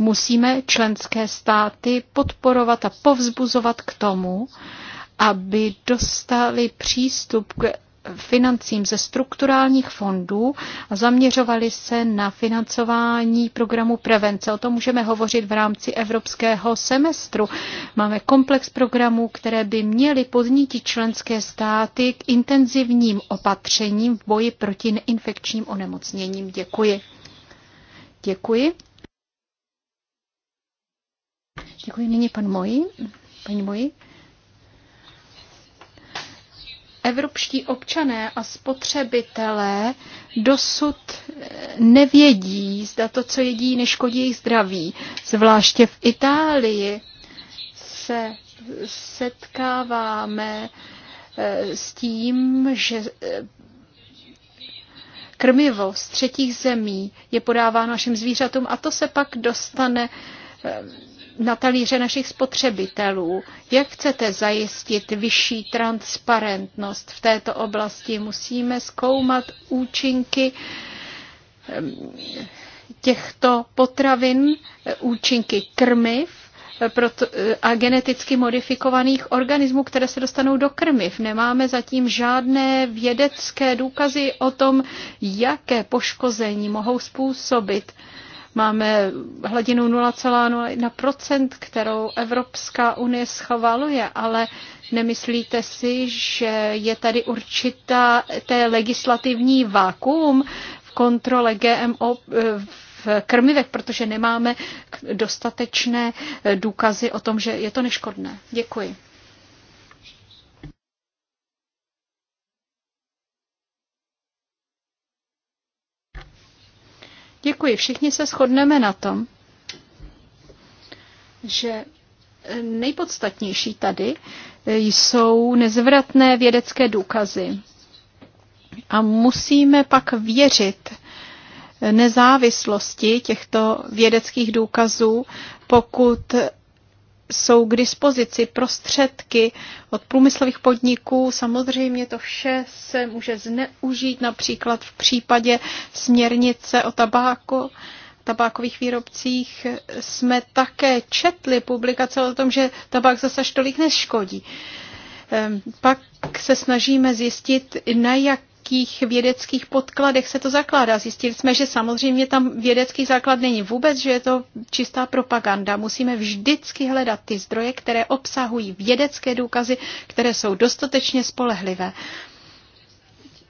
musíme členské státy podporovat a povzbuzovat k tomu, aby dostali přístup k financím ze strukturálních fondů a zaměřovali se na financování programu prevence. O tom můžeme hovořit v rámci evropského semestru. Máme komplex programů, které by měly podnítit členské státy k intenzivním opatřením v boji proti neinfekčním onemocněním. Děkuji. Děkuji. Děkuji. Nyní pan Moji. Paní Moji. Evropští občané a spotřebitelé dosud eh, nevědí, zda to, co jedí, neškodí jejich zdraví. Zvláště v Itálii se setkáváme eh, s tím, že eh, krmivo z třetích zemí je podáváno našim zvířatům a to se pak dostane na talíře našich spotřebitelů. Jak chcete zajistit vyšší transparentnost v této oblasti? Musíme zkoumat účinky ehm, těchto potravin, eh, účinky krmiv eh, eh, a geneticky modifikovaných organismů, které se dostanou do krmiv. Nemáme zatím žádné vědecké důkazy o tom, jaké poškození mohou způsobit uh, Máme hladinu 0,01%, kterou Evropská unie schvaluje, ale nemyslíte si, že je tady určitá té legislativní vákuum v kontrole GMO v krmivech, protože nemáme dostatečné důkazy o tom, že je to neškodné. Děkuji. Děkuji. Všichni se shodneme na tom, že eh, nejpodstatnější tady eh, jsou nezvratné vědecké důkazy. A musíme pak věřit eh, nezávislosti těchto vědeckých důkazů, pokud jsou k dispozici prostředky od průmyslových podniků. Samozřejmě to vše se může zneužít například v případě směrnice o tabáku tabákových výrobcích jsme také četli publikace o tom, že tabák zase až tolik neškodí. Ehm, pak se snažíme zjistit, na jak jakých vědeckých podkladech se to zakládá. Zjistili jsme, že samozřejmě tam vědecký základ není vůbec, že je to čistá propaganda. Musíme vždycky hledat ty zdroje, které obsahují vědecké důkazy, které jsou dostatečně spolehlivé.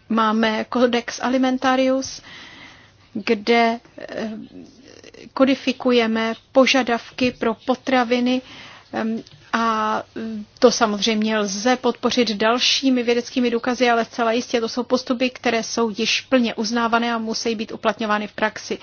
Máme kodex Alimentarius, kde eh, kodifikujeme požadavky pro potraviny a to samozřejmě lze podpořit dalšími vědeckými důkazy, ale zcela jistě to jsou postupy, které jsou již plně uznávané a musí být uplatňovány v praxi.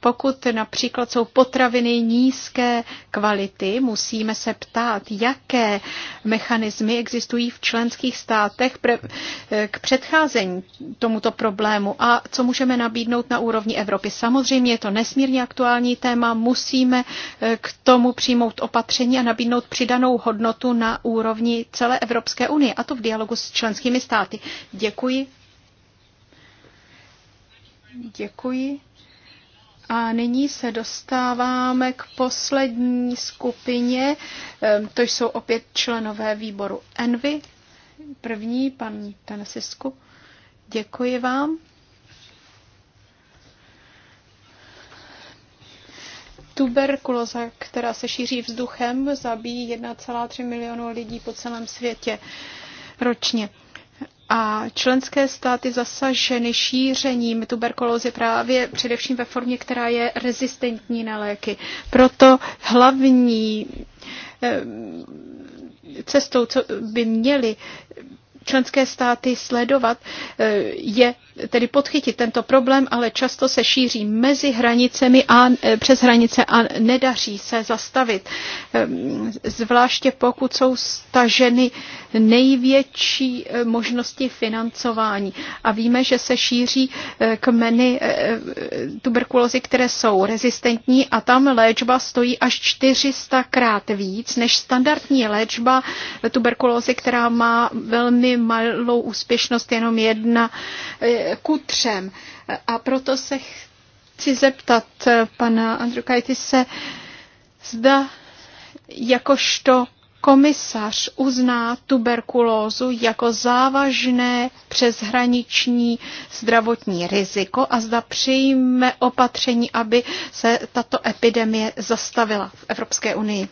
Pokud například jsou potraviny nízké kvality, musíme se ptát, jaké mechanismy existují v členských státech eh, k předcházení tomuto problému a co můžeme nabídnout na úrovni Evropy. Samozřejmě je to nesmírně aktuální téma, musíme eh, k tomu přijmout opatření a nabídnout přidanou hodnotu na úrovni celé Evropské unie, a to v dialogu s členskými státy. Děkuji. Děkuji. A nyní se dostáváme k poslední skupině. Ehm, to jsou opět členové výboru Envy. První, pan Tanasisku. Děkuji vám. Tuberkuloza, která se šíří vzduchem, zabíjí 1,3 milionu lidí po celém světě ročně. A členské státy zasaženy šířením tuberkulózy právě především ve formě, která je rezistentní na léky. Proto hlavní eh, cestou, co by měli členské státy sledovat, eh, je tedy podchytit tento problém, ale často se šíří mezi hranicemi a eh, přes hranice a nedaří se zastavit. Eh, zvláště pokud jsou staženy největší možnosti financování. A víme, že se šíří kmeny tuberkulózy, které jsou rezistentní a tam léčba stojí až 400 krát víc než standardní léčba tuberkulózy, která má velmi malou úspěšnost, jenom jedna eh, ku třem. A proto se chci zeptat eh, pana Andrukajtise, zda jakožto komisař uzná tuberkulózu jako závažné přeshraniční zdravotní riziko a zda přijme opatření, aby se tato epidemie zastavila v Evropské unii.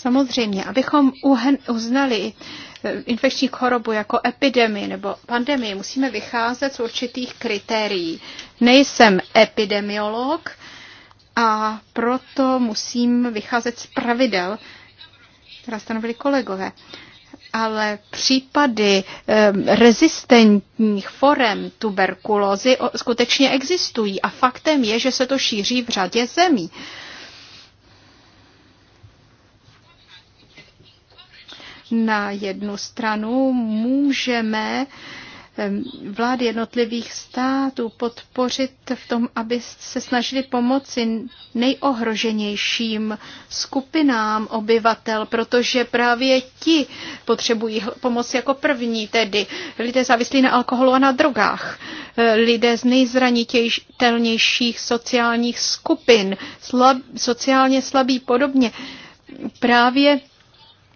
Samozřejmě, abychom uznali eh, infekční chorobu jako epidemii nebo pandemii, musíme vycházet z určitých kritérií. Nejsem epidemiolog a proto musím vycházet z pravidel, která stanovili kolegové. Ale případy um, rezistentních forem tuberkulózy skutečně existují a faktem je, že se to šíří v řadě zemí. Uh, Na jednu stranu můžeme vlády jednotlivých států podpořit v tom, aby se snažili pomoci nejohroženějším skupinám obyvatel, protože právě ti potřebují pomoc jako první, tedy lidé závislí na alkoholu a na drogách, e, lidé z nejzranitelnějších sociálních skupin, slab, sociálně slabí podobně. Právě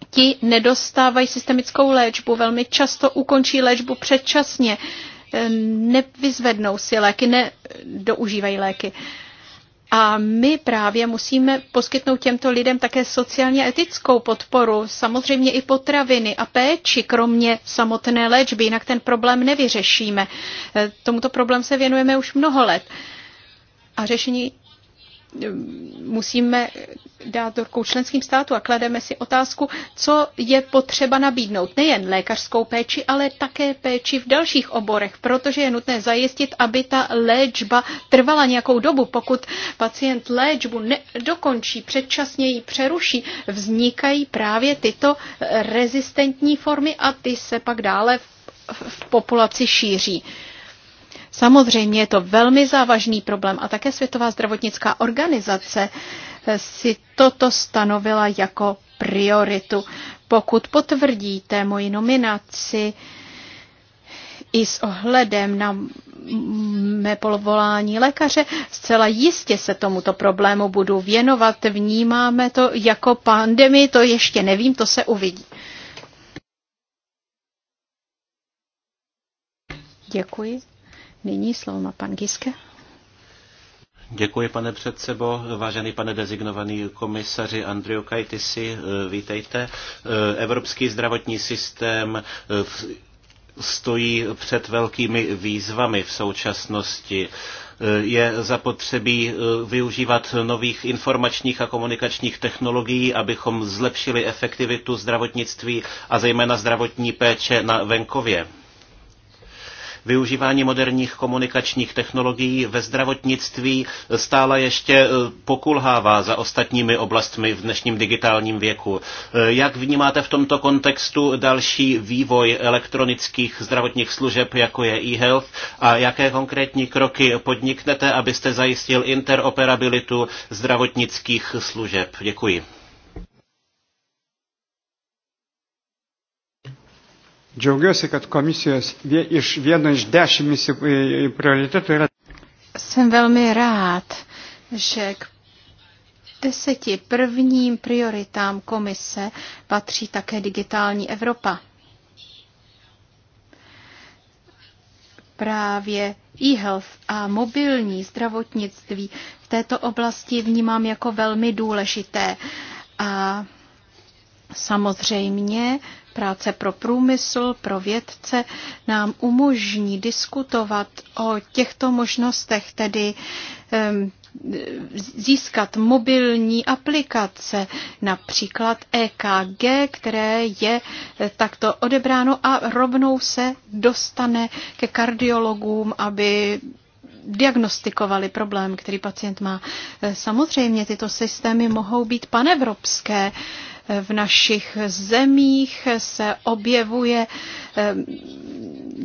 ti nedostávají systemickou léčbu, velmi často ukončí léčbu předčasně, nevyzvednou si léky, nedoužívají léky. A my právě musíme poskytnout těmto lidem také sociálně etickou podporu, samozřejmě i potraviny a péči, kromě samotné léčby, jinak ten problém nevyřešíme. E, tomuto problém se věnujeme už mnoho let. A řešení musíme dát do rukou členským státu a klademe si otázku, co je potřeba nabídnout. Nejen lékařskou péči, ale také péči v dalších oborech, protože je nutné zajistit, aby ta léčba trvala nějakou dobu. Pokud pacient léčbu dokončí, předčasně ji přeruší, vznikají právě tyto rezistentní formy a ty se pak dále v populaci šíří. Samozřejmě je to velmi závažný problém a také Světová zdravotnická organizace eh, si toto stanovila jako prioritu. Pokud potvrdíte moji nominaci i s ohledem na mé polovolání lékaře, zcela jistě se tomuto problému budu věnovat. Vnímáme to jako pandemii, to ještě nevím, to se uvidí. Děkuji. Nyní slovo má pan Giske. Děkuji, pane předsebo. Vážený pane dezignovaný komisaři Andriu Kajtisi, eh, vítejte. Eh, evropský zdravotní systém eh, stojí před velkými výzvami v současnosti je zapotřebí využívat nových informačních a komunikačních technologií, abychom zlepšili efektivitu zdravotnictví a zejména zdravotní péče na venkově využívání moderních komunikačních technologií ve zdravotnictví stále ještě e, pokulhává za ostatními oblastmi v dnešním digitálním věku. E, jak vnímáte v tomto kontextu další vývoj elektronických zdravotních služeb, jako je e-health, a jaké konkrétní kroky podniknete, abyste zajistil interoperabilitu zdravotnických služeb? Děkuji. Džiaugiuosi, kad komisijos iš vieno iš dešimt e, e, prioritetų yra. Jsem velmi rád, že k deseti prvním prioritám komise patří také digitální Evropa. Právě e-health a mobilní zdravotnictví v této oblasti vnímám jako velmi důležité. A samozřejmě práce pro průmysl, pro vědce nám umožní diskutovat o těchto možnostech, tedy získat mobilní aplikace, například EKG, které je eh, takto odebráno a rovnou se dostane ke kardiologům, aby diagnostikovali problém, který pacient má. Eh, samozřejmě tyto systémy mohou být panevropské v našich zemích se objevuje ehm,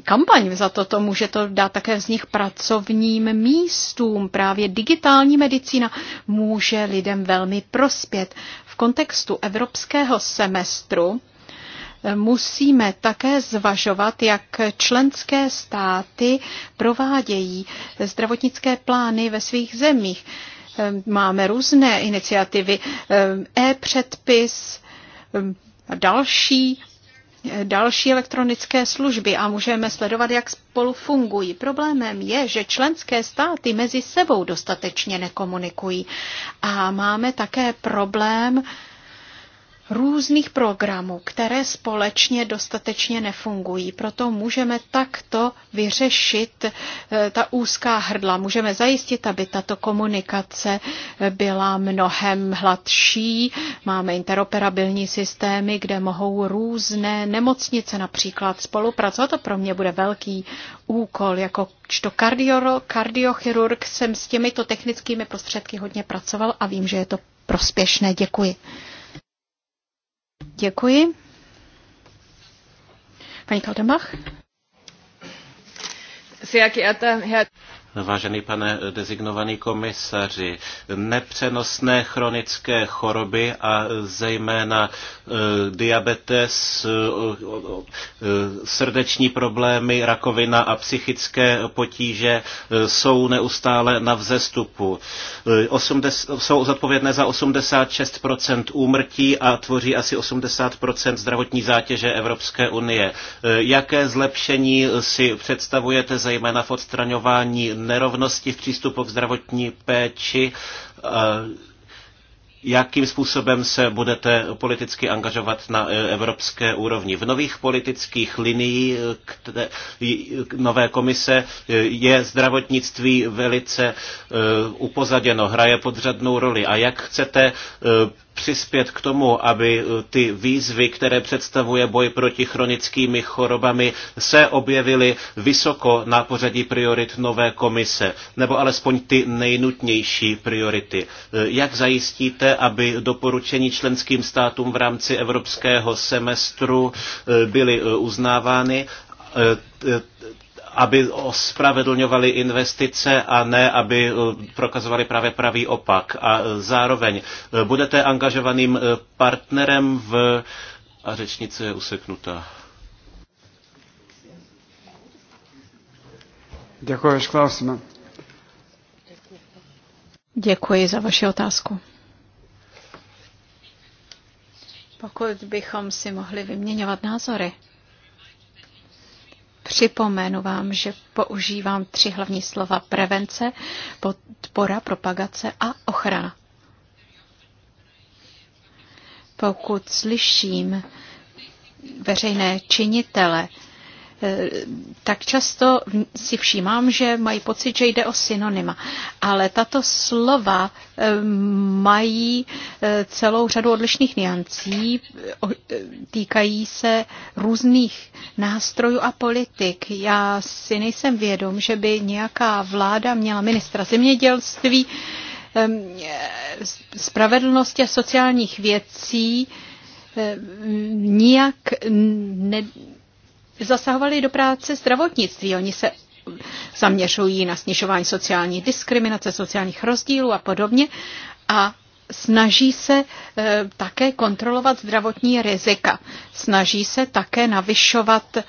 kampaň za to, tomu, Může to dá také vznik pracovním místům. Právě digitální medicína může lidem velmi prospět. V kontextu evropského semestru ehm, musíme také zvažovat, jak členské státy provádějí zdravotnické plány ve svých zemích. Máme různé iniciativy, e-předpis, další e, další elektronické služby a můžeme sledovat, jak spolu fungují. Problémem je, že členské státy mezi sebou dostatečně nekomunikují a máme také problém různých programů, které společně dostatečně nefungují. Proto můžeme takto vyřešit eh, ta úzká hrdla. Můžeme zajistit, aby tato komunikace eh, byla mnohem hladší. Máme interoperabilní systémy, kde mohou různé nemocnice například spolupracovat. To pro mě bude velký úkol. Jako čto kardio, kardiochirurg jsem s těmito technickými prostředky hodně pracoval a vím, že je to prospěšné. Děkuji. Děkuji. Paní Herr Vážený pane dezignovaný komisaři, nepřenosné chronické choroby a zejména e, diabetes, e, srdeční problémy, rakovina a psychické potíže e, jsou neustále na vzestupu. 80, jsou zodpovědné za 86 úmrtí a tvoří asi 80 zdravotní zátěže Evropské unie. Jaké zlepšení si představujete zejména v odstraňování nerovnosti v přístupu k zdravotní péči eh, jakým způsobem se budete politicky angažovat na eh, evropské úrovni. V nových politických linií eh, které, nové komise je zdravotnictví velice upozaděno, hraje podřadnou roli. A jak chcete přispět k tomu, aby eh, ty výzvy, které představuje boj proti chronickými chorobami, se objevily vysoko na pořadí priorit nové komise, nebo alespoň ty nejnutnější priority. Eh, jak zajistíte, aby doporučení členským státům v rámci evropského semestru eh, byly uznávány? aby ospravedlňovali investice a ne, aby eh, prokazovali právě pravý opak. A eh, zároveň eh, budete angažovaným partnerem v... A řečnice je useknutá. Děkuji už Děkuji za vaši otázku. Pokud bychom si mohli vyměňovat názory Připomenu vám, že používám tři hlavní slova prevence, podpora, propagace a ochrana. Pokud slyším veřejné činitele, Eh, tak často si všímám, že mají pocit, že jde o synonyma. Ale tato slova eh, mají eh, celou řadu odlišných niancí, týkají se různých nástrojů a politik. Já si nejsem vědom, že by nějaká vláda měla ministra zemědělství, spravedlnosti a sociálních věcí nijak ne, zasahovali do práce zdravotnictví. Oni se zaměřují na snižování sociální diskriminace, sociálních rozdílů a podobně a snaží se eh, také kontrolovat zdravotní rizika. Snaží se také navyšovat eh,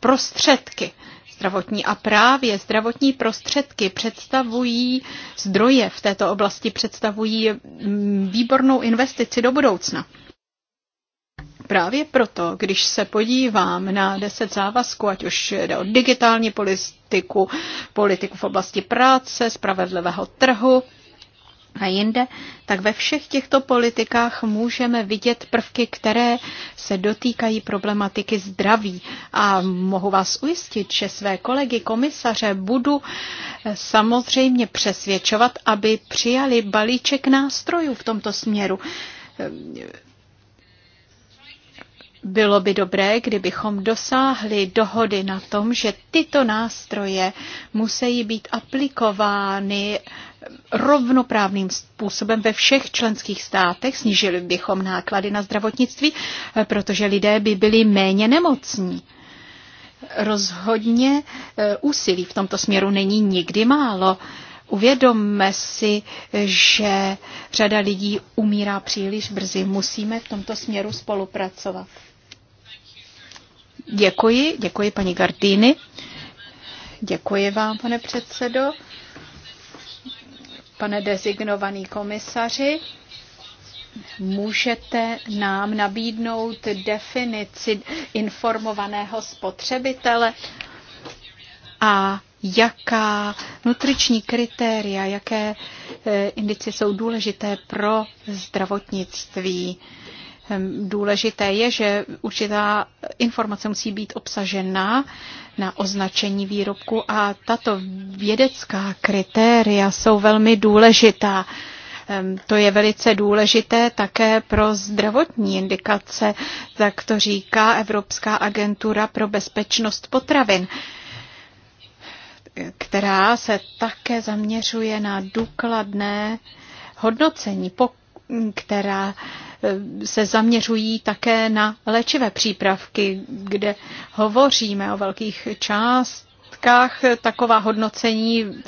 prostředky zdravotní. A právě zdravotní prostředky představují zdroje v této oblasti, představují mm, výbornou investici do budoucna. Právě proto, když se podívám na deset závazků, ať už jde o digitální politiku, politiku v oblasti práce, spravedlivého trhu, a jinde, tak ve všech těchto politikách můžeme vidět prvky, které se dotýkají problematiky zdraví. A mohu vás ujistit, že své kolegy komisaře budu eh, samozřejmě přesvědčovat, aby přijali balíček nástrojů v tomto směru bylo by dobré, kdybychom dosáhli dohody na tom, že tyto nástroje musí být aplikovány rovnoprávným způsobem ve všech členských státech. Snížili bychom náklady na zdravotnictví, protože lidé by byli méně nemocní. Rozhodně eh, úsilí v tomto směru není nikdy málo. Uvědomme si, že řada lidí umírá příliš brzy. Musíme v tomto směru spolupracovat. Děkuji, děkuji paní Gardíny. Děkuji vám, pane předsedo. Pane designovaný komisaři, můžete nám nabídnout definici informovaného spotřebitele a jaká nutriční kritéria, jaké eh, indice jsou důležité pro zdravotnictví. Ehm, důležité je, že určitá informace musí být obsažena na označení výrobku a tato vědecká kritéria jsou velmi důležitá. Ehm, to je velice důležité také pro zdravotní indikace, tak to říká Evropská agentura pro bezpečnost potravin která se také zaměřuje na důkladné hodnocení, pokud která eh, se zaměřují také na léčivé přípravky, kde hovoříme o velkých částkách. Taková hodnocení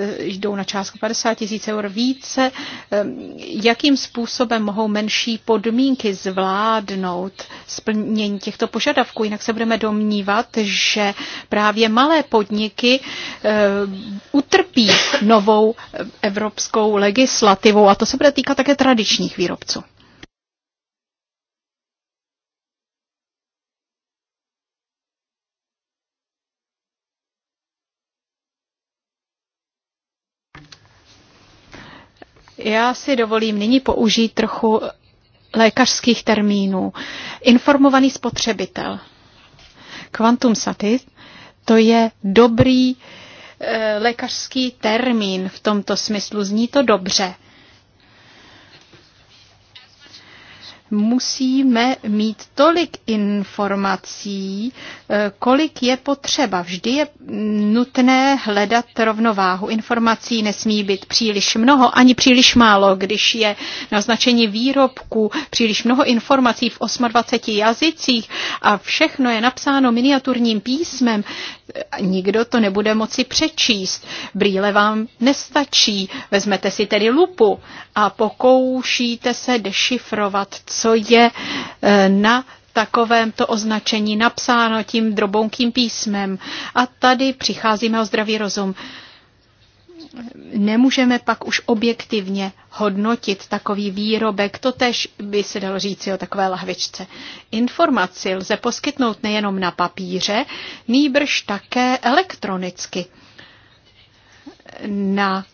Eh, jdou na částku 50 tisíc eur více. Ehm, jakým způsobem mohou menší podmínky zvládnout splnění těchto požadavků? Jinak se budeme domnívat, že právě malé podniky ehm, utrpí novou evropskou legislativou a to se bude týkat také tradičních výrobců. Já si dovolím nyní použít trochu lékařských termínů. Informovaný spotřebitel. Quantum satis, to je dobrý eh, lékařský termín v tomto smyslu. Zní to dobře. musíme mít tolik informací, eh, kolik je potřeba. Vždy je nutné hledat rovnováhu. Informací nesmí být příliš mnoho ani příliš málo. Když je na označení výrobku příliš mnoho informací v 28 jazycích a všechno je napsáno miniaturním písmem, nikdo to nebude moci přečíst. Brýle vám nestačí. Vezmete si tedy lupu a pokoušíte se dešifrovat, co je eh, na takovémto označení napsáno tím drobounkým písmem. A tady přicházíme o zdravý rozum nemůžeme pak už objektivně hodnotit takový výrobek. To tež by se dalo říci o takové lahvičce. Informaci lze poskytnout nejenom na papíře, nýbrž také elektronicky. Na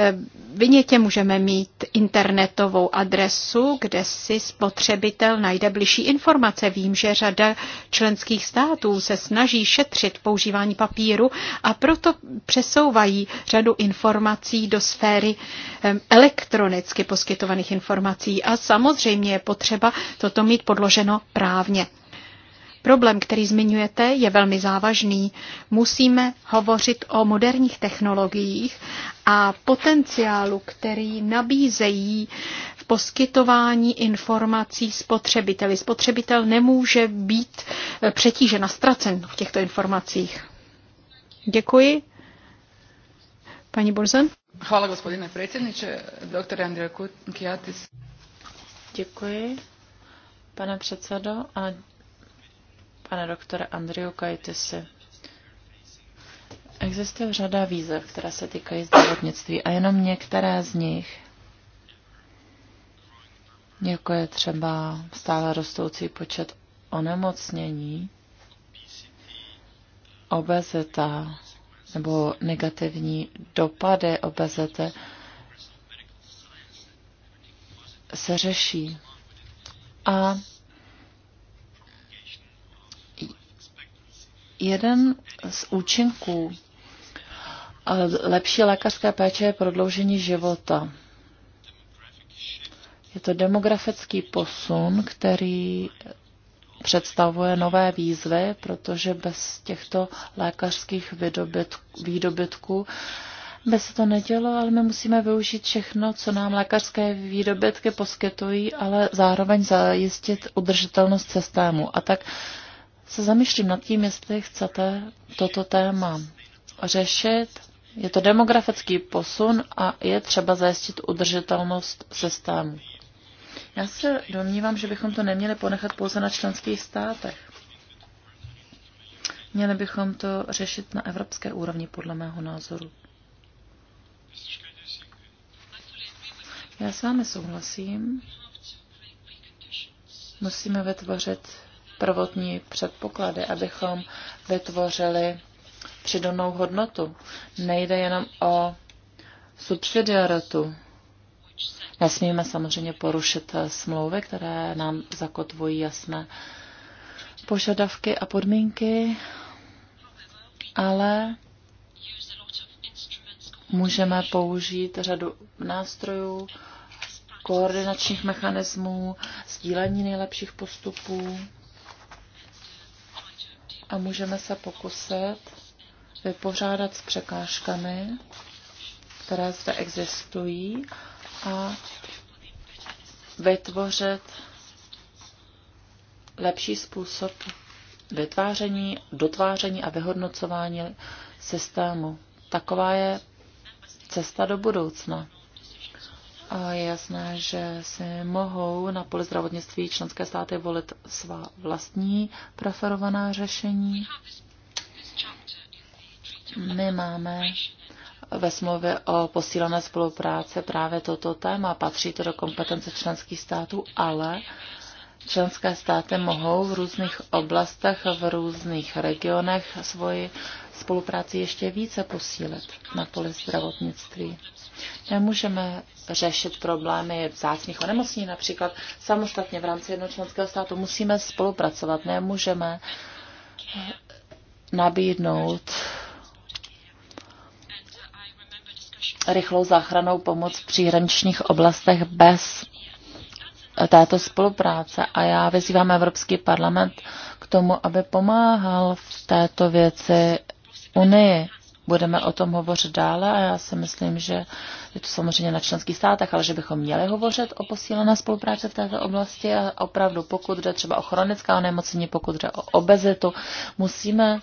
Eh, vynětě můžeme mít internetovou adresu, kde si spotřebitel najde bližší informace. Vím, že řada členských států se snaží šetřit používání papíru a proto přesouvají řadu informací do sféry eh, elektronicky poskytovaných informací. A samozřejmě je potřeba toto mít podloženo právně. Problém, který zmiňujete, je velmi závažný. Musíme hovořit o moderních technologiích a potenciálu, který nabízejí v poskytování informací spotřebiteli. Spotřebitel nemůže být eh, přetížen a ztracen v těchto informacích. Děkuji. Paní Burzen. Hvala, gospodine predsjedniče. Doktor Andrej Kijatis. Děkuji, pane předsedo, a pane doktore Andriu Kajtisi. Existuje řada výzev, které se týkají zdravotnictví a jenom některé z nich, jako je třeba stále rostoucí počet onemocnění, obezita nebo negativní dopady obezity, se řeší. A Jeden z účinků lepší lékařské péče je prodloužení života. Je to demografický posun, který představuje nové výzvy, protože bez těchto lékařských výdobytků by se to nedělo, ale my musíme využít všechno, co nám lékařské výdobytky poskytují, ale zároveň zajistit udržitelnost systému. A tak se zamýšlím nad tím, jestli chcete toto téma řešit. Je to demografický posun a je třeba zajistit udržitelnost systému. Já se domnívám, že bychom to neměli ponechat pouze na členských státech. Měli bychom to řešit na evropské úrovni, podle mého názoru. Já s vámi souhlasím. Musíme vytvořit prvotní předpoklady, abychom vytvořili přidanou hodnotu. Nejde jenom o subsidiaritu. Nesmíme samozřejmě porušit eh, smlouvy, které nám zakotvují jasné požadavky a podmínky, ale můžeme použít řadu nástrojů, koordinačních mechanismů, sdílení nejlepších postupů a můžeme se pokusit vypořádat s překážkami, které zde existují a vytvořit lepší způsob vytváření, dotváření a vyhodnocování systému. Taková je cesta do budoucna. A je jasné, že si mohou na poli zdravotnictví členské státy volit svá vlastní preferovaná řešení. My máme ve smlouvě o posílené spolupráci právě toto téma. Patří to do kompetence členských států, ale členské státy mohou v různých oblastech, v různých regionech svoji spolupráci ještě více posílit na poli zdravotnictví. Nemůžeme řešit problémy vzácných onemocnění například samostatně v rámci jednočlenského státu. Musíme spolupracovat, nemůžeme nabídnout rychlou záchranou pomoc v příhraničních oblastech bez této spolupráce. A já vyzývám Evropský parlament k tomu, aby pomáhal v této věci unii. Budeme o tom hovořit dále a já si myslím, že je to samozřejmě na členských státech, ale že bychom měli hovořit o posílené spolupráci v této oblasti a opravdu pokud jde třeba o chronická onemocnění, pokud jde o obezitu, musíme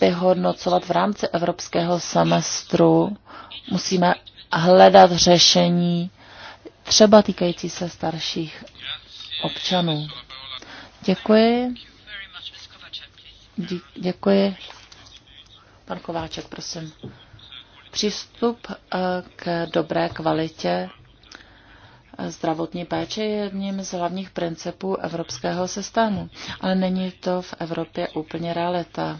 vyhodnocovat v rámci evropského semestru, musíme hledat řešení třeba týkající se starších občanů. Děkuji. Dí, děkuji Pan Kováček, prosím. Přístup eh, k dobré kvalitě eh, zdravotní péče je jedním z hlavních principů evropského systému, ale není to v Evropě úplně realita.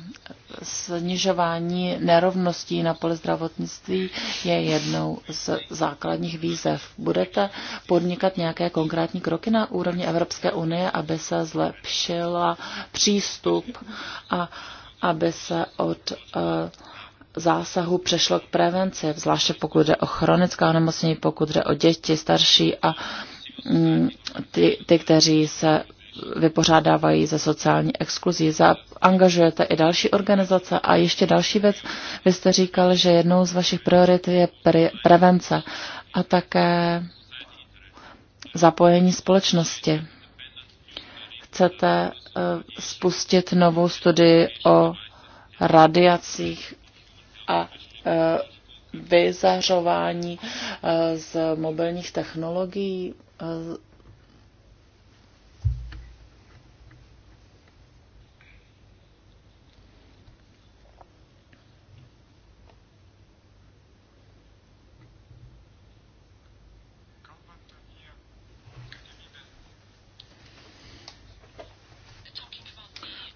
Snižování nerovností na poli zdravotnictví je jednou z základních výzev. Budete podnikat nějaké konkrétní kroky na úrovni Evropské unie, aby se zlepšila přístup a aby se od eh, zásahu přešlo k prevenci, zvláště pokud jde o chronická onemocnění, pokud jde o děti starší a mm, ty, ty kteří se vypořádávají ze sociální exkluzí. Angažujete i další organizace a ještě další věc. Vy jste říkal, že jednou z vašich priorit je pre- prevence a také zapojení společnosti. Chcete Eh, spustit novou studii o radiacích a eh, vyzařování eh, z mobilních technologií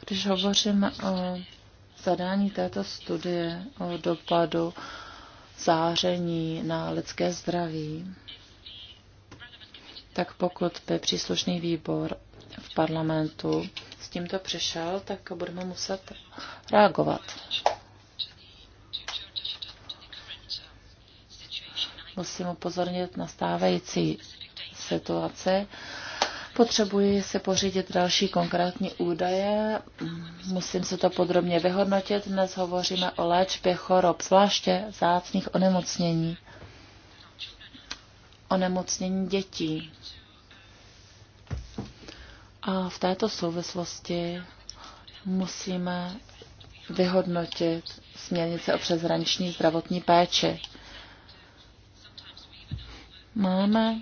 Když hovořím o zadání této studie, o dopadu záření na lidské zdraví, tak pokud by příslušný výbor v parlamentu s tímto přišel, tak budeme muset reagovat. Musím upozornit na stávající situaci Potřebuji se pořídit další konkrétní údaje, musím se to podrobně vyhodnotit. Dnes hovoříme o léčbě chorob, zvláště zácných onemocnění. Onemocnění dětí. A v této souvislosti musíme vyhodnotit směrnice o přeshraniční zdravotní péči. Máme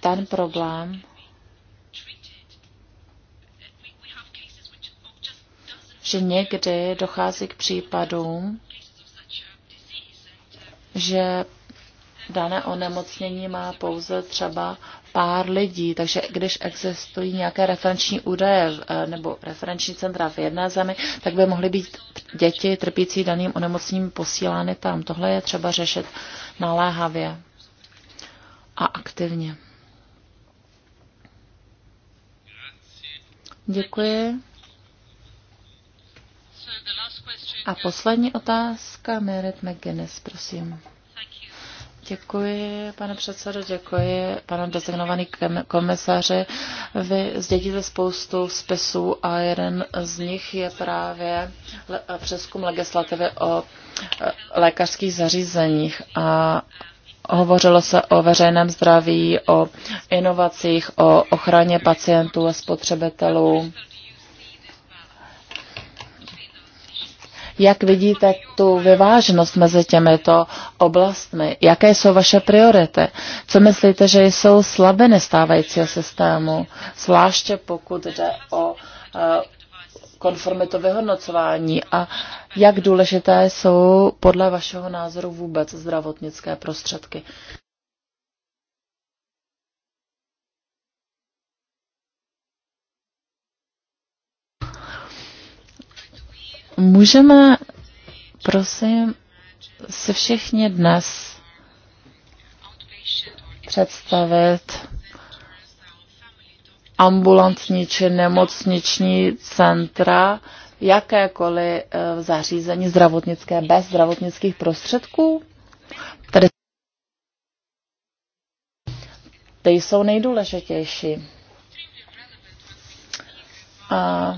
ten problém že někdy dochází k případům, že dané onemocnění má pouze třeba pár lidí, takže když existují nějaké referenční údaje eh, nebo referenční centra v jedné zemi, tak by mohly být děti trpící daným onemocněním posílány tam. Tohle je třeba řešit naléhavě a aktivně. Děkuji. A poslední otázka, Merit McGuinness, prosím. Děkuji, pane předsedo, děkuji, pane designovaný komisaři. Vy zdědíte spoustu spisů a jeden z nich je právě přeskum legislativy o e, lékařských zařízeních. A Hovořilo se o veřejném zdraví, o inovacích, o ochraně pacientů a spotřebitelů. Jak vidíte tu vyváženost mezi těmito oblastmi? Jaké jsou vaše priority? Co myslíte, že jsou slabiny stávajícího systému, zvláště pokud jde o eh, to vyhodnocování a jak důležité jsou podle vašeho názoru vůbec zdravotnické prostředky. Můžeme, prosím, si všichni dnes představit ambulantní či nemocniční centra, jakékoliv eh, zařízení zdravotnické bez zdravotnických prostředků? Tedy ty jsou nejdůležitější. A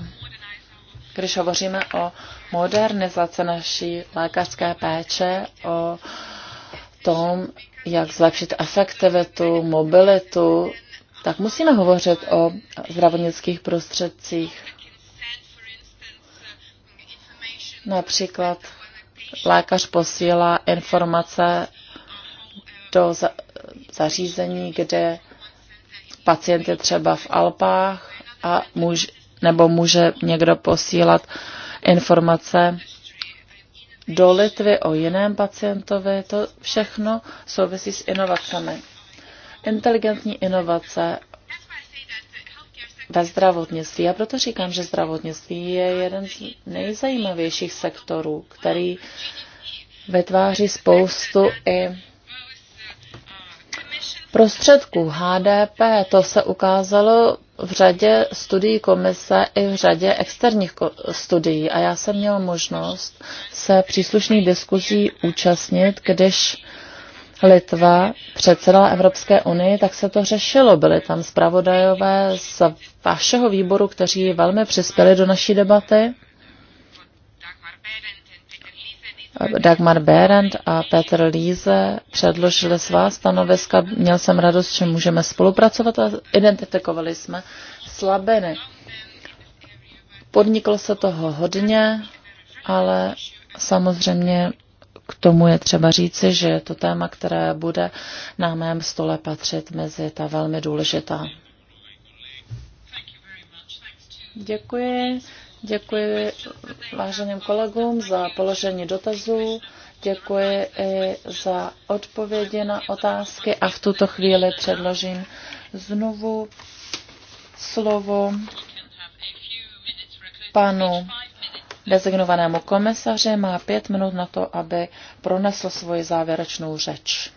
když hovoříme o modernizaci naší lékařské péče, o tom, jak zlepšit efektivitu, mobilitu, tak musíme hovořit o zdravotnických prostředcích. Například lékař posílá informace do zařízení, kde pacient je třeba v Alpách a muž, nebo může někdo posílat informace do Litvy o jiném pacientovi. To všechno souvisí s inovacemi inteligentní inovace ve zdravotnictví. A proto říkám, že zdravotnictví je jeden z nejzajímavějších sektorů, který vytváří spoustu i prostředků HDP. To se ukázalo v řadě studií komise i v řadě externích studií. A já jsem měl možnost se příslušných diskuzí účastnit, když Litva předsedala Evropské unii, tak se to řešilo. Byli tam zpravodajové z vašeho výboru, kteří velmi přispěli do naší debaty. Dagmar Berend a Petr Líze předložili svá stanoviska. Měl jsem radost, že můžeme spolupracovat a identifikovali jsme slabiny. Podniklo se toho hodně, ale samozřejmě k tomu je třeba říci, že je to téma, které bude na mém stole patřit mezi ta velmi důležitá. Děkuji. Děkuji váženým kolegům za položení dotazů. Děkuji i za odpovědi na otázky a v tuto chvíli předložím znovu slovo panu Designovanému komisaři má pět minut na to, aby pronesl svoji závěrečnou řeč.